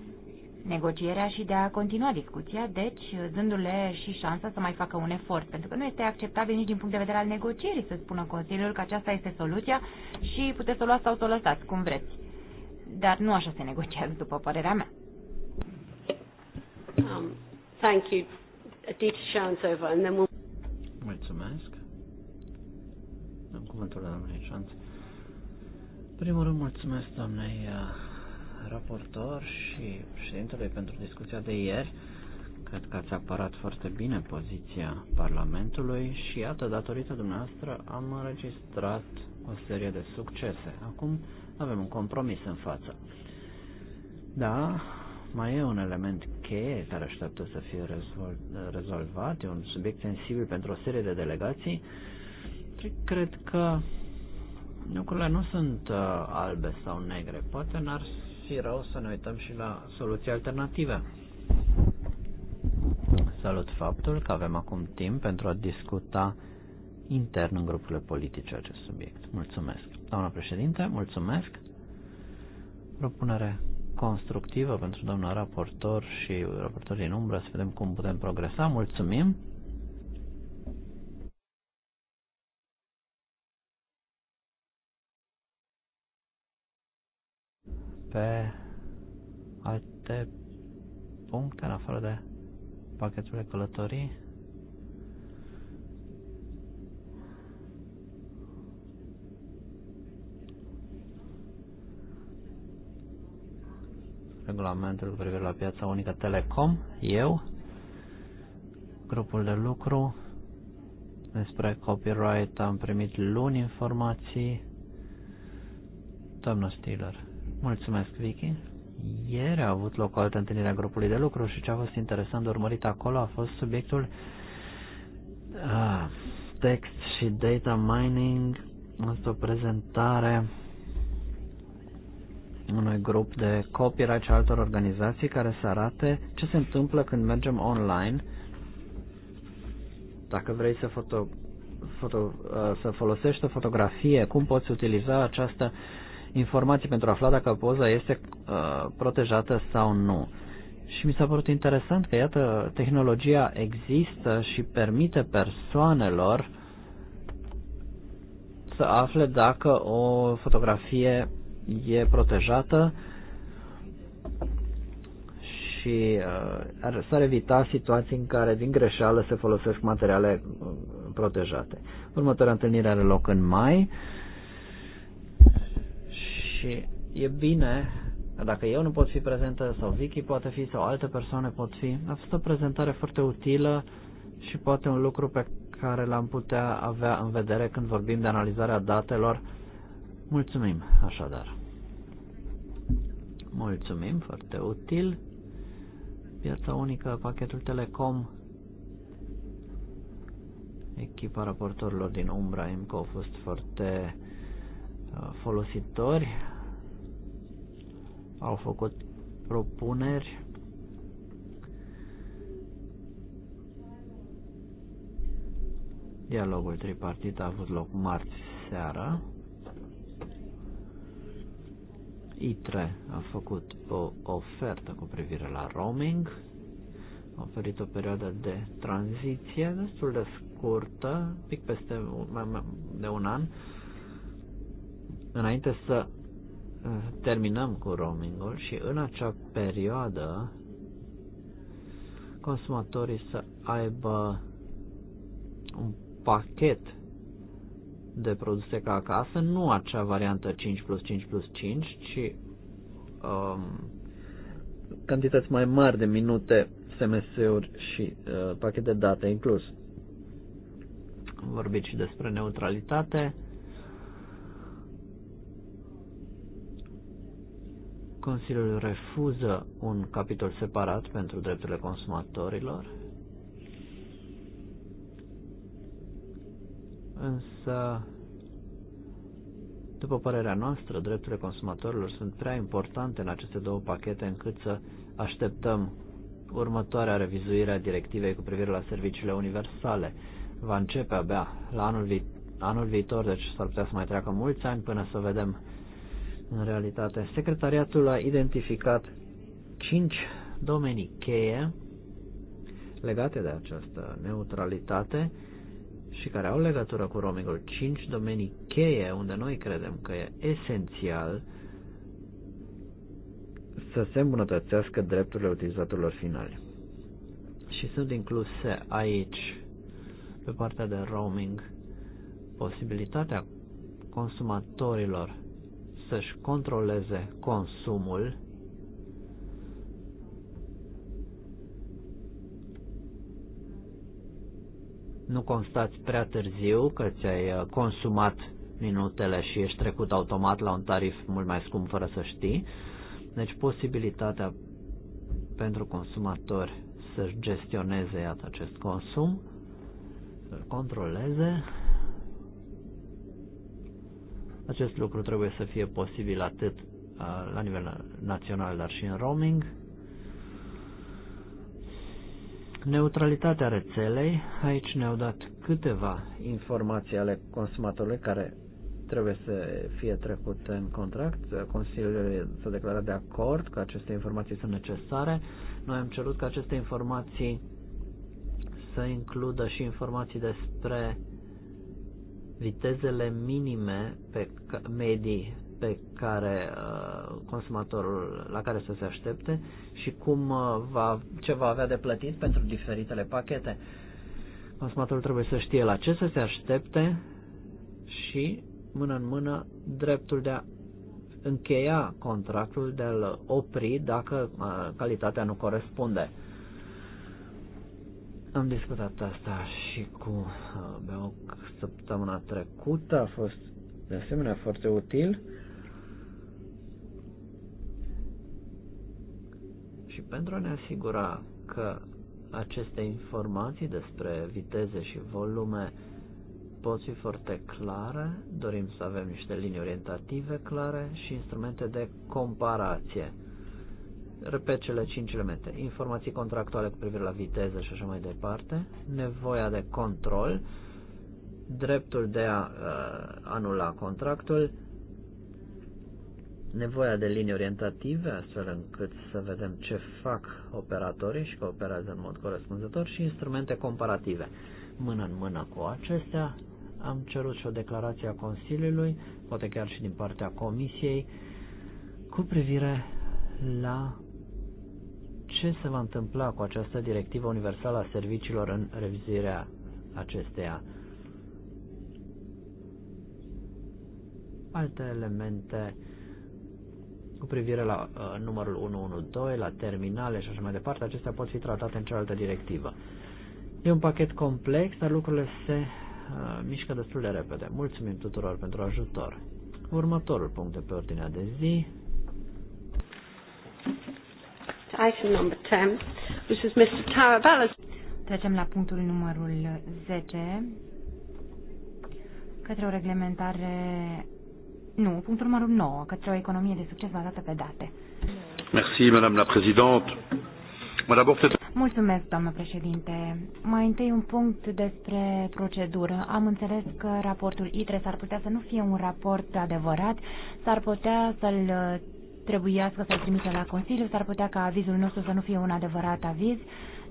negocierea și de a continua discuția, deci dându-le și șansa să mai facă un efort, pentru că nu este acceptabil nici din punct de vedere al negocierii să spună Consiliul că aceasta este soluția și puteți să o luați sau să o lăsați, cum vreți. Dar nu așa se negociază, după părerea mea. Um, thank you. Aditi Shansova, and then we'll... Mulțumesc. Am cuvântul la domnului Șanț. Primul rând, mulțumesc doamnei uh, raportor și președintelui pentru discuția de ieri. Cred că ați apărat foarte bine poziția Parlamentului și iată, datorită dumneavoastră, am înregistrat o serie de succese. Acum avem un compromis în față. Da, mai e un element cheie care așteaptă să fie rezol rezolvat, e un subiect sensibil pentru o serie de delegații. Cred că lucrurile nu sunt uh, albe sau negre. Poate n-ar fi rău să ne uităm și la soluții alternative. Salut faptul că avem acum timp pentru a discuta intern în grupurile politice acest subiect. Mulțumesc. Doamna președinte, mulțumesc. Propunere constructivă pentru doamna raportor și raportorii în umbră să vedem cum putem progresa. Mulțumim. pe alte puncte, în afară de pachetul de călătorii. Regulamentul cu privire la piața unică Telecom, eu, grupul de lucru, despre copyright am primit luni informații, doamna Stiller. Mulțumesc, Vicky. Ieri a avut loc o altă întâlnire a grupului de lucru și ce a fost interesant de urmărit acolo a fost subiectul uh, text și data mining. Asta o prezentare unui grup de copyright și altor organizații care să arate ce se întâmplă când mergem online. Dacă vrei să, foto, foto, să folosești o fotografie, cum poți utiliza această uh, informații pentru a afla dacă poza este uh, protejată sau nu. Și mi s-a părut interesant că, iată, tehnologia există și permite persoanelor să afle dacă o fotografie e protejată și uh, s-ar evita situații în care din greșeală se folosesc materiale uh, protejate. Următoarea întâlnire are loc în mai. Și e bine, dacă eu nu pot fi prezentă sau Vicky poate fi sau alte persoane pot fi, a fost o prezentare foarte utilă și poate un lucru pe care l-am putea avea în vedere când vorbim de analizarea datelor. Mulțumim, așadar. Mulțumim, foarte util. Piața unică, pachetul Telecom. Echipa raportorilor din Umbra IMCO au fost foarte uh, folositori au făcut propuneri. Dialogul tripartit a avut loc marți seara. ITRE a făcut o ofertă cu privire la roaming, a oferit o perioadă de tranziție destul de scurtă, pic peste de un an, înainte să Eh, terminăm cu roamingul și în acea perioadă consumatorii să aibă un pachet de produse ca acasă, nu acea variantă 5 plus 5 plus 5, ci um, cantități mai mari de minute, SMS-uri și uh, pachet de date inclus. Am vorbit și despre neutralitate. Consiliul refuză un capitol separat pentru drepturile consumatorilor, însă, după părerea noastră, drepturile consumatorilor sunt prea importante în aceste două pachete încât să așteptăm următoarea revizuire a directivei cu privire la serviciile universale. Va începe abia la anul, vi- anul viitor, deci s-ar putea să mai treacă mulți ani până să vedem în realitate. Secretariatul a identificat cinci domenii cheie legate de această neutralitate și care au legătură cu roamingul. Cinci domenii cheie unde noi credem că e esențial să se îmbunătățească drepturile utilizatorilor finali. Și sunt incluse aici, pe partea de roaming, posibilitatea consumatorilor să-și controleze consumul nu constați prea târziu că ți-ai uh, consumat minutele și ești trecut automat la un tarif mult mai scump fără să știi. Deci posibilitatea pentru consumatori să-și gestioneze iată acest consum, să-l controleze acest lucru trebuie să fie posibil atât la nivel național, dar și în roaming. Neutralitatea rețelei. Aici ne-au dat câteva informații ale consumatorului care trebuie să fie trecut în contract. Consiliul s-a declarat de acord că aceste informații sunt necesare. Noi am cerut ca aceste informații să includă și informații despre vitezele minime pe medii pe care uh, consumatorul la care să se aștepte și cum uh, va, ce va avea de plătit pentru diferitele pachete. Consumatorul trebuie să știe la ce să se aștepte și mână în mână dreptul de a încheia contractul, de a-l opri dacă uh, calitatea nu corespunde. Am discutat asta și cu Beoc uh, săptămâna trecută, a fost de asemenea foarte util. Și pentru a ne asigura că aceste informații despre viteze și volume pot fi foarte clare, dorim să avem niște linii orientative clare și instrumente de comparație repet cele cinci elemente. Informații contractuale cu privire la viteză și așa mai departe, nevoia de control, dreptul de a uh, anula contractul, nevoia de linii orientative, astfel încât să vedem ce fac operatorii și că operează în mod corespunzător și instrumente comparative. Mână în mână cu acestea am cerut și o declarație a Consiliului, poate chiar și din partea Comisiei, cu privire la ce se va întâmpla cu această directivă universală a serviciilor în revizirea acesteia. Alte elemente cu privire la uh, numărul 112, la terminale și așa mai departe, acestea pot fi tratate în cealaltă directivă. E un pachet complex, dar lucrurile se uh, mișcă destul de repede. Mulțumim tuturor pentru ajutor. Următorul punct de pe ordinea de zi item number 10, which is Mr. Tarabella's. Trecem la punctul numărul 10, către o reglementare, nu, punctul numărul 9, către o economie de succes bazată pe date. Merci, Madame la Présidente. Mulțumesc, doamnă președinte. Mai întâi un punct despre procedură. Am înțeles că raportul ITRE s-ar putea să nu fie un raport adevărat, s-ar putea să-l trebuiască să-l trimită la Consiliu, s-ar putea ca avizul nostru să nu fie un adevărat aviz.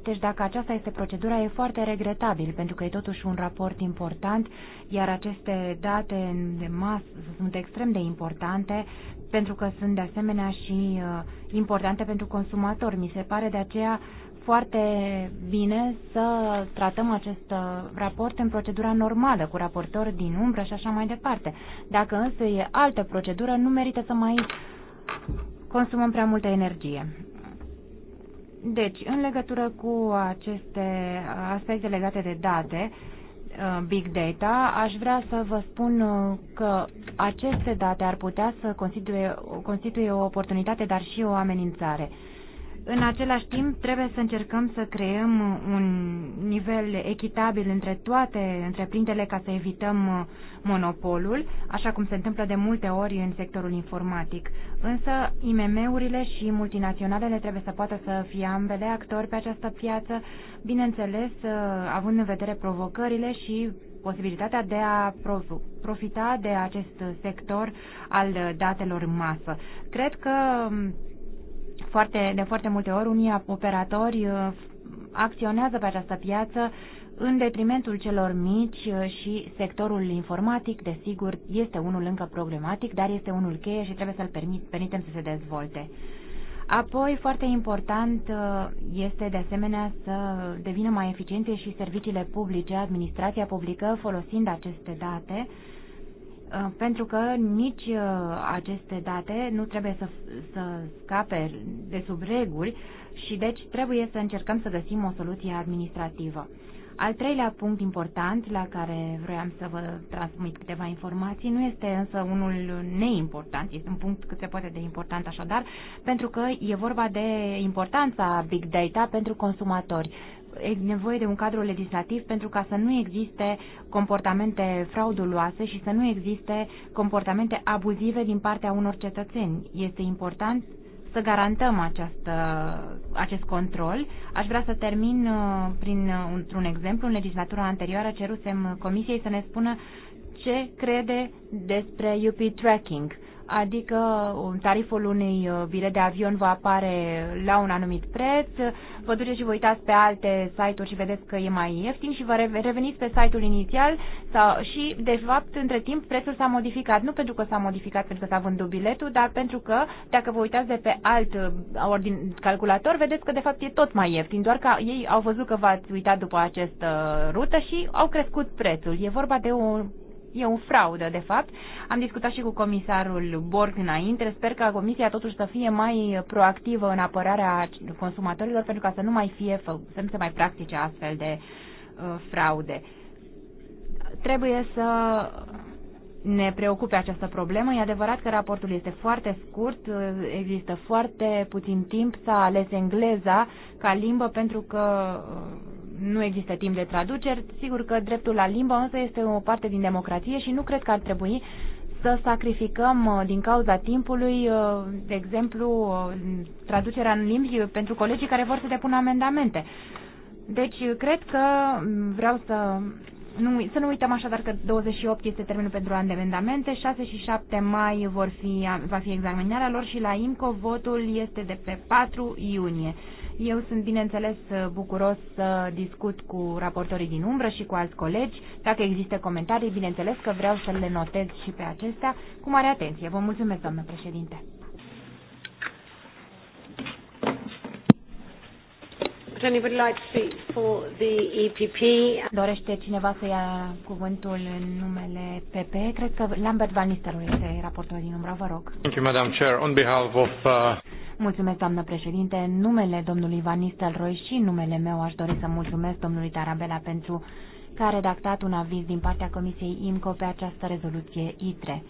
Deci dacă aceasta este procedura, e foarte regretabil, pentru că e totuși un raport important, iar aceste date de masă sunt extrem de importante, pentru că sunt de asemenea și uh, importante pentru consumatori. Mi se pare de aceea foarte bine să tratăm acest uh, raport în procedura normală, cu raportori din umbră și așa mai departe. Dacă însă e altă procedură, nu merită să mai consumăm prea multă energie. Deci, în legătură cu aceste aspecte legate de date, uh, big data, aș vrea să vă spun uh, că aceste date ar putea să constituie, constituie o oportunitate, dar și o amenințare. În același timp, trebuie să încercăm să creăm un nivel echitabil între toate întreprinderile ca să evităm uh, monopolul, așa cum se întâmplă de multe ori în sectorul informatic. Însă, IMM-urile și multinaționalele trebuie să poată să fie ambele actori pe această piață, bineînțeles, uh, având în vedere provocările și posibilitatea de a profita de acest sector al datelor în masă. Cred că um, foarte, de foarte multe ori, unii operatori uh, acționează pe această piață în detrimentul celor mici uh, și sectorul informatic, desigur, este unul încă problematic, dar este unul cheie și trebuie să-l permit, permitem să se dezvolte. Apoi, foarte important uh, este de asemenea să devină mai eficiente și serviciile publice, administrația publică, folosind aceste date Uh, pentru că nici uh, aceste date nu trebuie să, să scape de sub reguli și deci trebuie să încercăm să găsim o soluție administrativă. Al treilea punct important la care vreau să vă transmit câteva informații nu este însă unul neimportant, este un punct cât se poate de important așadar, pentru că e vorba de importanța big data pentru consumatori nevoie de un cadru legislativ pentru ca să nu existe comportamente frauduloase și să nu existe comportamente abuzive din partea unor cetățeni. Este important să garantăm această, acest control. Aș vrea să termin uh, prin uh, un exemplu. În legislatura anterioară cerusem Comisiei să ne spună ce crede despre UP Tracking adică um, tariful unui uh, bilet de avion va apare la un anumit preț, vă duceți și vă uitați pe alte site-uri și vedeți că e mai ieftin și vă reveniți pe site-ul inițial sau, și, de fapt, între timp prețul s-a modificat. Nu pentru că s-a modificat pentru că s-a vândut biletul, dar pentru că, dacă vă uitați de pe alt uh, ordin calculator, vedeți că, de fapt, e tot mai ieftin, doar că ei au văzut că v-ați uitat după această uh, rută și au crescut prețul. E vorba de un E o fraudă, de fapt. Am discutat și cu comisarul Borg înainte. Sper că comisia totuși să fie mai proactivă în apărarea consumatorilor pentru ca să nu mai fie, să nu se mai practice astfel de uh, fraude. Trebuie să ne preocupe această problemă. E adevărat că raportul este foarte scurt, uh, există foarte puțin timp, să a ales engleza ca limbă pentru că uh, nu există timp de traduceri. Sigur că dreptul la limbă însă este o parte din democrație și nu cred că ar trebui să sacrificăm uh, din cauza timpului, uh, de exemplu, uh, traducerea în limbi pentru colegii care vor să depună amendamente. Deci, cred că mm, vreau să nu, să nu uităm așadar că 28 este termenul pentru amendamente, 6 și 7 mai vor fi, va fi examinarea lor și la IMCO votul este de pe 4 iunie. Eu sunt, bineînțeles, bucuros să discut cu raportorii din umbră și cu alți colegi. Dacă există comentarii, bineînțeles că vreau să le notez și pe acestea cu mare atenție. Vă mulțumesc, doamnă președinte. like to speak for the EPP? Dorește cineva să ia cuvântul în numele PP? Cred că Lambert Van Nistelrooy este raportorul din umbra, vă rog. Thank you, Madam Chair. On behalf of... Uh... Mulțumesc, doamnă președinte. În numele domnului Van Nistelrooy și în numele meu aș dori să mulțumesc domnului Tarabela pentru că a redactat un aviz din partea Comisiei IMCO pe această rezoluție ITRE.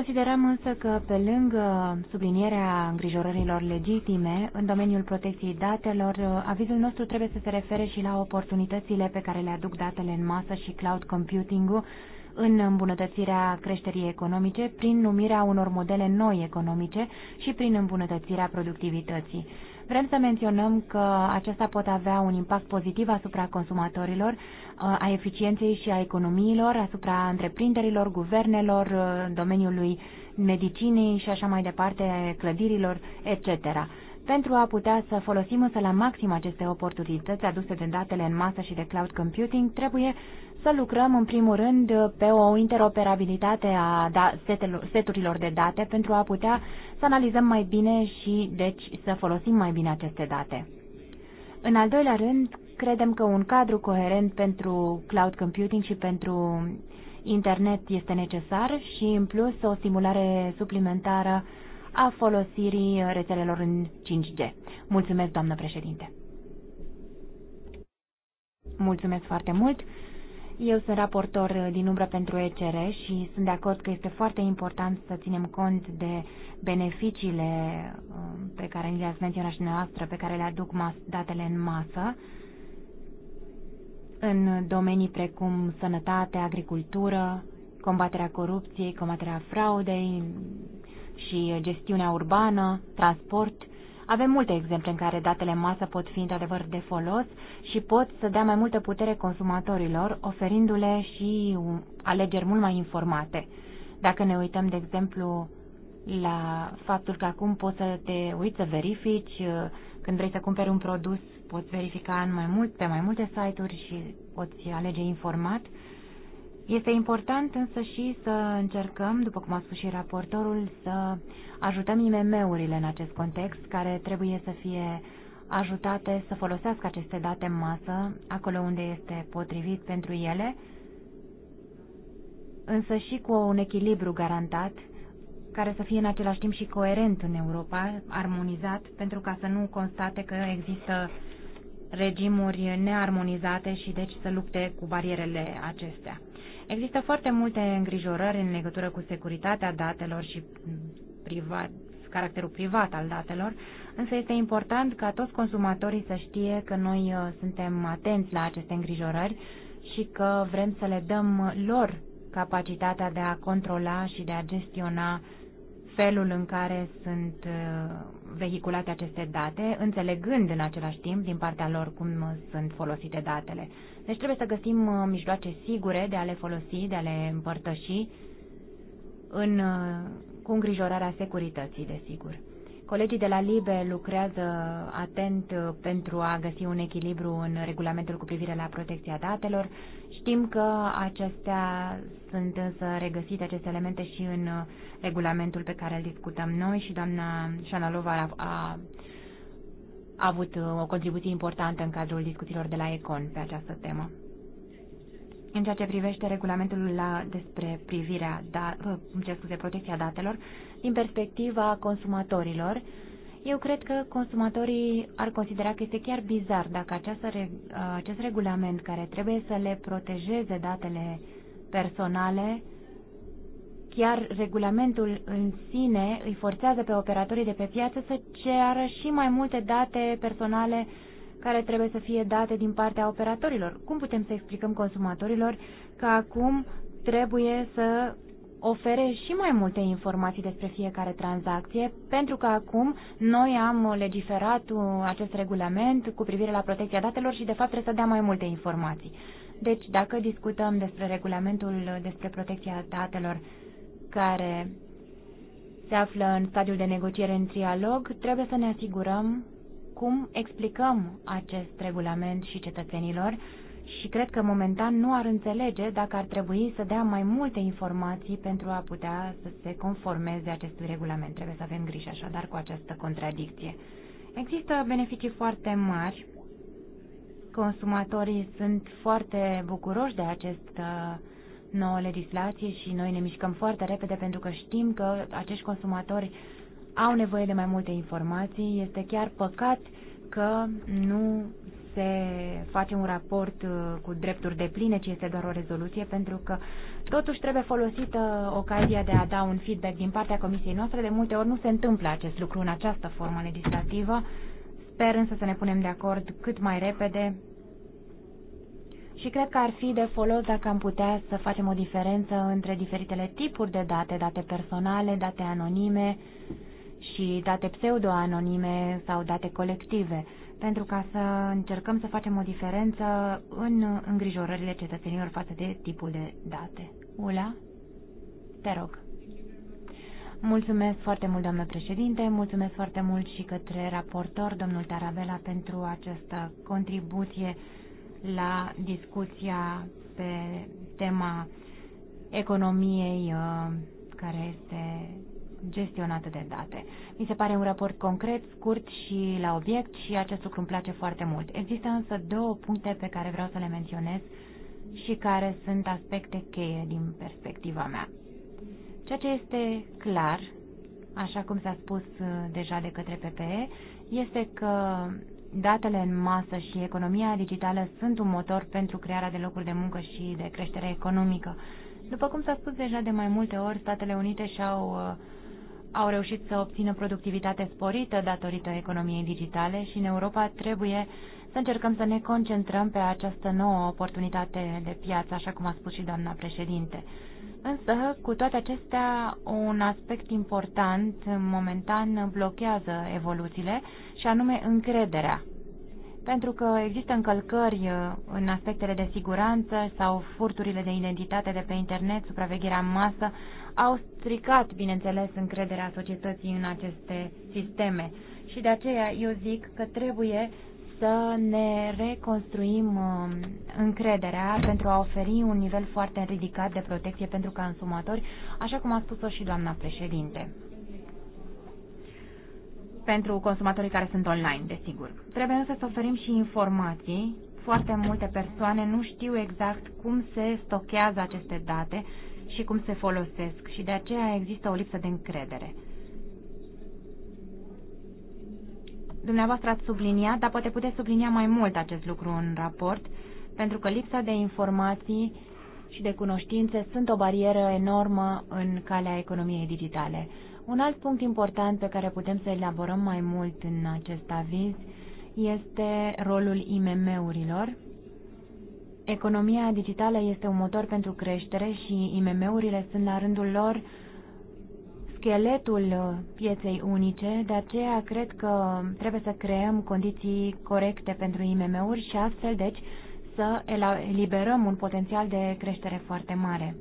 Considerăm însă că, pe lângă sublinierea îngrijorărilor legitime în domeniul protecției datelor, avizul nostru trebuie să se refere și la oportunitățile pe care le aduc datele în masă și cloud computing-ul în îmbunătățirea creșterii economice prin numirea unor modele noi economice și prin îmbunătățirea productivității. Vrem să menționăm că acesta pot avea un impact pozitiv asupra consumatorilor, a eficienței și a economiilor, asupra întreprinderilor, guvernelor, domeniului medicinii și așa mai departe, clădirilor, etc. Pentru a putea să folosim însă la maxim aceste oportunități aduse de datele în masă și de cloud computing, trebuie să lucrăm în primul rând pe o interoperabilitate a da, seturilor de date pentru a putea să analizăm mai bine și deci să folosim mai bine aceste date. În al doilea rând, Credem că un cadru coerent pentru cloud computing și pentru internet este necesar și, în plus, o stimulare suplimentară a folosirii rețelelor în 5G. Mulțumesc, doamnă președinte! Mulțumesc foarte mult! Eu sunt raportor din umbră pentru ECR și sunt de acord că este foarte important să ținem cont de beneficiile um, pe care le-ați menționat și noastră, pe care le aduc datele în masă în domenii precum sănătate, agricultură, combaterea corupției, combaterea fraudei și gestiunea urbană, transport. Avem multe exemple în care datele masă pot fi într-adevăr de folos și pot să dea mai multă putere consumatorilor, oferindu-le și alegeri mult mai informate. Dacă ne uităm, de exemplu, la faptul că acum poți să te uiți să verifici uh, când vrei să cumperi un produs poți verifica în mai mult, pe mai multe site-uri și poți alege informat. Este important însă și să încercăm, după cum a spus și raportorul, să ajutăm IMM-urile în acest context, care trebuie să fie ajutate să folosească aceste date în masă, acolo unde este potrivit pentru ele, însă și cu un echilibru garantat, care să fie în același timp și coerent în Europa, armonizat, pentru ca să nu constate că există regimuri nearmonizate și deci să lupte cu barierele acestea. Există foarte multe îngrijorări în legătură cu securitatea datelor și privat, caracterul privat al datelor, însă este important ca toți consumatorii să știe că noi uh, suntem atenți la aceste îngrijorări și că vrem să le dăm lor capacitatea de a controla și de a gestiona felul în care sunt uh, vehiculate aceste date, înțelegând în același timp din partea lor cum uh, sunt folosite datele. Deci trebuie să găsim uh, mijloace sigure de a le folosi, de a le împărtăși în, cu îngrijorarea securității, desigur. Colegii de la LIBE lucrează atent uh, pentru a găsi un echilibru în regulamentul cu privire la protecția datelor. Știm că acestea sunt însă regăsite, aceste elemente, și în uh, regulamentul pe care îl discutăm noi și doamna Șanalova a, a a avut uh, o contribuție importantă în cadrul discuțiilor de la Econ pe această temă. În ceea ce privește regulamentul la, despre privirea, da, ce scuze, protecția datelor, din perspectiva consumatorilor, eu cred că consumatorii ar considera că este chiar bizar dacă această, acest regulament care trebuie să le protejeze datele personale, chiar regulamentul în sine îi forțează pe operatorii de pe piață să ceară și mai multe date personale care trebuie să fie date din partea operatorilor. Cum putem să explicăm consumatorilor că acum trebuie să ofere și mai multe informații despre fiecare tranzacție, pentru că acum noi am legiferat uh, acest regulament cu privire la protecția datelor și, de fapt, trebuie să dea mai multe informații. Deci, dacă discutăm despre regulamentul despre protecția datelor care se află în stadiul de negociere în trialog, trebuie să ne asigurăm cum explicăm acest regulament și cetățenilor și cred că momentan nu ar înțelege dacă ar trebui să dea mai multe informații pentru a putea să se conformeze acestui regulament. Trebuie să avem grijă așadar cu această contradicție. Există beneficii foarte mari. Consumatorii sunt foarte bucuroși de această nouă legislație și noi ne mișcăm foarte repede pentru că știm că acești consumatori au nevoie de mai multe informații. Este chiar păcat că nu se face un raport uh, cu drepturi de pline, ci este doar o rezoluție, pentru că totuși trebuie folosită ocazia de a da un feedback din partea comisiei noastre. De multe ori nu se întâmplă acest lucru în această formă legislativă. Sper însă să ne punem de acord cât mai repede și cred că ar fi de folos dacă am putea să facem o diferență între diferitele tipuri de date, date personale, date anonime și date pseudo-anonime sau date colective pentru ca să încercăm să facem o diferență în îngrijorările cetățenilor față de tipul de date. Ula, te rog. Mulțumesc foarte mult, doamnă președinte, mulțumesc foarte mult și către raportor, domnul Tarabela, pentru această contribuție la discuția pe tema economiei uh, care este gestionată de date. Mi se pare un raport concret, scurt și la obiect și acest lucru îmi place foarte mult. Există însă două puncte pe care vreau să le menționez și care sunt aspecte cheie din perspectiva mea. Ceea ce este clar, așa cum s-a spus uh, deja de către PPE, este că datele în masă și economia digitală sunt un motor pentru crearea de locuri de muncă și de creștere economică. După cum s-a spus deja de mai multe ori, Statele Unite și-au uh, au reușit să obțină productivitate sporită datorită economiei digitale și în Europa trebuie să încercăm să ne concentrăm pe această nouă oportunitate de piață, așa cum a spus și doamna președinte. Însă, cu toate acestea, un aspect important momentan blochează evoluțiile și anume încrederea. Pentru că există încălcări în aspectele de siguranță sau furturile de identitate de pe internet, supravegherea masă, au stricat, bineînțeles, încrederea societății în aceste sisteme. Și de aceea eu zic că trebuie să ne reconstruim um, încrederea pentru a oferi un nivel foarte ridicat de protecție pentru consumatori, așa cum a spus-o și doamna președinte pentru consumatorii care sunt online, desigur. Trebuie însă să oferim și informații. Foarte multe persoane nu știu exact cum se stochează aceste date și cum se folosesc și de aceea există o lipsă de încredere. Dumneavoastră ați subliniat, dar poate puteți sublinia mai mult acest lucru în raport, pentru că lipsa de informații și de cunoștințe sunt o barieră enormă în calea economiei digitale. Un alt punct important pe care putem să elaborăm mai mult în acest aviz este rolul IMM-urilor Economia digitală este un motor pentru creștere și IMM-urile sunt la rândul lor scheletul uh, pieței unice, de aceea cred că trebuie să creăm condiții corecte pentru IMM-uri și astfel, deci, să eliberăm un potențial de creștere foarte mare.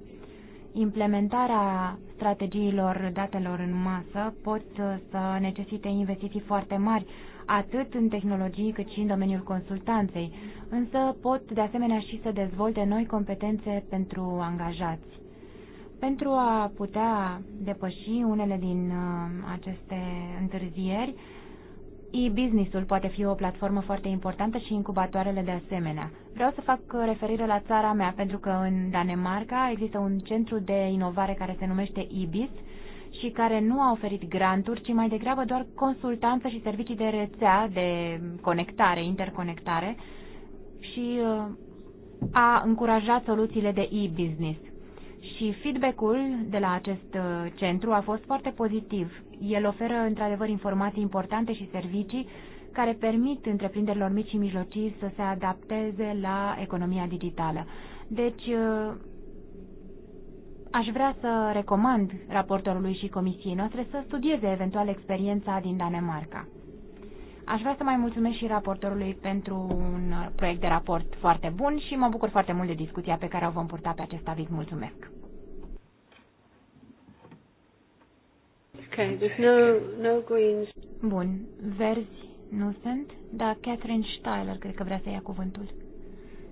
Implementarea strategiilor datelor în masă pot uh, să necesite investiții foarte mari atât în tehnologii cât și în domeniul consultanței, însă pot de asemenea și să dezvolte noi competențe pentru angajați. Pentru a putea depăși unele din uh, aceste întârzieri, e-business-ul poate fi o platformă foarte importantă și incubatoarele de asemenea. Vreau să fac referire la țara mea, pentru că în Danemarca există un centru de inovare care se numește IBIS, și care nu a oferit granturi, ci mai degrabă doar consultanță și servicii de rețea, de conectare, interconectare și uh, a încurajat soluțiile de e-business. Și feedback-ul de la acest uh, centru a fost foarte pozitiv. El oferă într-adevăr informații importante și servicii care permit întreprinderilor mici și mijlocii să se adapteze la economia digitală. Deci, uh, Aș vrea să recomand raportorului și comisiei noastre să studieze eventual experiența din Danemarca. Aș vrea să mai mulțumesc și raportorului pentru un proiect de raport foarte bun și mă bucur foarte mult de discuția pe care o vom purta pe acest aviz. Mulțumesc! Okay, there's no, no greens. Bun, verzi nu sunt, dar Catherine Steiler cred că vrea să ia cuvântul.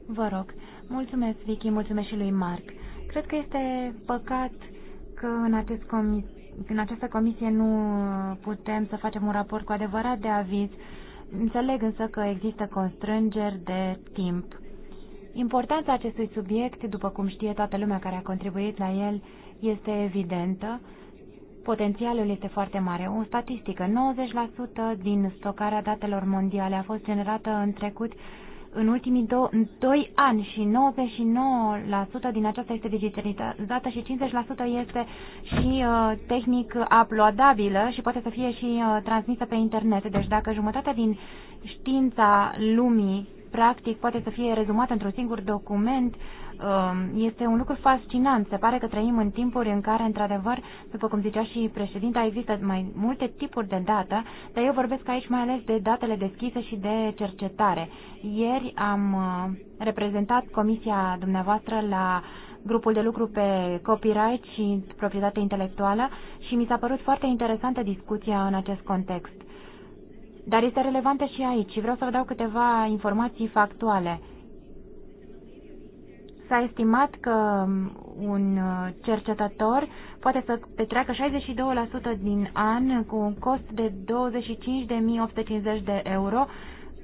Vă rog, mulțumesc Vicky, mulțumesc și lui Mark. Cred că este păcat că în, acest comis, în această comisie nu putem să facem un raport cu adevărat de aviz. Înțeleg însă că există constrângeri de timp. Importanța acestui subiect, după cum știe toată lumea care a contribuit la el, este evidentă. Potențialul este foarte mare. O statistică, 90% din stocarea datelor mondiale a fost generată în trecut în ultimii do- în 2 ani și 99% din aceasta este digitalizată și 50% este și uh, tehnic uploadabilă și poate să fie și uh, transmisă pe internet. Deci dacă jumătatea din știința lumii practic poate să fie rezumat într-un singur document, um, este un lucru fascinant. Se pare că trăim în timpuri în care, într-adevăr, după cum zicea și președinta, există mai multe tipuri de dată, dar eu vorbesc aici mai ales de datele deschise și de cercetare. Ieri am uh, reprezentat comisia dumneavoastră la grupul de lucru pe copyright și proprietate intelectuală și mi s-a părut foarte interesantă discuția în acest context. Dar este relevantă și aici și vreau să vă dau câteva informații factuale. S-a estimat că um, un uh, cercetător poate să petreacă 62% din an cu un cost de 25.850 de euro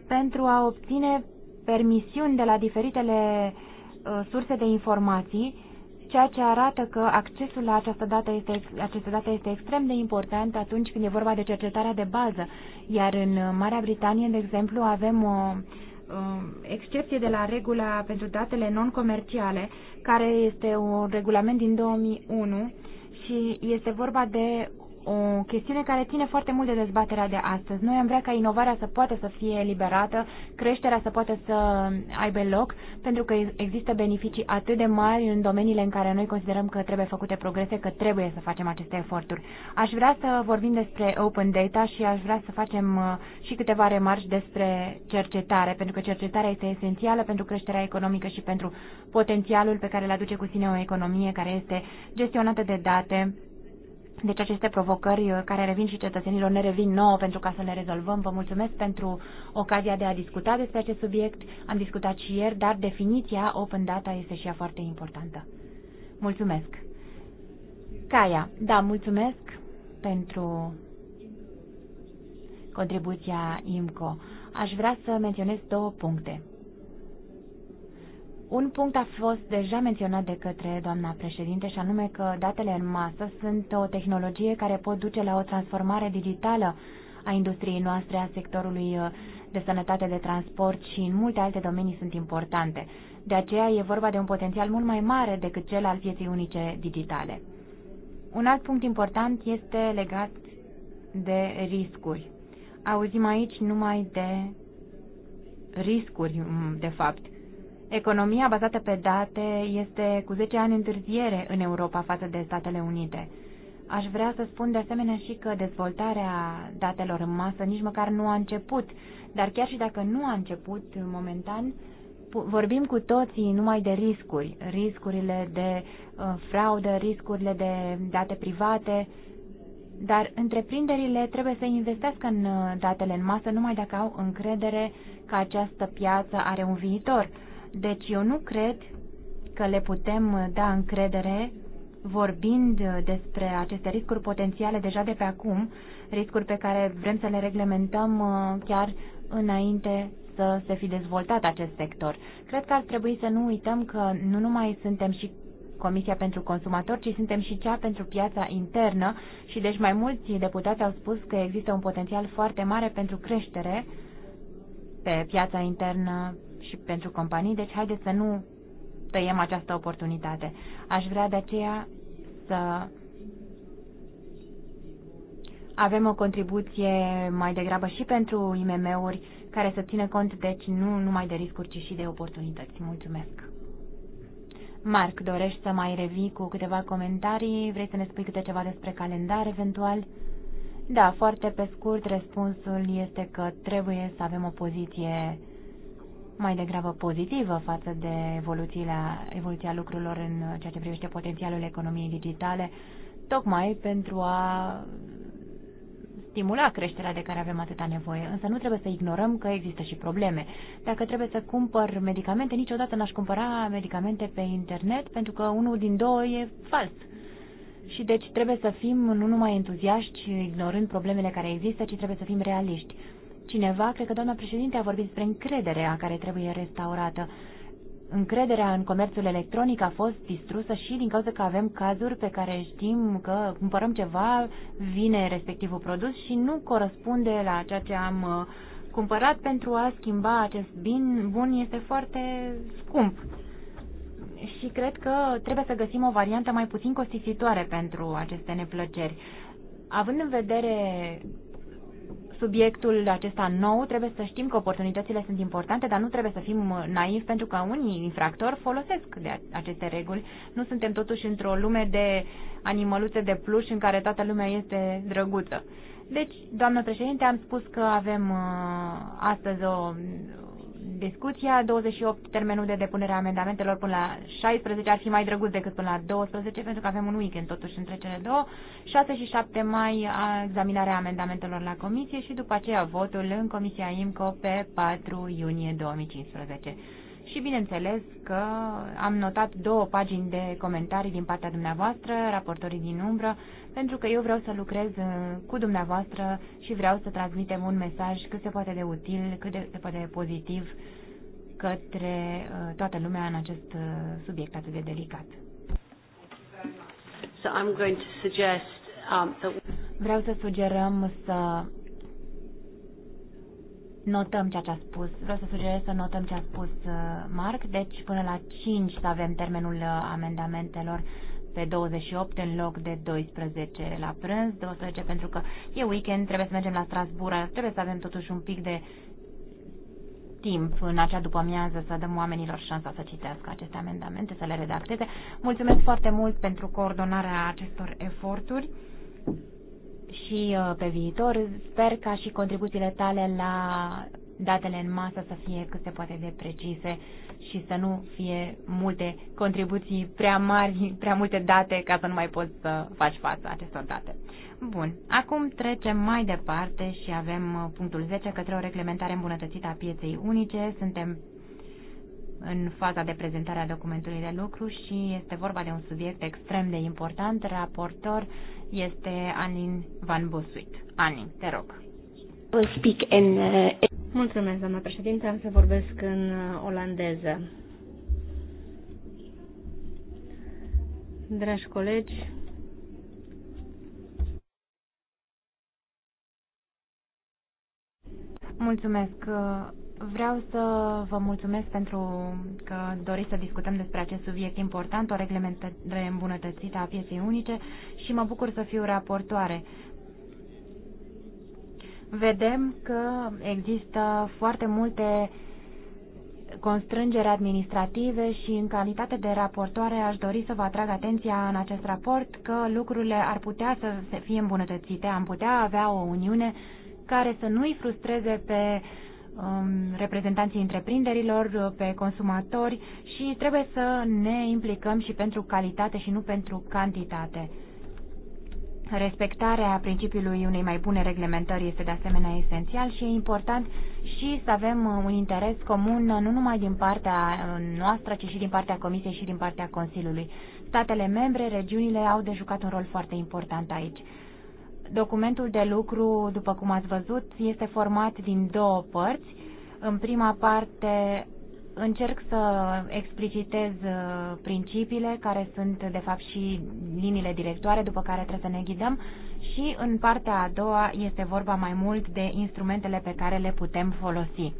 pentru a obține permisiuni de la diferitele uh, surse de informații ceea ce arată că accesul la această dată este, această dată este extrem de important atunci când e vorba de cercetarea de bază. Iar în Marea Britanie, de exemplu, avem o excepție de la regula pentru datele non-comerciale, care este un regulament din 2001 și este vorba de o chestiune care ține foarte mult de dezbaterea de astăzi. Noi am vrea ca inovarea să poată să fie eliberată, creșterea să poată să aibă loc, pentru că există beneficii atât de mari în domeniile în care noi considerăm că trebuie făcute progrese, că trebuie să facem aceste eforturi. Aș vrea să vorbim despre open data și aș vrea să facem uh, și câteva remarci despre cercetare, pentru că cercetarea este esențială pentru creșterea economică și pentru potențialul pe care îl aduce cu sine o economie care este gestionată de date deci aceste provocări uh, care revin și cetățenilor ne revin nouă pentru ca să le rezolvăm. Vă mulțumesc pentru ocazia de a discuta despre acest subiect. Am discutat și ieri, dar definiția open data este și ea foarte importantă. Mulțumesc. Caia, da, mulțumesc pentru contribuția IMCO. Aș vrea să menționez două puncte. Un punct a fost deja menționat de către doamna președinte și anume că datele în masă sunt o tehnologie care pot duce la o transformare digitală a industriei noastre, a sectorului uh, de sănătate, de transport și în multe alte domenii sunt importante. De aceea e vorba de un potențial mult mai mare decât cel al pieței unice digitale. Un alt punct important este legat de riscuri. Auzim aici numai de riscuri, mm, de fapt. Economia bazată pe date este cu 10 ani întârziere în Europa față de Statele Unite. Aș vrea să spun de asemenea și că dezvoltarea datelor în masă nici măcar nu a început, dar chiar și dacă nu a început momentan, vorbim cu toții numai de riscuri, riscurile de uh, fraudă, riscurile de date private, dar întreprinderile trebuie să investească în uh, datele în masă numai dacă au încredere că această piață are un viitor. Deci eu nu cred că le putem uh, da încredere vorbind uh, despre aceste riscuri potențiale deja de pe acum, riscuri pe care vrem să le reglementăm uh, chiar înainte să se fi dezvoltat acest sector. Cred că ar trebui să nu uităm că nu numai suntem și Comisia pentru Consumatori, ci suntem și cea pentru piața internă și deci mai mulți deputați au spus că există un potențial foarte mare pentru creștere pe piața internă și pentru companii, deci haideți să nu tăiem această oportunitate. Aș vrea de aceea să avem o contribuție mai degrabă și pentru IMM-uri care să țină cont, deci, nu numai de riscuri, ci și de oportunități. Mulțumesc! Marc, dorești să mai revii cu câteva comentarii? Vrei să ne spui câte ceva despre calendar, eventual? Da, foarte pe scurt, răspunsul este că trebuie să avem o poziție mai degrabă pozitivă față de evoluția, evoluția lucrurilor în ceea ce privește potențialul economiei digitale, tocmai pentru a stimula creșterea de care avem atâta nevoie. Însă nu trebuie să ignorăm că există și probleme. Dacă trebuie să cumpăr medicamente, niciodată n-aș cumpăra medicamente pe internet, pentru că unul din două e fals. Și deci trebuie să fim nu numai entuziaști, ignorând problemele care există, ci trebuie să fim realiști cineva, cred că doamna președinte a vorbit despre încrederea care trebuie restaurată. Încrederea în comerțul electronic a fost distrusă și din cauza că avem cazuri pe care știm că cumpărăm ceva, vine respectivul produs și nu corespunde la ceea ce am uh, cumpărat pentru a schimba acest bin bun este foarte scump. Și cred că trebuie să găsim o variantă mai puțin costisitoare pentru aceste neplăceri. Având în vedere subiectul acesta nou, trebuie să știm că oportunitățile sunt importante, dar nu trebuie să fim naivi pentru că unii infractori folosesc de aceste reguli. Nu suntem totuși într-o lume de animăluțe de pluș în care toată lumea este drăguță. Deci, doamnă președinte, am spus că avem uh, astăzi o discuția. 28 termenul de depunere a amendamentelor până la 16 ar fi mai drăguț decât până la 12 pentru că avem un weekend totuși între cele două. 6 și 7 mai examinarea amendamentelor la comisie și după aceea votul în comisia IMCO pe 4 iunie 2015. Și bineînțeles că am notat două pagini de comentarii din partea dumneavoastră, raportorii din umbră, pentru că eu vreau să lucrez uh, cu dumneavoastră și vreau să transmitem un mesaj cât se poate de util, cât de, se poate de pozitiv către uh, toată lumea în acest uh, subiect atât de delicat. So I'm going to suggest, um, that... Vreau să sugerăm să notăm ceea ce a spus. Vreau să sugerez să notăm ce a spus Marc, deci până la 5 să avem termenul amendamentelor pe 28 în loc de 12 la prânz, 12 pentru că e weekend, trebuie să mergem la Strasbourg, trebuie să avem totuși un pic de timp în acea după-amiază să dăm oamenilor șansa să citească aceste amendamente, să le redacteze. Mulțumesc foarte mult pentru coordonarea acestor eforturi și uh, pe viitor. Sper ca și contribuțiile tale la datele în masă să fie cât se poate de precise și să nu fie multe contribuții prea mari, prea multe date ca să nu mai poți să faci față acestor date. Bun, acum trecem mai departe și avem uh, punctul 10 către o reglementare îmbunătățită a pieței unice. Suntem în faza de prezentare a documentului de lucru și este vorba de un subiect extrem de important. Raportor uh, este Anin Van Bosuit. Anin, te rog. Speak in, uh... Mulțumesc, doamna președinte. Am să vorbesc în uh, olandeză. Dragi colegi, Mulțumesc uh, Vreau să vă mulțumesc pentru că doriți să discutăm despre acest subiect important, o reglementare îmbunătățită a pieței unice și mă bucur să fiu raportoare. Vedem că există foarte multe constrângeri administrative și în calitate de raportoare aș dori să vă atrag atenția în acest raport că lucrurile ar putea să fie îmbunătățite, am putea avea o uniune care să nu-i frustreze pe uh, Um, reprezentanții întreprinderilor, uh, pe consumatori și trebuie să ne implicăm și pentru calitate și nu pentru cantitate. Respectarea principiului unei mai bune reglementări este de asemenea esențial și e important și să avem uh, un interes comun uh, nu numai din partea noastră, ci și din partea Comisiei și din partea Consiliului. Statele membre, regiunile au de jucat un rol foarte important aici. Documentul de lucru, după cum ați văzut, este format din două părți. În prima parte încerc să explicitez uh, principiile care sunt, de fapt, și liniile directoare după care trebuie să ne ghidăm și în partea a doua este vorba mai mult de instrumentele pe care le putem folosi.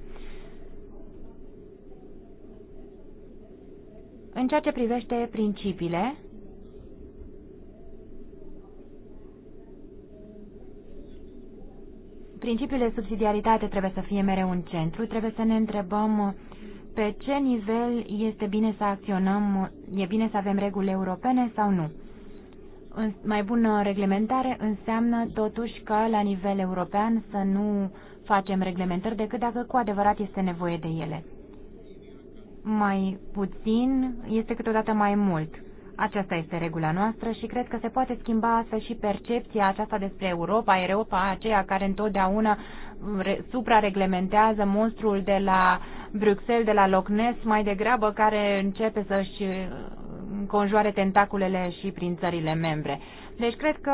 În ceea ce privește principiile, principiul subsidiaritate trebuie să fie mereu în centru, trebuie să ne întrebăm uh, pe ce nivel este bine să acționăm, uh, e bine să avem reguli europene sau nu. Mai bună reglementare înseamnă totuși că la nivel european să nu facem reglementări decât dacă cu adevărat este nevoie de ele. Mai puțin este câteodată mai mult. Aceasta este regula noastră și cred că se poate schimba astfel și percepția aceasta despre Europa, Europa aceea care întotdeauna suprareglementează monstrul de la Bruxelles, de la Loch Ness, mai degrabă care începe să-și conjoare tentaculele și prin țările membre. Deci cred că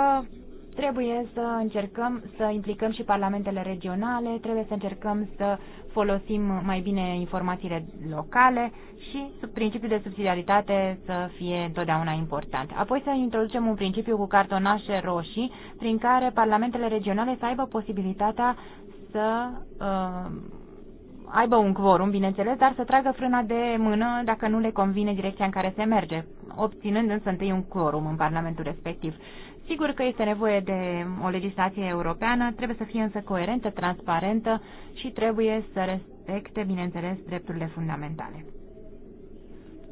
Trebuie să încercăm să implicăm și parlamentele regionale, trebuie să încercăm să folosim mai bine informațiile locale și principiul de subsidiaritate să fie întotdeauna important. Apoi să introducem un principiu cu cartonașe roșii prin care parlamentele regionale să aibă posibilitatea să uh, aibă un quorum, bineînțeles, dar să tragă frâna de mână dacă nu le convine direcția în care se merge, obținând însă întâi un quorum în Parlamentul respectiv. Sigur că este nevoie de o legislație europeană, trebuie să fie însă coerentă, transparentă și trebuie să respecte, bineînțeles, drepturile fundamentale.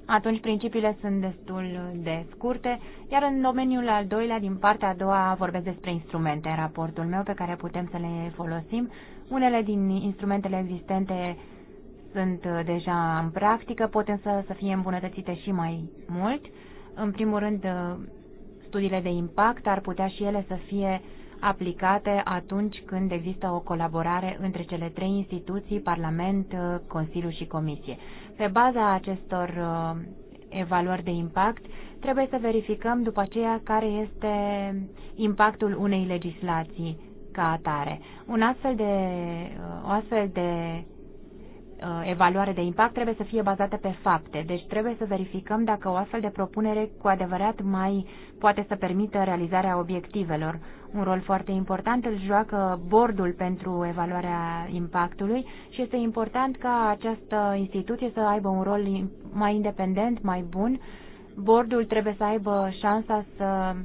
Atunci principiile sunt destul de scurte, iar în domeniul al doilea, din partea a doua, vorbesc despre instrumente în raportul meu pe care putem să le folosim. Unele din instrumentele existente sunt deja în practică, pot însă să fie îmbunătățite și mai mult. În primul rând, Studiile de impact ar putea și ele să fie aplicate atunci când există o colaborare între cele trei instituții, Parlament, Consiliu și Comisie. Pe baza acestor uh, evaluări de impact, trebuie să verificăm după aceea care este impactul unei legislații ca atare. Un astfel de, uh, o astfel de Uh, evaluare de impact trebuie să fie bazată pe fapte, deci trebuie să verificăm dacă o astfel de propunere cu adevărat mai poate să permită realizarea obiectivelor. Un rol foarte important îl joacă bordul pentru evaluarea impactului și este important ca această instituție să aibă un rol mai independent, mai bun. Bordul trebuie să aibă șansa să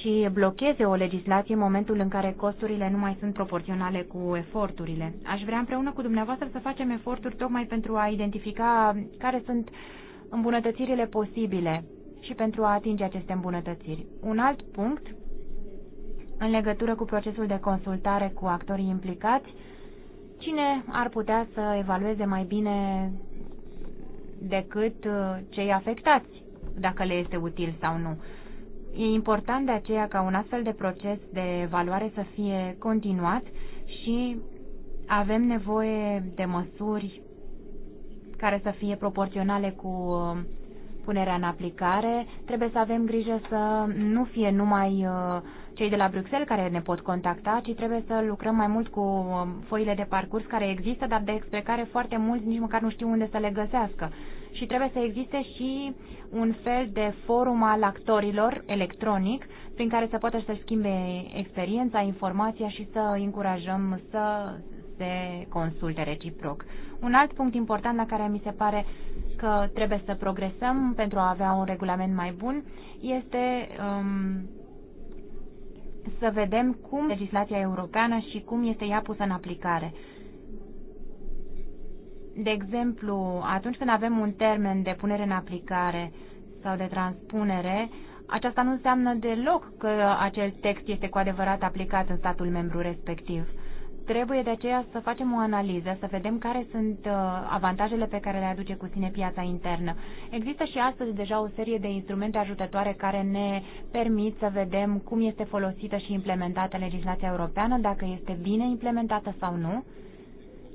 și blocheze o legislație în momentul în care costurile nu mai sunt proporționale cu eforturile. Aș vrea împreună cu dumneavoastră să facem eforturi tocmai pentru a identifica care sunt îmbunătățirile posibile și pentru a atinge aceste îmbunătățiri. Un alt punct în legătură cu procesul de consultare cu actorii implicați, cine ar putea să evalueze mai bine decât uh, cei afectați, dacă le este util sau nu. E important de aceea ca un astfel de proces de evaluare să fie continuat și avem nevoie de măsuri care să fie proporționale cu uh, punerea în aplicare. Trebuie să avem grijă să nu fie numai uh, cei de la Bruxelles care ne pot contacta, ci trebuie să lucrăm mai mult cu uh, foile de parcurs care există, dar despre care foarte mulți nici măcar nu știu unde să le găsească și trebuie să existe și un fel de forum al actorilor electronic prin care să poată să schimbe experiența, informația și să încurajăm să se consulte reciproc. Un alt punct important la care mi se pare că trebuie să progresăm pentru a avea un regulament mai bun este um, să vedem cum legislația europeană și cum este ea pusă în aplicare de exemplu, atunci când avem un termen de punere în aplicare sau de transpunere, aceasta nu înseamnă deloc că acel text este cu adevărat aplicat în statul membru respectiv. Trebuie de aceea să facem o analiză, să vedem care sunt uh, avantajele pe care le aduce cu sine piața internă. Există și astăzi deja o serie de instrumente ajutătoare care ne permit să vedem cum este folosită și implementată legislația europeană, dacă este bine implementată sau nu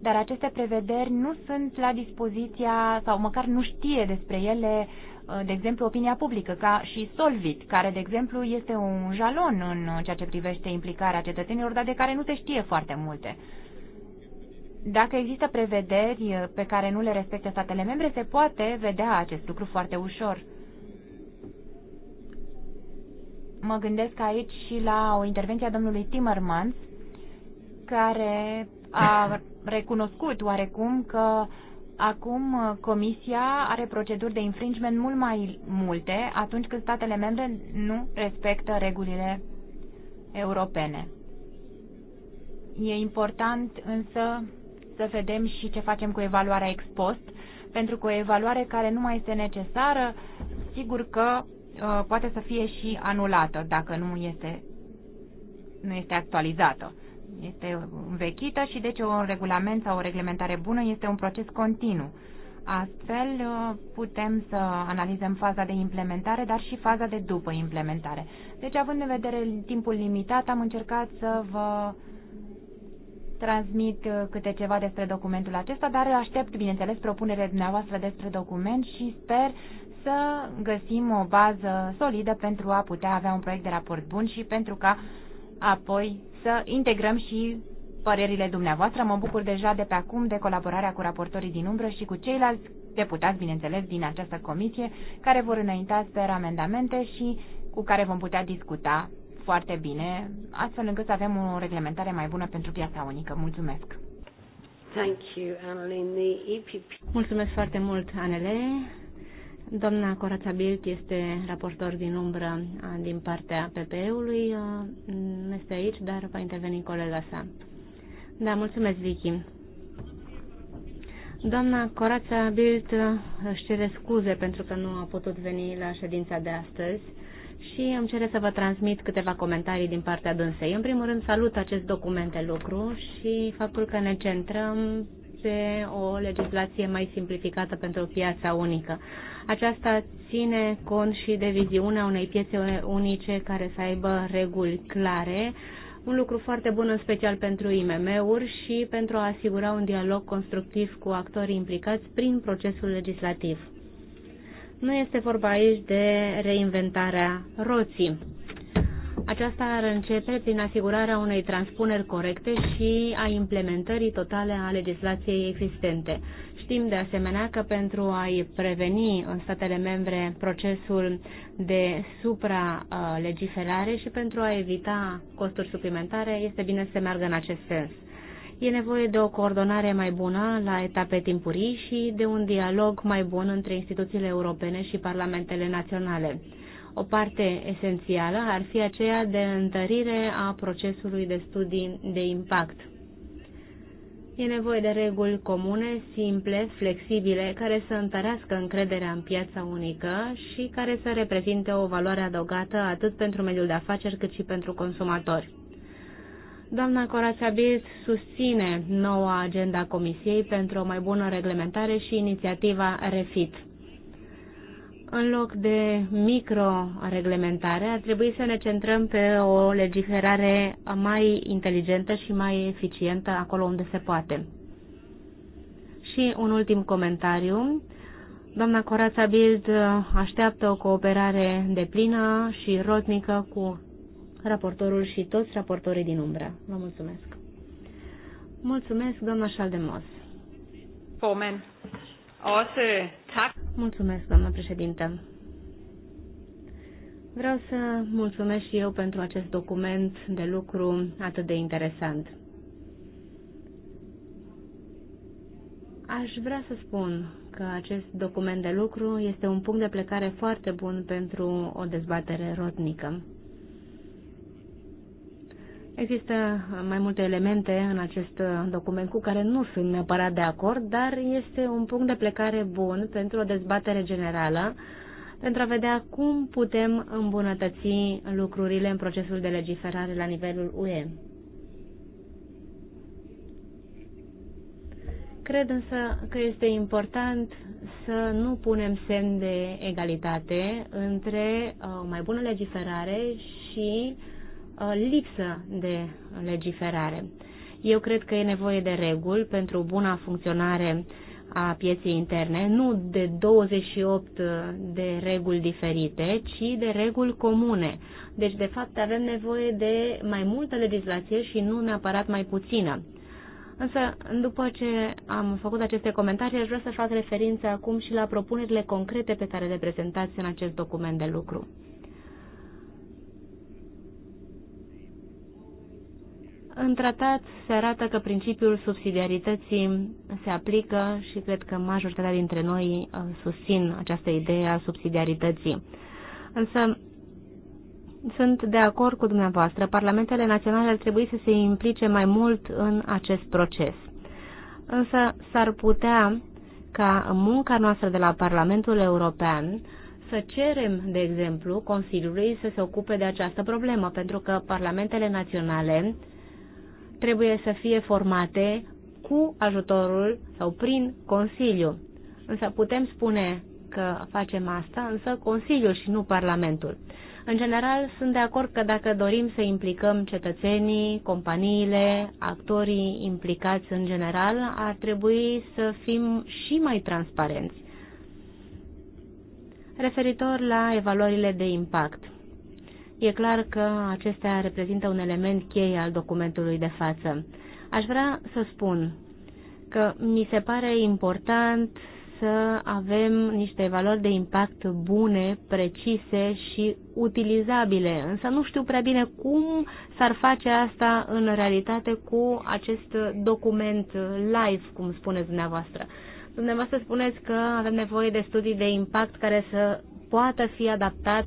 dar aceste prevederi nu sunt la dispoziția sau măcar nu știe despre ele, uh, de exemplu, opinia publică, ca și Solvit, care, de exemplu, este un jalon în ceea ce privește implicarea cetățenilor, dar de care nu se știe foarte multe. Dacă există prevederi uh, pe care nu le respectă statele membre, se poate vedea acest lucru foarte ușor. Mă gândesc aici și la o intervenție a domnului Timmermans, care a recunoscut oarecum că acum Comisia are proceduri de infringement mult mai multe atunci când statele membre nu respectă regulile europene. E important însă să vedem și ce facem cu evaluarea ex post, pentru că o evaluare care nu mai este necesară, sigur că uh, poate să fie și anulată dacă nu este, nu este actualizată este învechită și deci un regulament sau o reglementare bună este un proces continuu. Astfel uh, putem să analizăm faza de implementare, dar și faza de după implementare. Deci, având în vedere timpul limitat, am încercat să vă transmit uh, câte ceva despre documentul acesta, dar aștept, bineînțeles, propunerea dumneavoastră despre document și sper să găsim o bază solidă pentru a putea avea un proiect de raport bun și pentru ca apoi să integrăm și părerile dumneavoastră. Mă bucur deja de pe acum de colaborarea cu raportorii din umbră și cu ceilalți deputați, bineînțeles, din această comisie, care vor înainta, sper, amendamente și cu care vom putea discuta foarte bine, astfel încât să avem o reglementare mai bună pentru piața unică. Mulțumesc! Thank you, Annalene. The EPP... Mulțumesc foarte mult, Anele. Doamna Corața Bilt este raportor din umbră din partea PPE-ului. Nu este aici, dar va interveni colega sa. Da, mulțumesc, Vicky. Doamna Corața Bilt își cere scuze pentru că nu a putut veni la ședința de astăzi și îmi cere să vă transmit câteva comentarii din partea dânsei. În primul rând, salut acest document de lucru și faptul că ne centrăm pe o legislație mai simplificată pentru piața unică. Aceasta ține cont și de viziunea unei piețe unice care să aibă reguli clare, un lucru foarte bun în special pentru IMM-uri și pentru a asigura un dialog constructiv cu actorii implicați prin procesul legislativ. Nu este vorba aici de reinventarea roții. Aceasta ar începe prin asigurarea unei transpuneri corecte și a implementării totale a legislației existente. Știm de asemenea că pentru a-i preveni în statele membre procesul de supra supra-legiferare și pentru a evita costuri suplimentare, este bine să se meargă în acest sens. E nevoie de o coordonare mai bună la etape timpurii și de un dialog mai bun între instituțiile europene și parlamentele naționale o parte esențială ar fi aceea de întărire a procesului de studii de impact. E nevoie de reguli comune, simple, flexibile, care să întărească încrederea în piața unică și care să reprezinte o valoare adăugată atât pentru mediul de afaceri cât și pentru consumatori. Doamna Corața Bild susține noua agenda Comisiei pentru o mai bună reglementare și inițiativa REFIT în loc de microreglementare, ar trebui să ne centrăm pe o legiferare mai inteligentă și mai eficientă acolo unde se poate. Și un ultim comentariu. Doamna Corața Bild așteaptă o cooperare deplină și rotnică cu raportorul și toți raportorii din umbră. Vă mulțumesc. Mulțumesc, doamna Șaldemos. Pomen. Også tak. Mulțumesc, doamnă președintă. Vreau să mulțumesc și eu pentru acest document de lucru atât de interesant. Aș vrea să spun că acest document de lucru este un punct de plecare foarte bun pentru o dezbatere rotnică. Există mai multe elemente în acest document cu care nu sunt neapărat de acord, dar este un punct de plecare bun pentru o dezbatere generală, pentru a vedea cum putem îmbunătăți lucrurile în procesul de legiferare la nivelul UE. Cred însă că este important să nu punem semn de egalitate între o uh, mai bună legiferare și Uh, lipsă de legiferare. Eu cred că e nevoie de reguli pentru buna funcționare a pieței interne, nu de 28 de reguli diferite, ci de reguli comune. Deci, de fapt, avem nevoie de mai multă legislație și nu neapărat mai puțină. Însă, după ce am făcut aceste comentarii, aș vrea să fac referință acum și la propunerile concrete pe care le prezentați în acest document de lucru. În tratat se arată că principiul subsidiarității se aplică și cred că majoritatea dintre noi uh, susțin această idee a subsidiarității. Însă sunt de acord cu dumneavoastră, parlamentele naționale ar trebui să se implice mai mult în acest proces. Însă s-ar putea ca în munca noastră de la Parlamentul European să cerem, de exemplu, Consiliului să se ocupe de această problemă, pentru că parlamentele naționale trebuie să fie formate cu ajutorul sau prin Consiliu. Însă putem spune că facem asta, însă Consiliul și nu Parlamentul. În general, sunt de acord că dacă dorim să implicăm cetățenii, companiile, actorii implicați în general, ar trebui să fim și mai transparenți. Referitor la evaluările de impact. E clar că acestea reprezintă un element cheie al documentului de față. Aș vrea să spun că mi se pare important să avem niște valori de impact bune, precise și utilizabile, însă nu știu prea bine cum s-ar face asta în realitate cu acest document live, cum spuneți dumneavoastră. Dumneavoastră spuneți că avem nevoie de studii de impact care să poată fi adaptat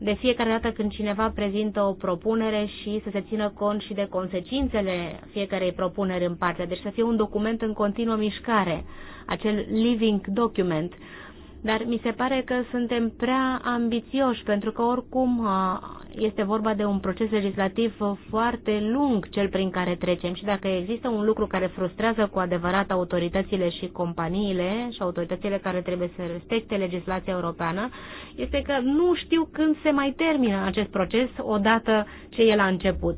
de fiecare dată când cineva prezintă o propunere și să se țină cont și de consecințele fiecarei propuneri în parte. Deci să fie un document în continuă mișcare, acel living document dar mi se pare că suntem prea ambițioși, pentru că oricum este vorba de un proces legislativ foarte lung, cel prin care trecem. Și dacă există un lucru care frustrează cu adevărat autoritățile și companiile și autoritățile care trebuie să respecte legislația europeană, este că nu știu când se mai termină acest proces odată ce el a început.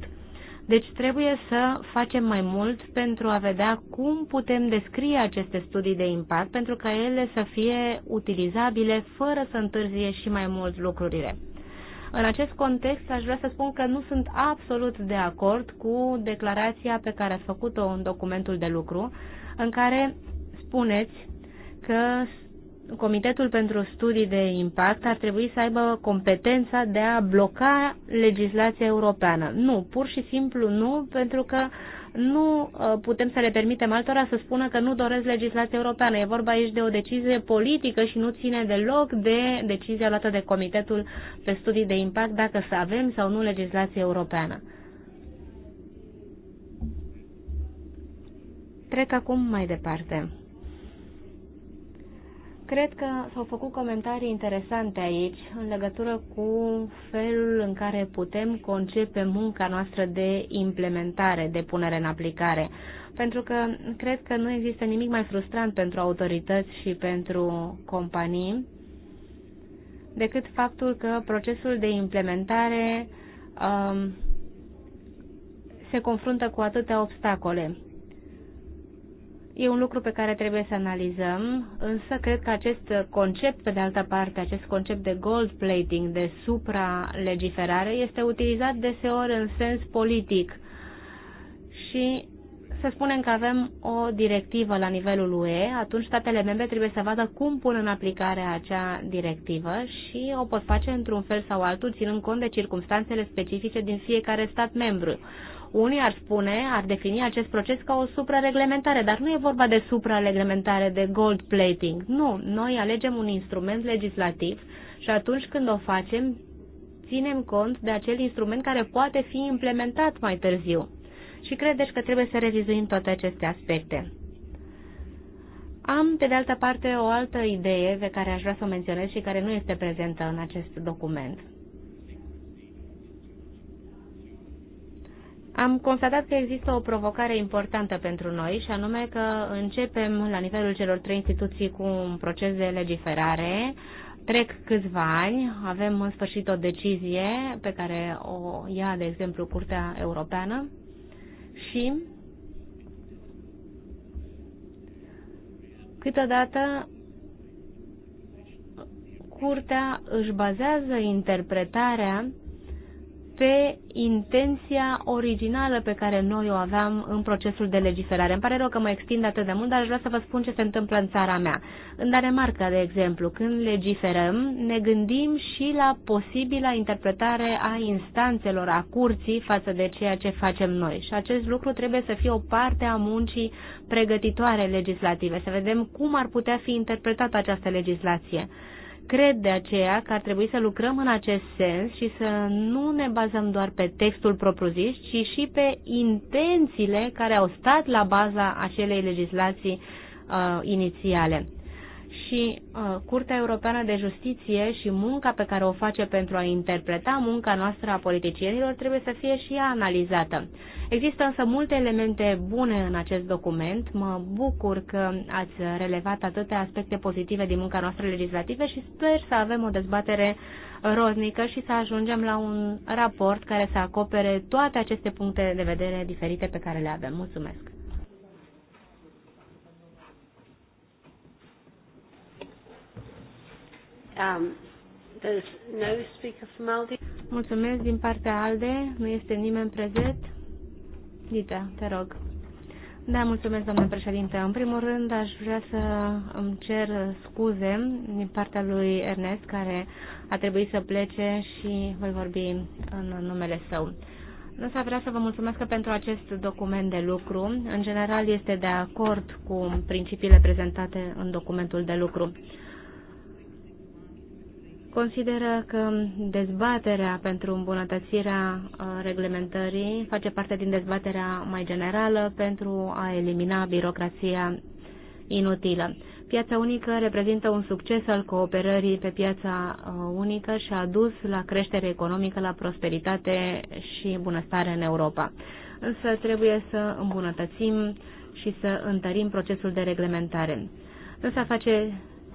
Deci trebuie să facem mai mult pentru a vedea cum putem descrie aceste studii de impact pentru ca ele să fie utilizabile fără să întârzie și mai mult lucrurile. În acest context, aș vrea să spun că nu sunt absolut de acord cu declarația pe care ați făcut-o în documentul de lucru, în care spuneți că Comitetul pentru Studii de Impact ar trebui să aibă competența de a bloca legislația europeană. Nu, pur și simplu nu, pentru că nu uh, putem să le permitem altora să spună că nu doresc legislația europeană. E vorba aici de o decizie politică și nu ține deloc de decizia luată de Comitetul pe Studii de Impact dacă să avem sau nu legislație europeană. Trec acum mai departe. Cred că s-au făcut comentarii interesante aici în legătură cu felul în care putem concepe munca noastră de implementare, de punere în aplicare. Pentru că cred că nu există nimic mai frustrant pentru autorități și pentru companii decât faptul că procesul de implementare um, se confruntă cu atâtea obstacole. E un lucru pe care trebuie să analizăm, însă cred că acest concept, pe de altă parte, acest concept de gold plating, de supra-legiferare, este utilizat deseori în sens politic. Și să spunem că avem o directivă la nivelul UE, atunci statele membre trebuie să vadă cum pun în aplicare acea directivă și o pot face într-un fel sau altul, ținând cont de circumstanțele specifice din fiecare stat membru. Unii ar spune, ar defini acest proces ca o suprareglementare, dar nu e vorba de suprareglementare, de gold plating. Nu, noi alegem un instrument legislativ și atunci când o facem, ținem cont de acel instrument care poate fi implementat mai târziu. Și credeți că trebuie să revizuim toate aceste aspecte. Am, pe de altă parte, o altă idee pe care aș vrea să o menționez și care nu este prezentă în acest document. Am constatat că există o provocare importantă pentru noi și anume că începem la nivelul celor trei instituții cu un proces de legiferare. Trec câțiva ani, avem în sfârșit o decizie pe care o ia, de exemplu, Curtea Europeană și câteodată Curtea își bazează interpretarea pe intenția originală pe care noi o aveam în procesul de legiferare. Îmi pare rău că mă extind atât de mult, dar aș vrea să vă spun ce se întâmplă în țara mea. În Danemarca, de exemplu, când legiferăm, ne gândim și la posibila interpretare a instanțelor, a curții față de ceea ce facem noi. Și acest lucru trebuie să fie o parte a muncii pregătitoare legislative, să vedem cum ar putea fi interpretată această legislație. Cred de aceea că ar trebui să lucrăm în acest sens și să nu ne bazăm doar pe textul propriu-zis, ci și pe intențiile care au stat la baza acelei legislații uh, inițiale și uh, Curtea Europeană de Justiție și munca pe care o face pentru a interpreta munca noastră a politicienilor trebuie să fie și ea analizată. Există însă multe elemente bune în acest document. Mă bucur că ați relevat atâtea aspecte pozitive din munca noastră legislativă și sper să avem o dezbatere roznică și să ajungem la un raport care să acopere toate aceste puncte de vedere diferite pe care le avem. Mulțumesc! Um, no speaker from Mulțumesc din partea ALDE. Nu este nimeni prezent. Dita, te rog. Da, mulțumesc, domnule președinte. În primul rând, aș vrea să îmi cer scuze din partea lui Ernest, care a trebuit să plece și voi vorbi în numele său. Însă vrea să vă mulțumesc pentru acest document de lucru. În general, este de acord cu principiile prezentate în documentul de lucru consideră că dezbaterea pentru îmbunătățirea uh, reglementării face parte din dezbaterea mai generală pentru a elimina birocrația inutilă. Piața unică reprezintă un succes al cooperării pe piața uh, unică și a dus la creștere economică, la prosperitate și bunăstare în Europa. Însă trebuie să îmbunătățim și să întărim procesul de reglementare. Însă face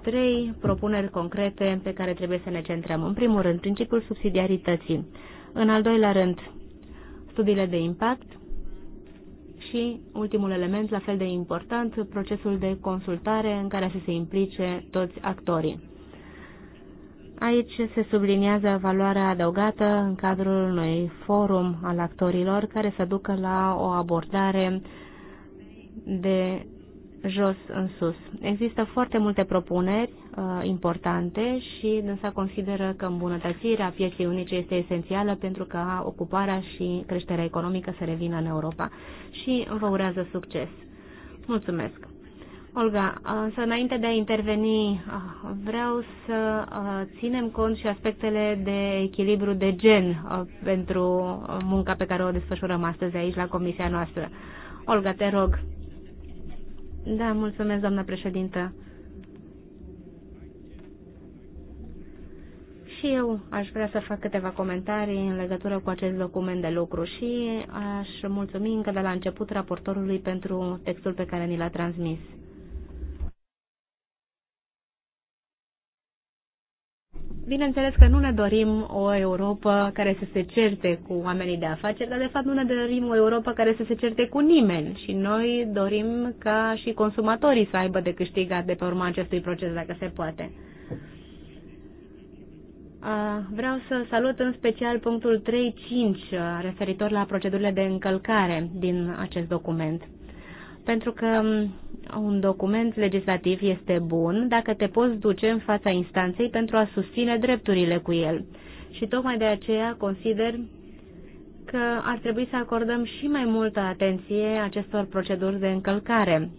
trei propuneri concrete pe care trebuie să ne centrăm. În primul rând, principiul subsidiarității. În al doilea rând, studiile de impact. Și ultimul element, la fel de important, procesul de consultare în care să se implice toți actorii. Aici se subliniază valoarea adăugată în cadrul unui forum al actorilor care să ducă la o abordare de jos în sus. Există foarte multe propuneri uh, importante și însă consideră că îmbunătățirea pieței unice este esențială pentru ca ocuparea și creșterea economică să revină în Europa și vă urează succes. Mulțumesc! Olga, însă înainte de a interveni, ah, vreau să uh, ținem cont și aspectele de echilibru de gen uh, pentru munca pe care o desfășurăm astăzi aici la comisia noastră. Olga, te rog. Da, mulțumesc, doamnă președintă. Și eu aș vrea să fac câteva comentarii în legătură cu acest document de lucru și aș mulțumi încă de la început raportorului pentru textul pe care ni l-a transmis. bineînțeles că nu ne dorim o Europa care să se certe cu oamenii de afaceri, dar de fapt nu ne dorim o Europa care să se certe cu nimeni și noi dorim ca și consumatorii să aibă de câștigat de pe urma acestui proces, dacă se poate. Vreau să salut în special punctul 3.5 referitor la procedurile de încălcare din acest document. Pentru că un document legislativ este bun dacă te poți duce în fața instanței pentru a susține drepturile cu el. Și tocmai de aceea consider că ar trebui să acordăm și mai multă atenție acestor proceduri de încălcare.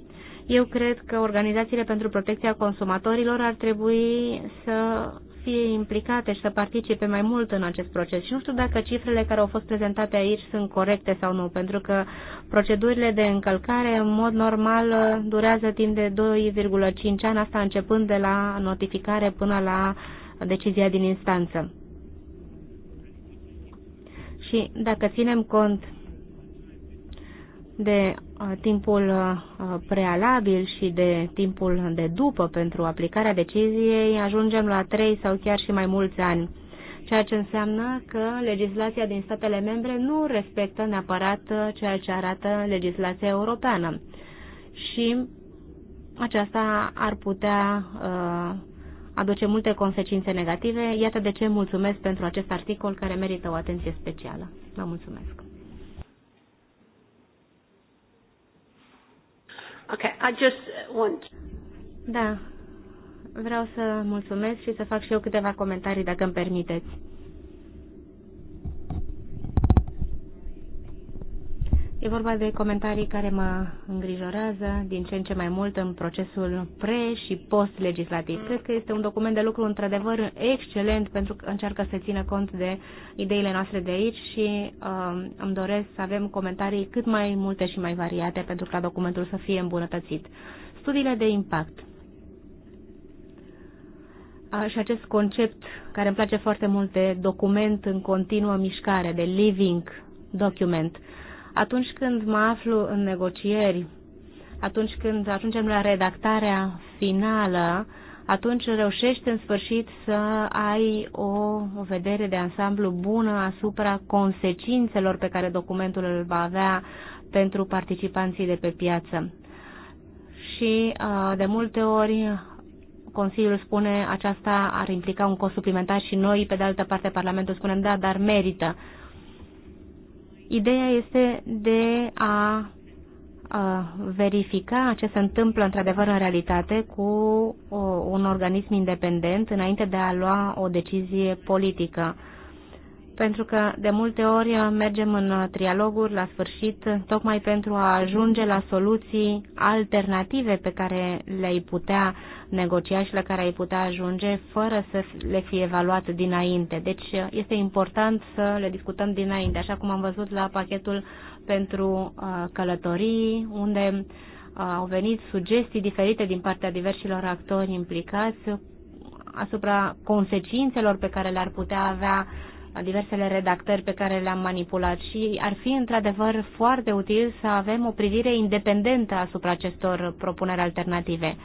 Eu cred că organizațiile pentru protecția consumatorilor ar trebui să fie implicate și să participe mai mult în acest proces. Și nu știu dacă cifrele care au fost prezentate aici sunt corecte sau nu, pentru că procedurile de încălcare în mod normal durează timp de 2,5 ani, asta începând de la notificare până la decizia din instanță. Și dacă ținem cont de uh, timpul uh, prealabil și de timpul de după pentru aplicarea deciziei, ajungem la 3 sau chiar și mai mulți ani, ceea ce înseamnă că legislația din statele membre nu respectă neapărat uh, ceea ce arată legislația europeană. Și aceasta ar putea aduce multe consecințe negative. Iată de ce mulțumesc pentru acest articol care merită o atenție specială. Vă mulțumesc! Okay, I just want... Da, vreau să mulțumesc și să fac și eu câteva comentarii, dacă îmi permiteți. E vorba de comentarii care mă îngrijorează din ce în ce mai mult în procesul pre- și post-legislativ. Cred că este un document de lucru într-adevăr excelent pentru că încearcă să țină cont de ideile noastre de aici și uh, îmi doresc să avem comentarii cât mai multe și mai variate pentru ca documentul să fie îmbunătățit. Studiile de impact. A, și acest concept care îmi place foarte mult de document în continuă mișcare, de living document. Uh, atunci când mă aflu în negocieri, atunci când ajungem la redactarea finală, atunci reușești în sfârșit să ai o vedere de ansamblu bună asupra consecințelor pe care documentul îl va avea pentru participanții de pe piață. Și uh, de multe ori Consiliul spune aceasta ar implica un cost suplimentar și noi, pe de altă parte, Parlamentul spune da, dar merită. Ideea este de a verifica ce se întâmplă într-adevăr în realitate cu un organism independent înainte de a lua o decizie politică. Pentru că de multe ori mergem în trialoguri la sfârșit tocmai pentru a ajunge la soluții alternative pe care le-ai putea uh, negocia și la care ai putea ajunge fără să le fie evaluat dinainte. Deci este important să le discutăm dinainte, așa cum am văzut la pachetul pentru uh, călătorii, unde uh, au venit sugestii diferite din partea diversilor actori implicați asupra consecințelor pe care le-ar putea avea diversele redactări pe care le-am manipulat și ar fi într-adevăr foarte util să avem o privire independentă asupra acestor propuneri alternative.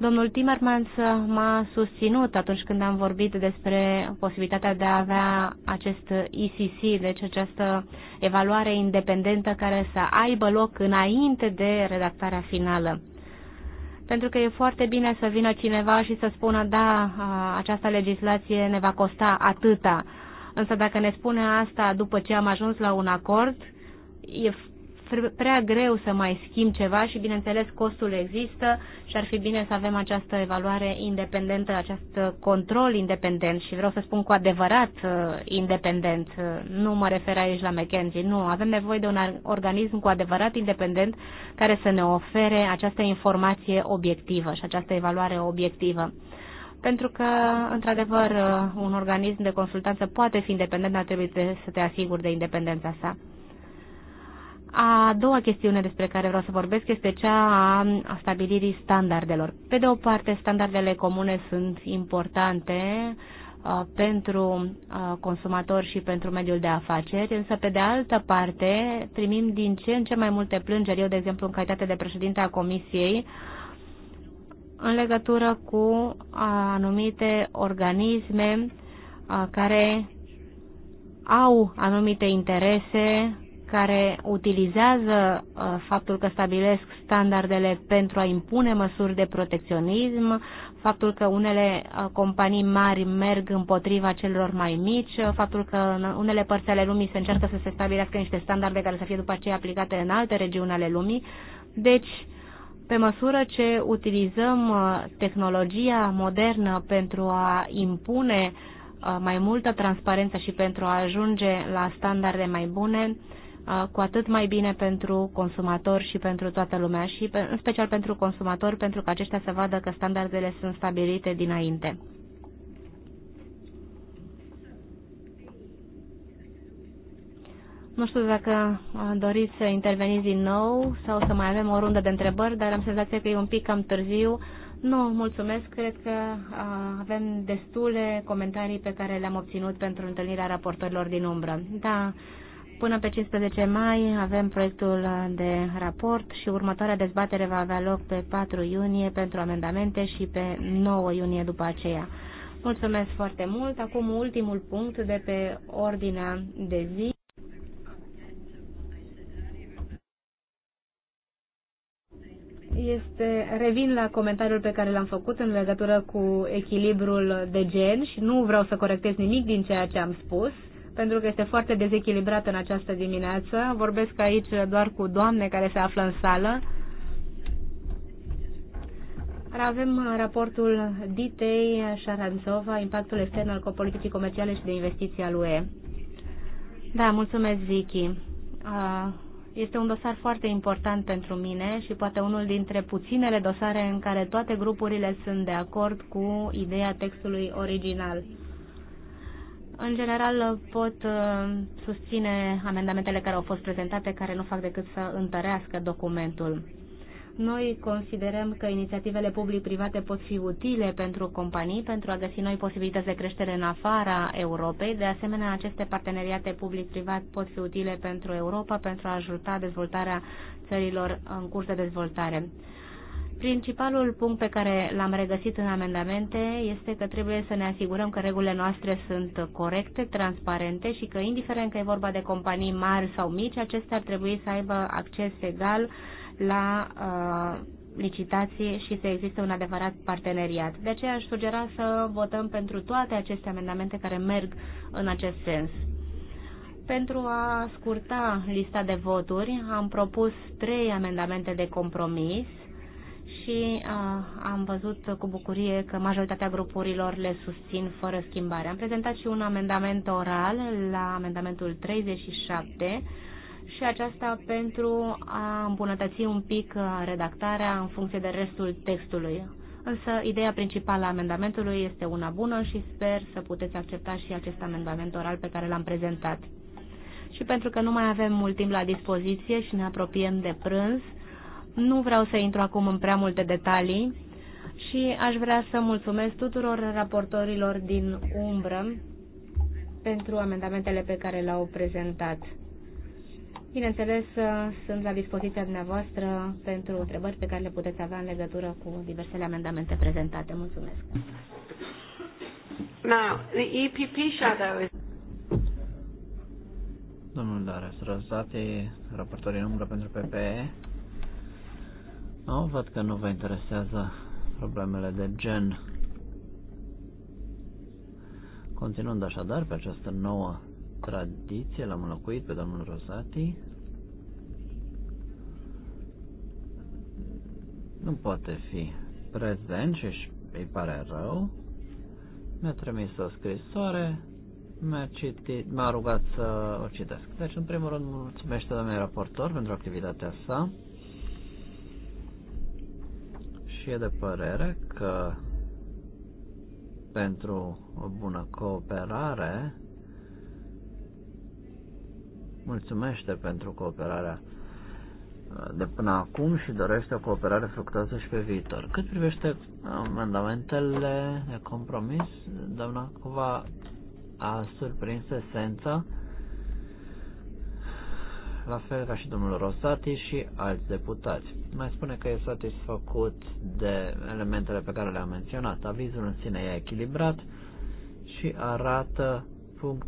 Domnul Timmermans m-a susținut atunci când am vorbit despre posibilitatea de a avea acest ICC, deci această evaluare independentă care să aibă loc înainte de redactarea finală pentru că e foarte bine să vină cineva și să spună, da, această legislație ne va costa atâta. Însă dacă ne spune asta după ce am ajuns la un acord, e prea greu să mai schimb ceva și, bineînțeles, costul există și ar fi bine să avem această evaluare independentă, acest control independent și vreau să spun cu adevărat uh, independent. Uh, nu mă refer aici la McKenzie, nu. Avem nevoie de un organism cu adevărat independent care să ne ofere această informație obiectivă și această evaluare obiectivă pentru că, într-adevăr, uh, un organism de consultanță poate fi independent, dar trebuie să te asiguri de independența sa. A doua chestiune despre care vreau să vorbesc este cea a stabilirii standardelor. Pe de o parte, standardele comune sunt importante uh, pentru uh, consumatori și pentru mediul de afaceri, însă pe de altă parte primim din ce în ce mai multe plângeri. Eu, de exemplu, în calitate de președinte a Comisiei, în legătură cu uh, anumite organisme care au anumite interese care utilizează uh, faptul că stabilesc standardele pentru a impune măsuri de protecționism, faptul că unele uh, companii mari merg împotriva celor mai mici, uh, faptul că în unele părți ale lumii se încearcă să se stabilească niște standarde care să fie după aceea aplicate în alte regiuni ale lumii. Deci, pe măsură ce utilizăm tehnologia modernă pentru a impune mai multă transparență și pentru a ajunge la standarde mai bune, uh, cu atât mai bine pentru consumatori și pentru toată lumea și în special pentru consumatori, pentru că aceștia să vadă că standardele sunt stabilite dinainte. Nu știu dacă doriți să interveniți din nou sau să mai avem o rundă de întrebări, dar am senzația că e un pic cam târziu. Nu, mulțumesc. Cred că avem destule comentarii pe care le-am obținut pentru întâlnirea raportorilor din umbră. Da, Până pe 15 mai avem proiectul de raport și următoarea dezbatere va avea loc pe 4 iunie pentru amendamente și pe 9 iunie după aceea. Mulțumesc foarte mult. Acum ultimul punct de pe ordinea de zi. Este, revin la comentariul pe care l-am făcut în legătură cu echilibrul de gen și nu vreau să corectez nimic din ceea ce am spus pentru că este foarte dezechilibrat în această dimineață. Vorbesc aici doar cu doamne care se află în sală. Avem raportul Ditei Șaranțova, impactul extern al politicii comerciale și de investiții al UE. Da, mulțumesc, Vicky. Este un dosar foarte important pentru mine și poate unul dintre puținele dosare în care toate grupurile sunt de acord cu ideea textului original. În general, pot uh, susține amendamentele care au fost prezentate, care nu fac decât să întărească documentul. Noi considerăm că inițiativele public-private pot fi utile pentru companii, pentru a găsi noi posibilități de creștere în afara Europei. De asemenea, aceste parteneriate public-privat pot fi utile pentru Europa, pentru a ajuta dezvoltarea țărilor în curs de dezvoltare. Principalul punct pe care l-am regăsit în amendamente este că trebuie să ne asigurăm că regulile noastre sunt corecte, transparente și că, indiferent că e vorba de companii mari sau mici, acestea ar trebui să aibă acces egal la uh, licitație și să existe un adevărat parteneriat. De aceea aș sugera să votăm pentru toate aceste amendamente care merg în acest sens. Pentru a scurta lista de voturi, am propus trei amendamente de compromis și uh, am văzut cu bucurie că majoritatea grupurilor le susțin fără schimbare. Am prezentat și un amendament oral la amendamentul 37 și aceasta pentru a îmbunătăți un pic redactarea în funcție de restul textului. Însă ideea principală a amendamentului este una bună și sper să puteți accepta și acest amendament oral pe care l-am prezentat. Și pentru că nu mai avem mult timp la dispoziție și ne apropiem de prânz, nu vreau să intru acum în prea multe detalii și aș vrea să mulțumesc tuturor raportorilor din umbră pentru amendamentele pe care le-au prezentat. Bineînțeles, uh, sunt la dispoziția dumneavoastră pentru întrebări pe care le puteți avea în legătură cu diversele amendamente prezentate. Mulțumesc. Now, the EPP shadow is... Domnul Dares Răzate, raportor în umbră pentru PPE. Nu, văd că nu vă interesează problemele de gen. Continuând așadar pe această nouă tradiție, l-am înlocuit pe domnul Rosati. Nu poate fi prezent și îi pare rău. Mi-a trimis o scrisoare, m-a, citit, m-a rugat să o citesc. Deci, în primul rând, mulțumește domnului raportor pentru activitatea sa și e de părere că pentru o bună cooperare mulțumește pentru cooperarea uh, de până acum și dorește o cooperare fructoasă și pe viitor. Cât privește amendamentele de compromis, doamna Cova a surprins esența la fel ca și domnul Rosati și alți deputați. Mai spune că e satisfăcut de elementele pe care le-am menționat. Avizul în sine e echilibrat și arată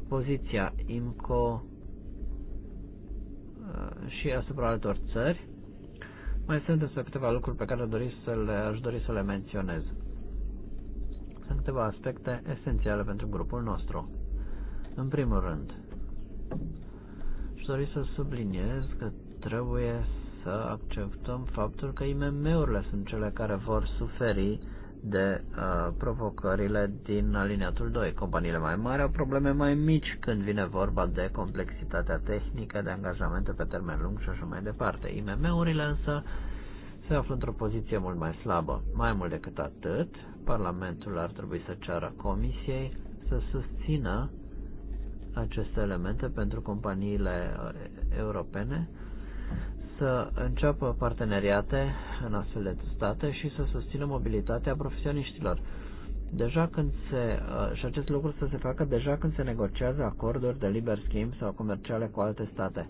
poziția IMCO uh, și asupra altor țări. Mai sunt despre câteva lucruri pe care dori să le, aș dori să le menționez. Sunt câteva aspecte esențiale pentru grupul nostru. În primul rând, dori să subliniez că trebuie să acceptăm faptul că IMM-urile sunt cele care vor suferi de uh, provocările din aliniatul 2. Companiile mai mari au probleme mai mici când vine vorba de complexitatea tehnică, de angajamente pe termen lung și așa mai departe. IMM-urile însă se află într-o poziție mult mai slabă. Mai mult decât atât, Parlamentul ar trebui să ceară Comisiei să susțină aceste elemente pentru companiile uh, europene să înceapă parteneriate în astfel de state și să susțină mobilitatea profesioniștilor. Deja când se, uh, și acest lucru să se facă deja când se negociază acorduri de liber schimb sau comerciale cu alte state.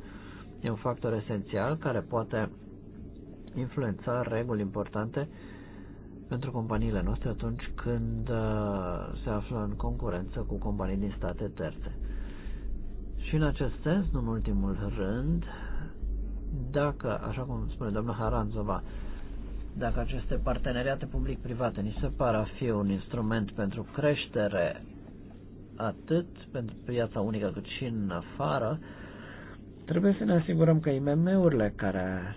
E un factor esențial care poate influența reguli importante pentru companiile noastre atunci când uh, se află în concurență cu companii din state terțe. Și în acest sens, nu în ultimul rând, dacă, așa cum spune doamna Haranzova, dacă aceste parteneriate public-private ni se par a fi un instrument pentru creștere atât pentru piața unică cât și în afară, trebuie să ne asigurăm că IMM-urile care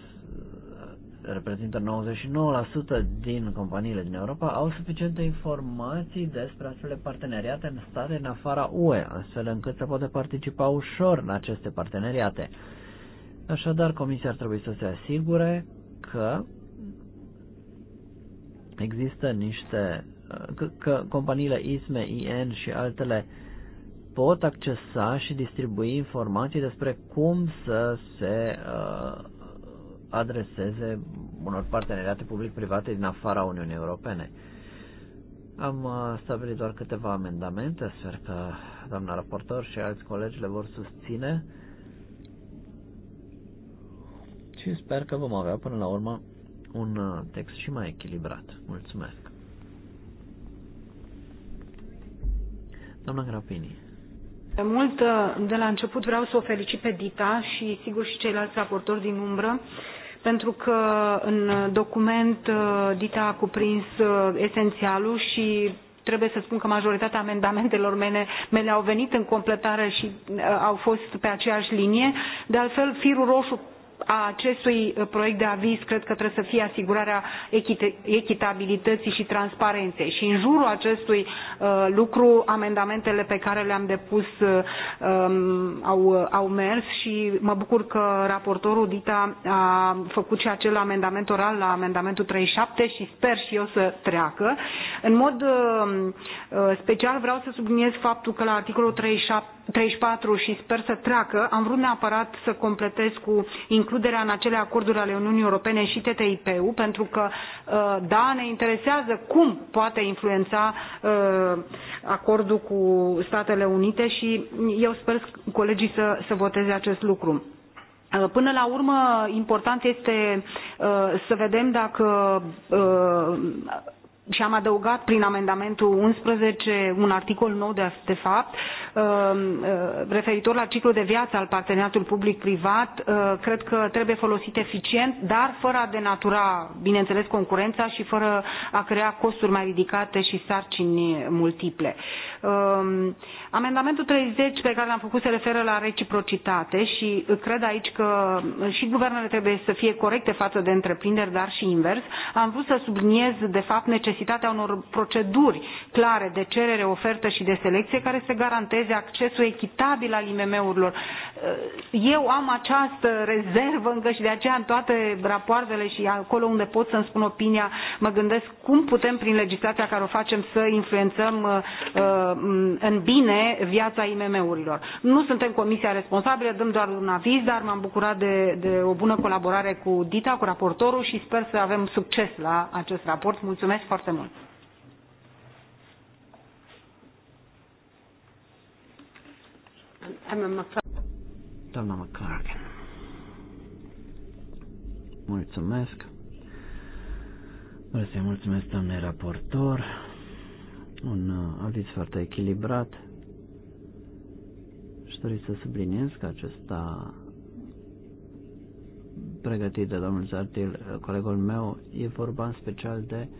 reprezintă 99% din companiile din Europa, au suficiente informații despre astfel de parteneriate în state în afara UE, astfel încât să poată participa ușor în aceste parteneriate. Așadar, Comisia ar trebui să se asigure că există niște că, că companiile ISME, IN și altele pot accesa și distribui informații despre cum să se uh, adreseze unor parteneriate public-private din afara Uniunii Europene. Am uh, stabilit doar câteva amendamente, sper că doamna raportor și alți colegi le vor susține și sper că vom avea până la urmă un uh, text și mai echilibrat. Mulțumesc! Doamna Grapini. De mult, uh, de la început vreau să o felicit pe Dita și sigur și ceilalți raportori din umbră pentru că în document uh, Dita a cuprins uh, esențialul și trebuie să spun că majoritatea amendamentelor mele, mele au venit în completare și uh, au fost pe aceeași linie. De altfel, firul roșu a acestui uh, proiect de aviz cred că trebuie să fie asigurarea echitabilității și transparenței și în jurul acestui uh, lucru amendamentele pe care le-am depus uh, um, au, uh, au mers și mă bucur că raportorul Dita a făcut și acel amendament oral la amendamentul 37 și sper și eu să treacă în mod uh, uh, special vreau să subliniez faptul că la articolul 37 34 și sper să treacă, am vrut neapărat să completez cu includerea în acele acorduri ale Uniunii Europene și TTIP-ul, pentru că, uh, da, ne interesează cum poate influența acordul cu Statele Unite și eu sper colegii să, să voteze acest lucru. Până la urmă, important este să vedem dacă și am adăugat prin amendamentul 11 un articol nou de, fapt uh, uh, referitor la ciclul de viață al parteneriatului public-privat. Uh, cred că trebuie folosit eficient, dar fără a denatura, bineînțeles, concurența și fără a crea costuri mai ridicate și sarcini multiple. Amendamentul 30 pe care l-am făcut se referă la reciprocitate și cred aici că și guvernele trebuie să fie corecte față de întreprinderi, dar și invers. Am vrut să subliniez, de fapt, necesitatea necesitatea unor proceduri clare de cerere, ofertă și de selecție care să garanteze accesul echitabil al IMM-urilor. Eh, eu am această rezervă încă și de aceea în toate rapoartele și acolo unde pot să-mi spun opinia, mă gândesc cum putem prin legislația care o facem să influențăm eh, mm, în bine viața IMM-urilor. Nu suntem comisia responsabilă, dăm doar un aviz, dar m-am bucurat de, de o bună colaborare cu Dita, cu raportorul și sper să avem succes la acest raport. Mulțumesc foarte foarte mult. Doamna McClarkin. Mulțumesc. Vreau să-i mulțumesc doamne raportor. Un uh, aviz foarte echilibrat. Și dori să subliniez că acesta pregătit de domnul Zartil, uh, colegul meu, e vorba în special de uh,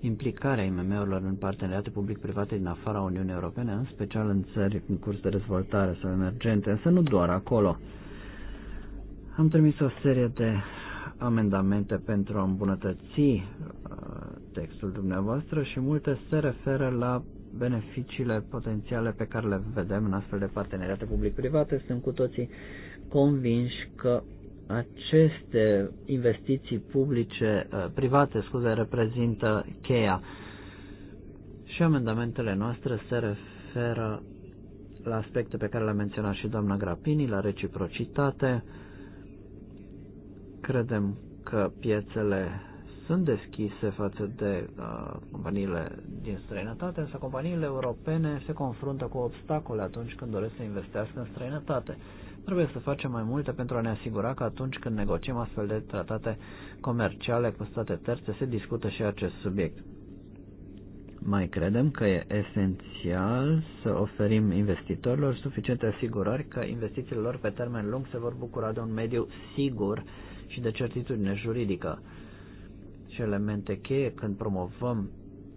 implicarea IMM-urilor în parteneriate public-private din afara Uniunii Europene, în special în țări în curs de dezvoltare sau emergente, însă nu doar acolo. Am trimis o serie de amendamente pentru a îmbunătăți uh, textul dumneavoastră și multe se referă la beneficiile potențiale pe care le vedem în astfel de parteneriate public-private. Sunt cu toții convinși că aceste investiții publice, eh, private, scuze, reprezintă cheia. Și amendamentele noastre se referă la aspecte pe care le-a menționat și doamna Grapini, la reciprocitate. Credem că piețele sunt deschise față de uh, companiile din străinătate, însă companiile europene se confruntă cu obstacole atunci când doresc să investească în străinătate. Uh, Trebuie să facem mai multe pentru a ne asigura că atunci când negociem astfel de tratate comerciale cu state terțe, se discută și acest subiect. Mai credem că e esențial să oferim investitorilor suficiente asigurări că investițiile lor pe termen lung se vor bucura de un mediu sigur și de certitudine juridică. Și elemente cheie când promovăm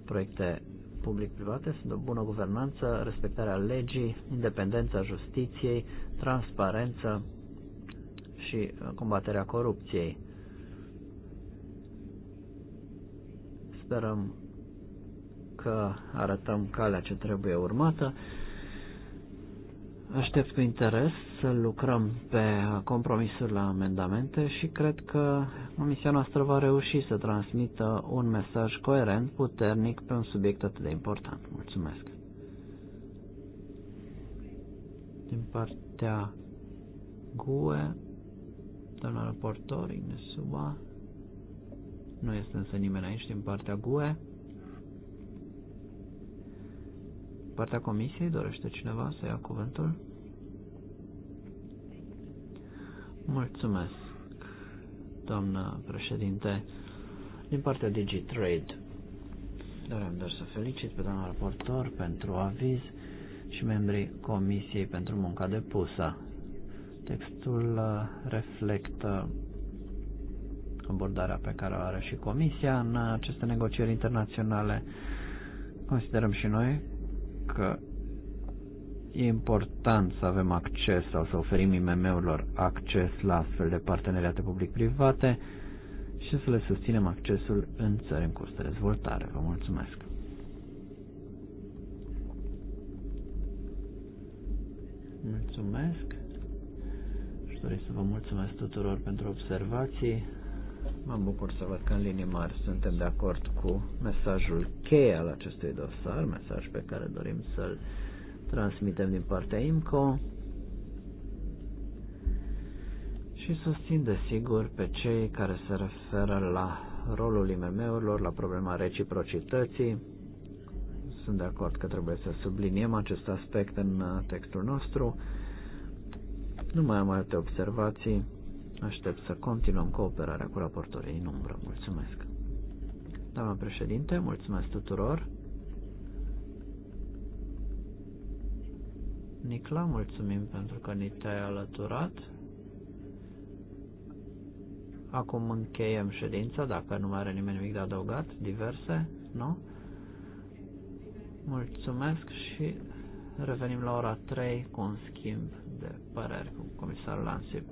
proiecte public-private sunt o bună guvernanță, respectarea legii, independența justiției, transparență și uh, combaterea corupției. Sperăm că arătăm calea ce trebuie urmată. Aștept cu interes să lucrăm pe compromisuri la amendamente și cred că comisia noastră va reuși să transmită un mesaj coerent, puternic pe un subiect atât de important. Mulțumesc. Din partea GUE, doamna raportor, Inesuba, nu este însă nimeni aici din partea GUE. Partea comisiei, dorește cineva să ia cuvântul? Mulțumesc, doamnă președinte. Din partea DigiTrade, doream doar să felicit pe doamna raportor pentru aviz și membrii Comisiei pentru munca depusă. Textul uh, reflectă abordarea pe care o are și Comisia în aceste negocieri internaționale. Considerăm și noi că E important să avem acces sau să oferim IMM-urilor acces la astfel de parteneriate public-private și să le susținem accesul în țări în curs de dezvoltare. Vă mulțumesc! Mulțumesc! Și doresc să vă mulțumesc tuturor pentru observații. Mă bucur să văd că în linii mari suntem de acord cu mesajul cheie al acestui dosar, mesaj pe care dorim să-l transmitem din partea IMCO și susțin desigur pe cei care se referă la rolul IMM-urilor, la problema reciprocității. Sunt de acord că trebuie să subliniem acest aspect în uh, textul nostru. Nu mai am alte observații. Aștept să continuăm cooperarea cu raportorii în umbră. Mulțumesc! Doamna președinte, mulțumesc tuturor! Nicla, mulțumim pentru că ni te-ai alăturat. Acum încheiem ședința, dacă nu mai are nimeni nimic de adăugat, diverse, nu? Mulțumesc și revenim la ora 3 cu un schimb de păreri cu comisarul Lansip.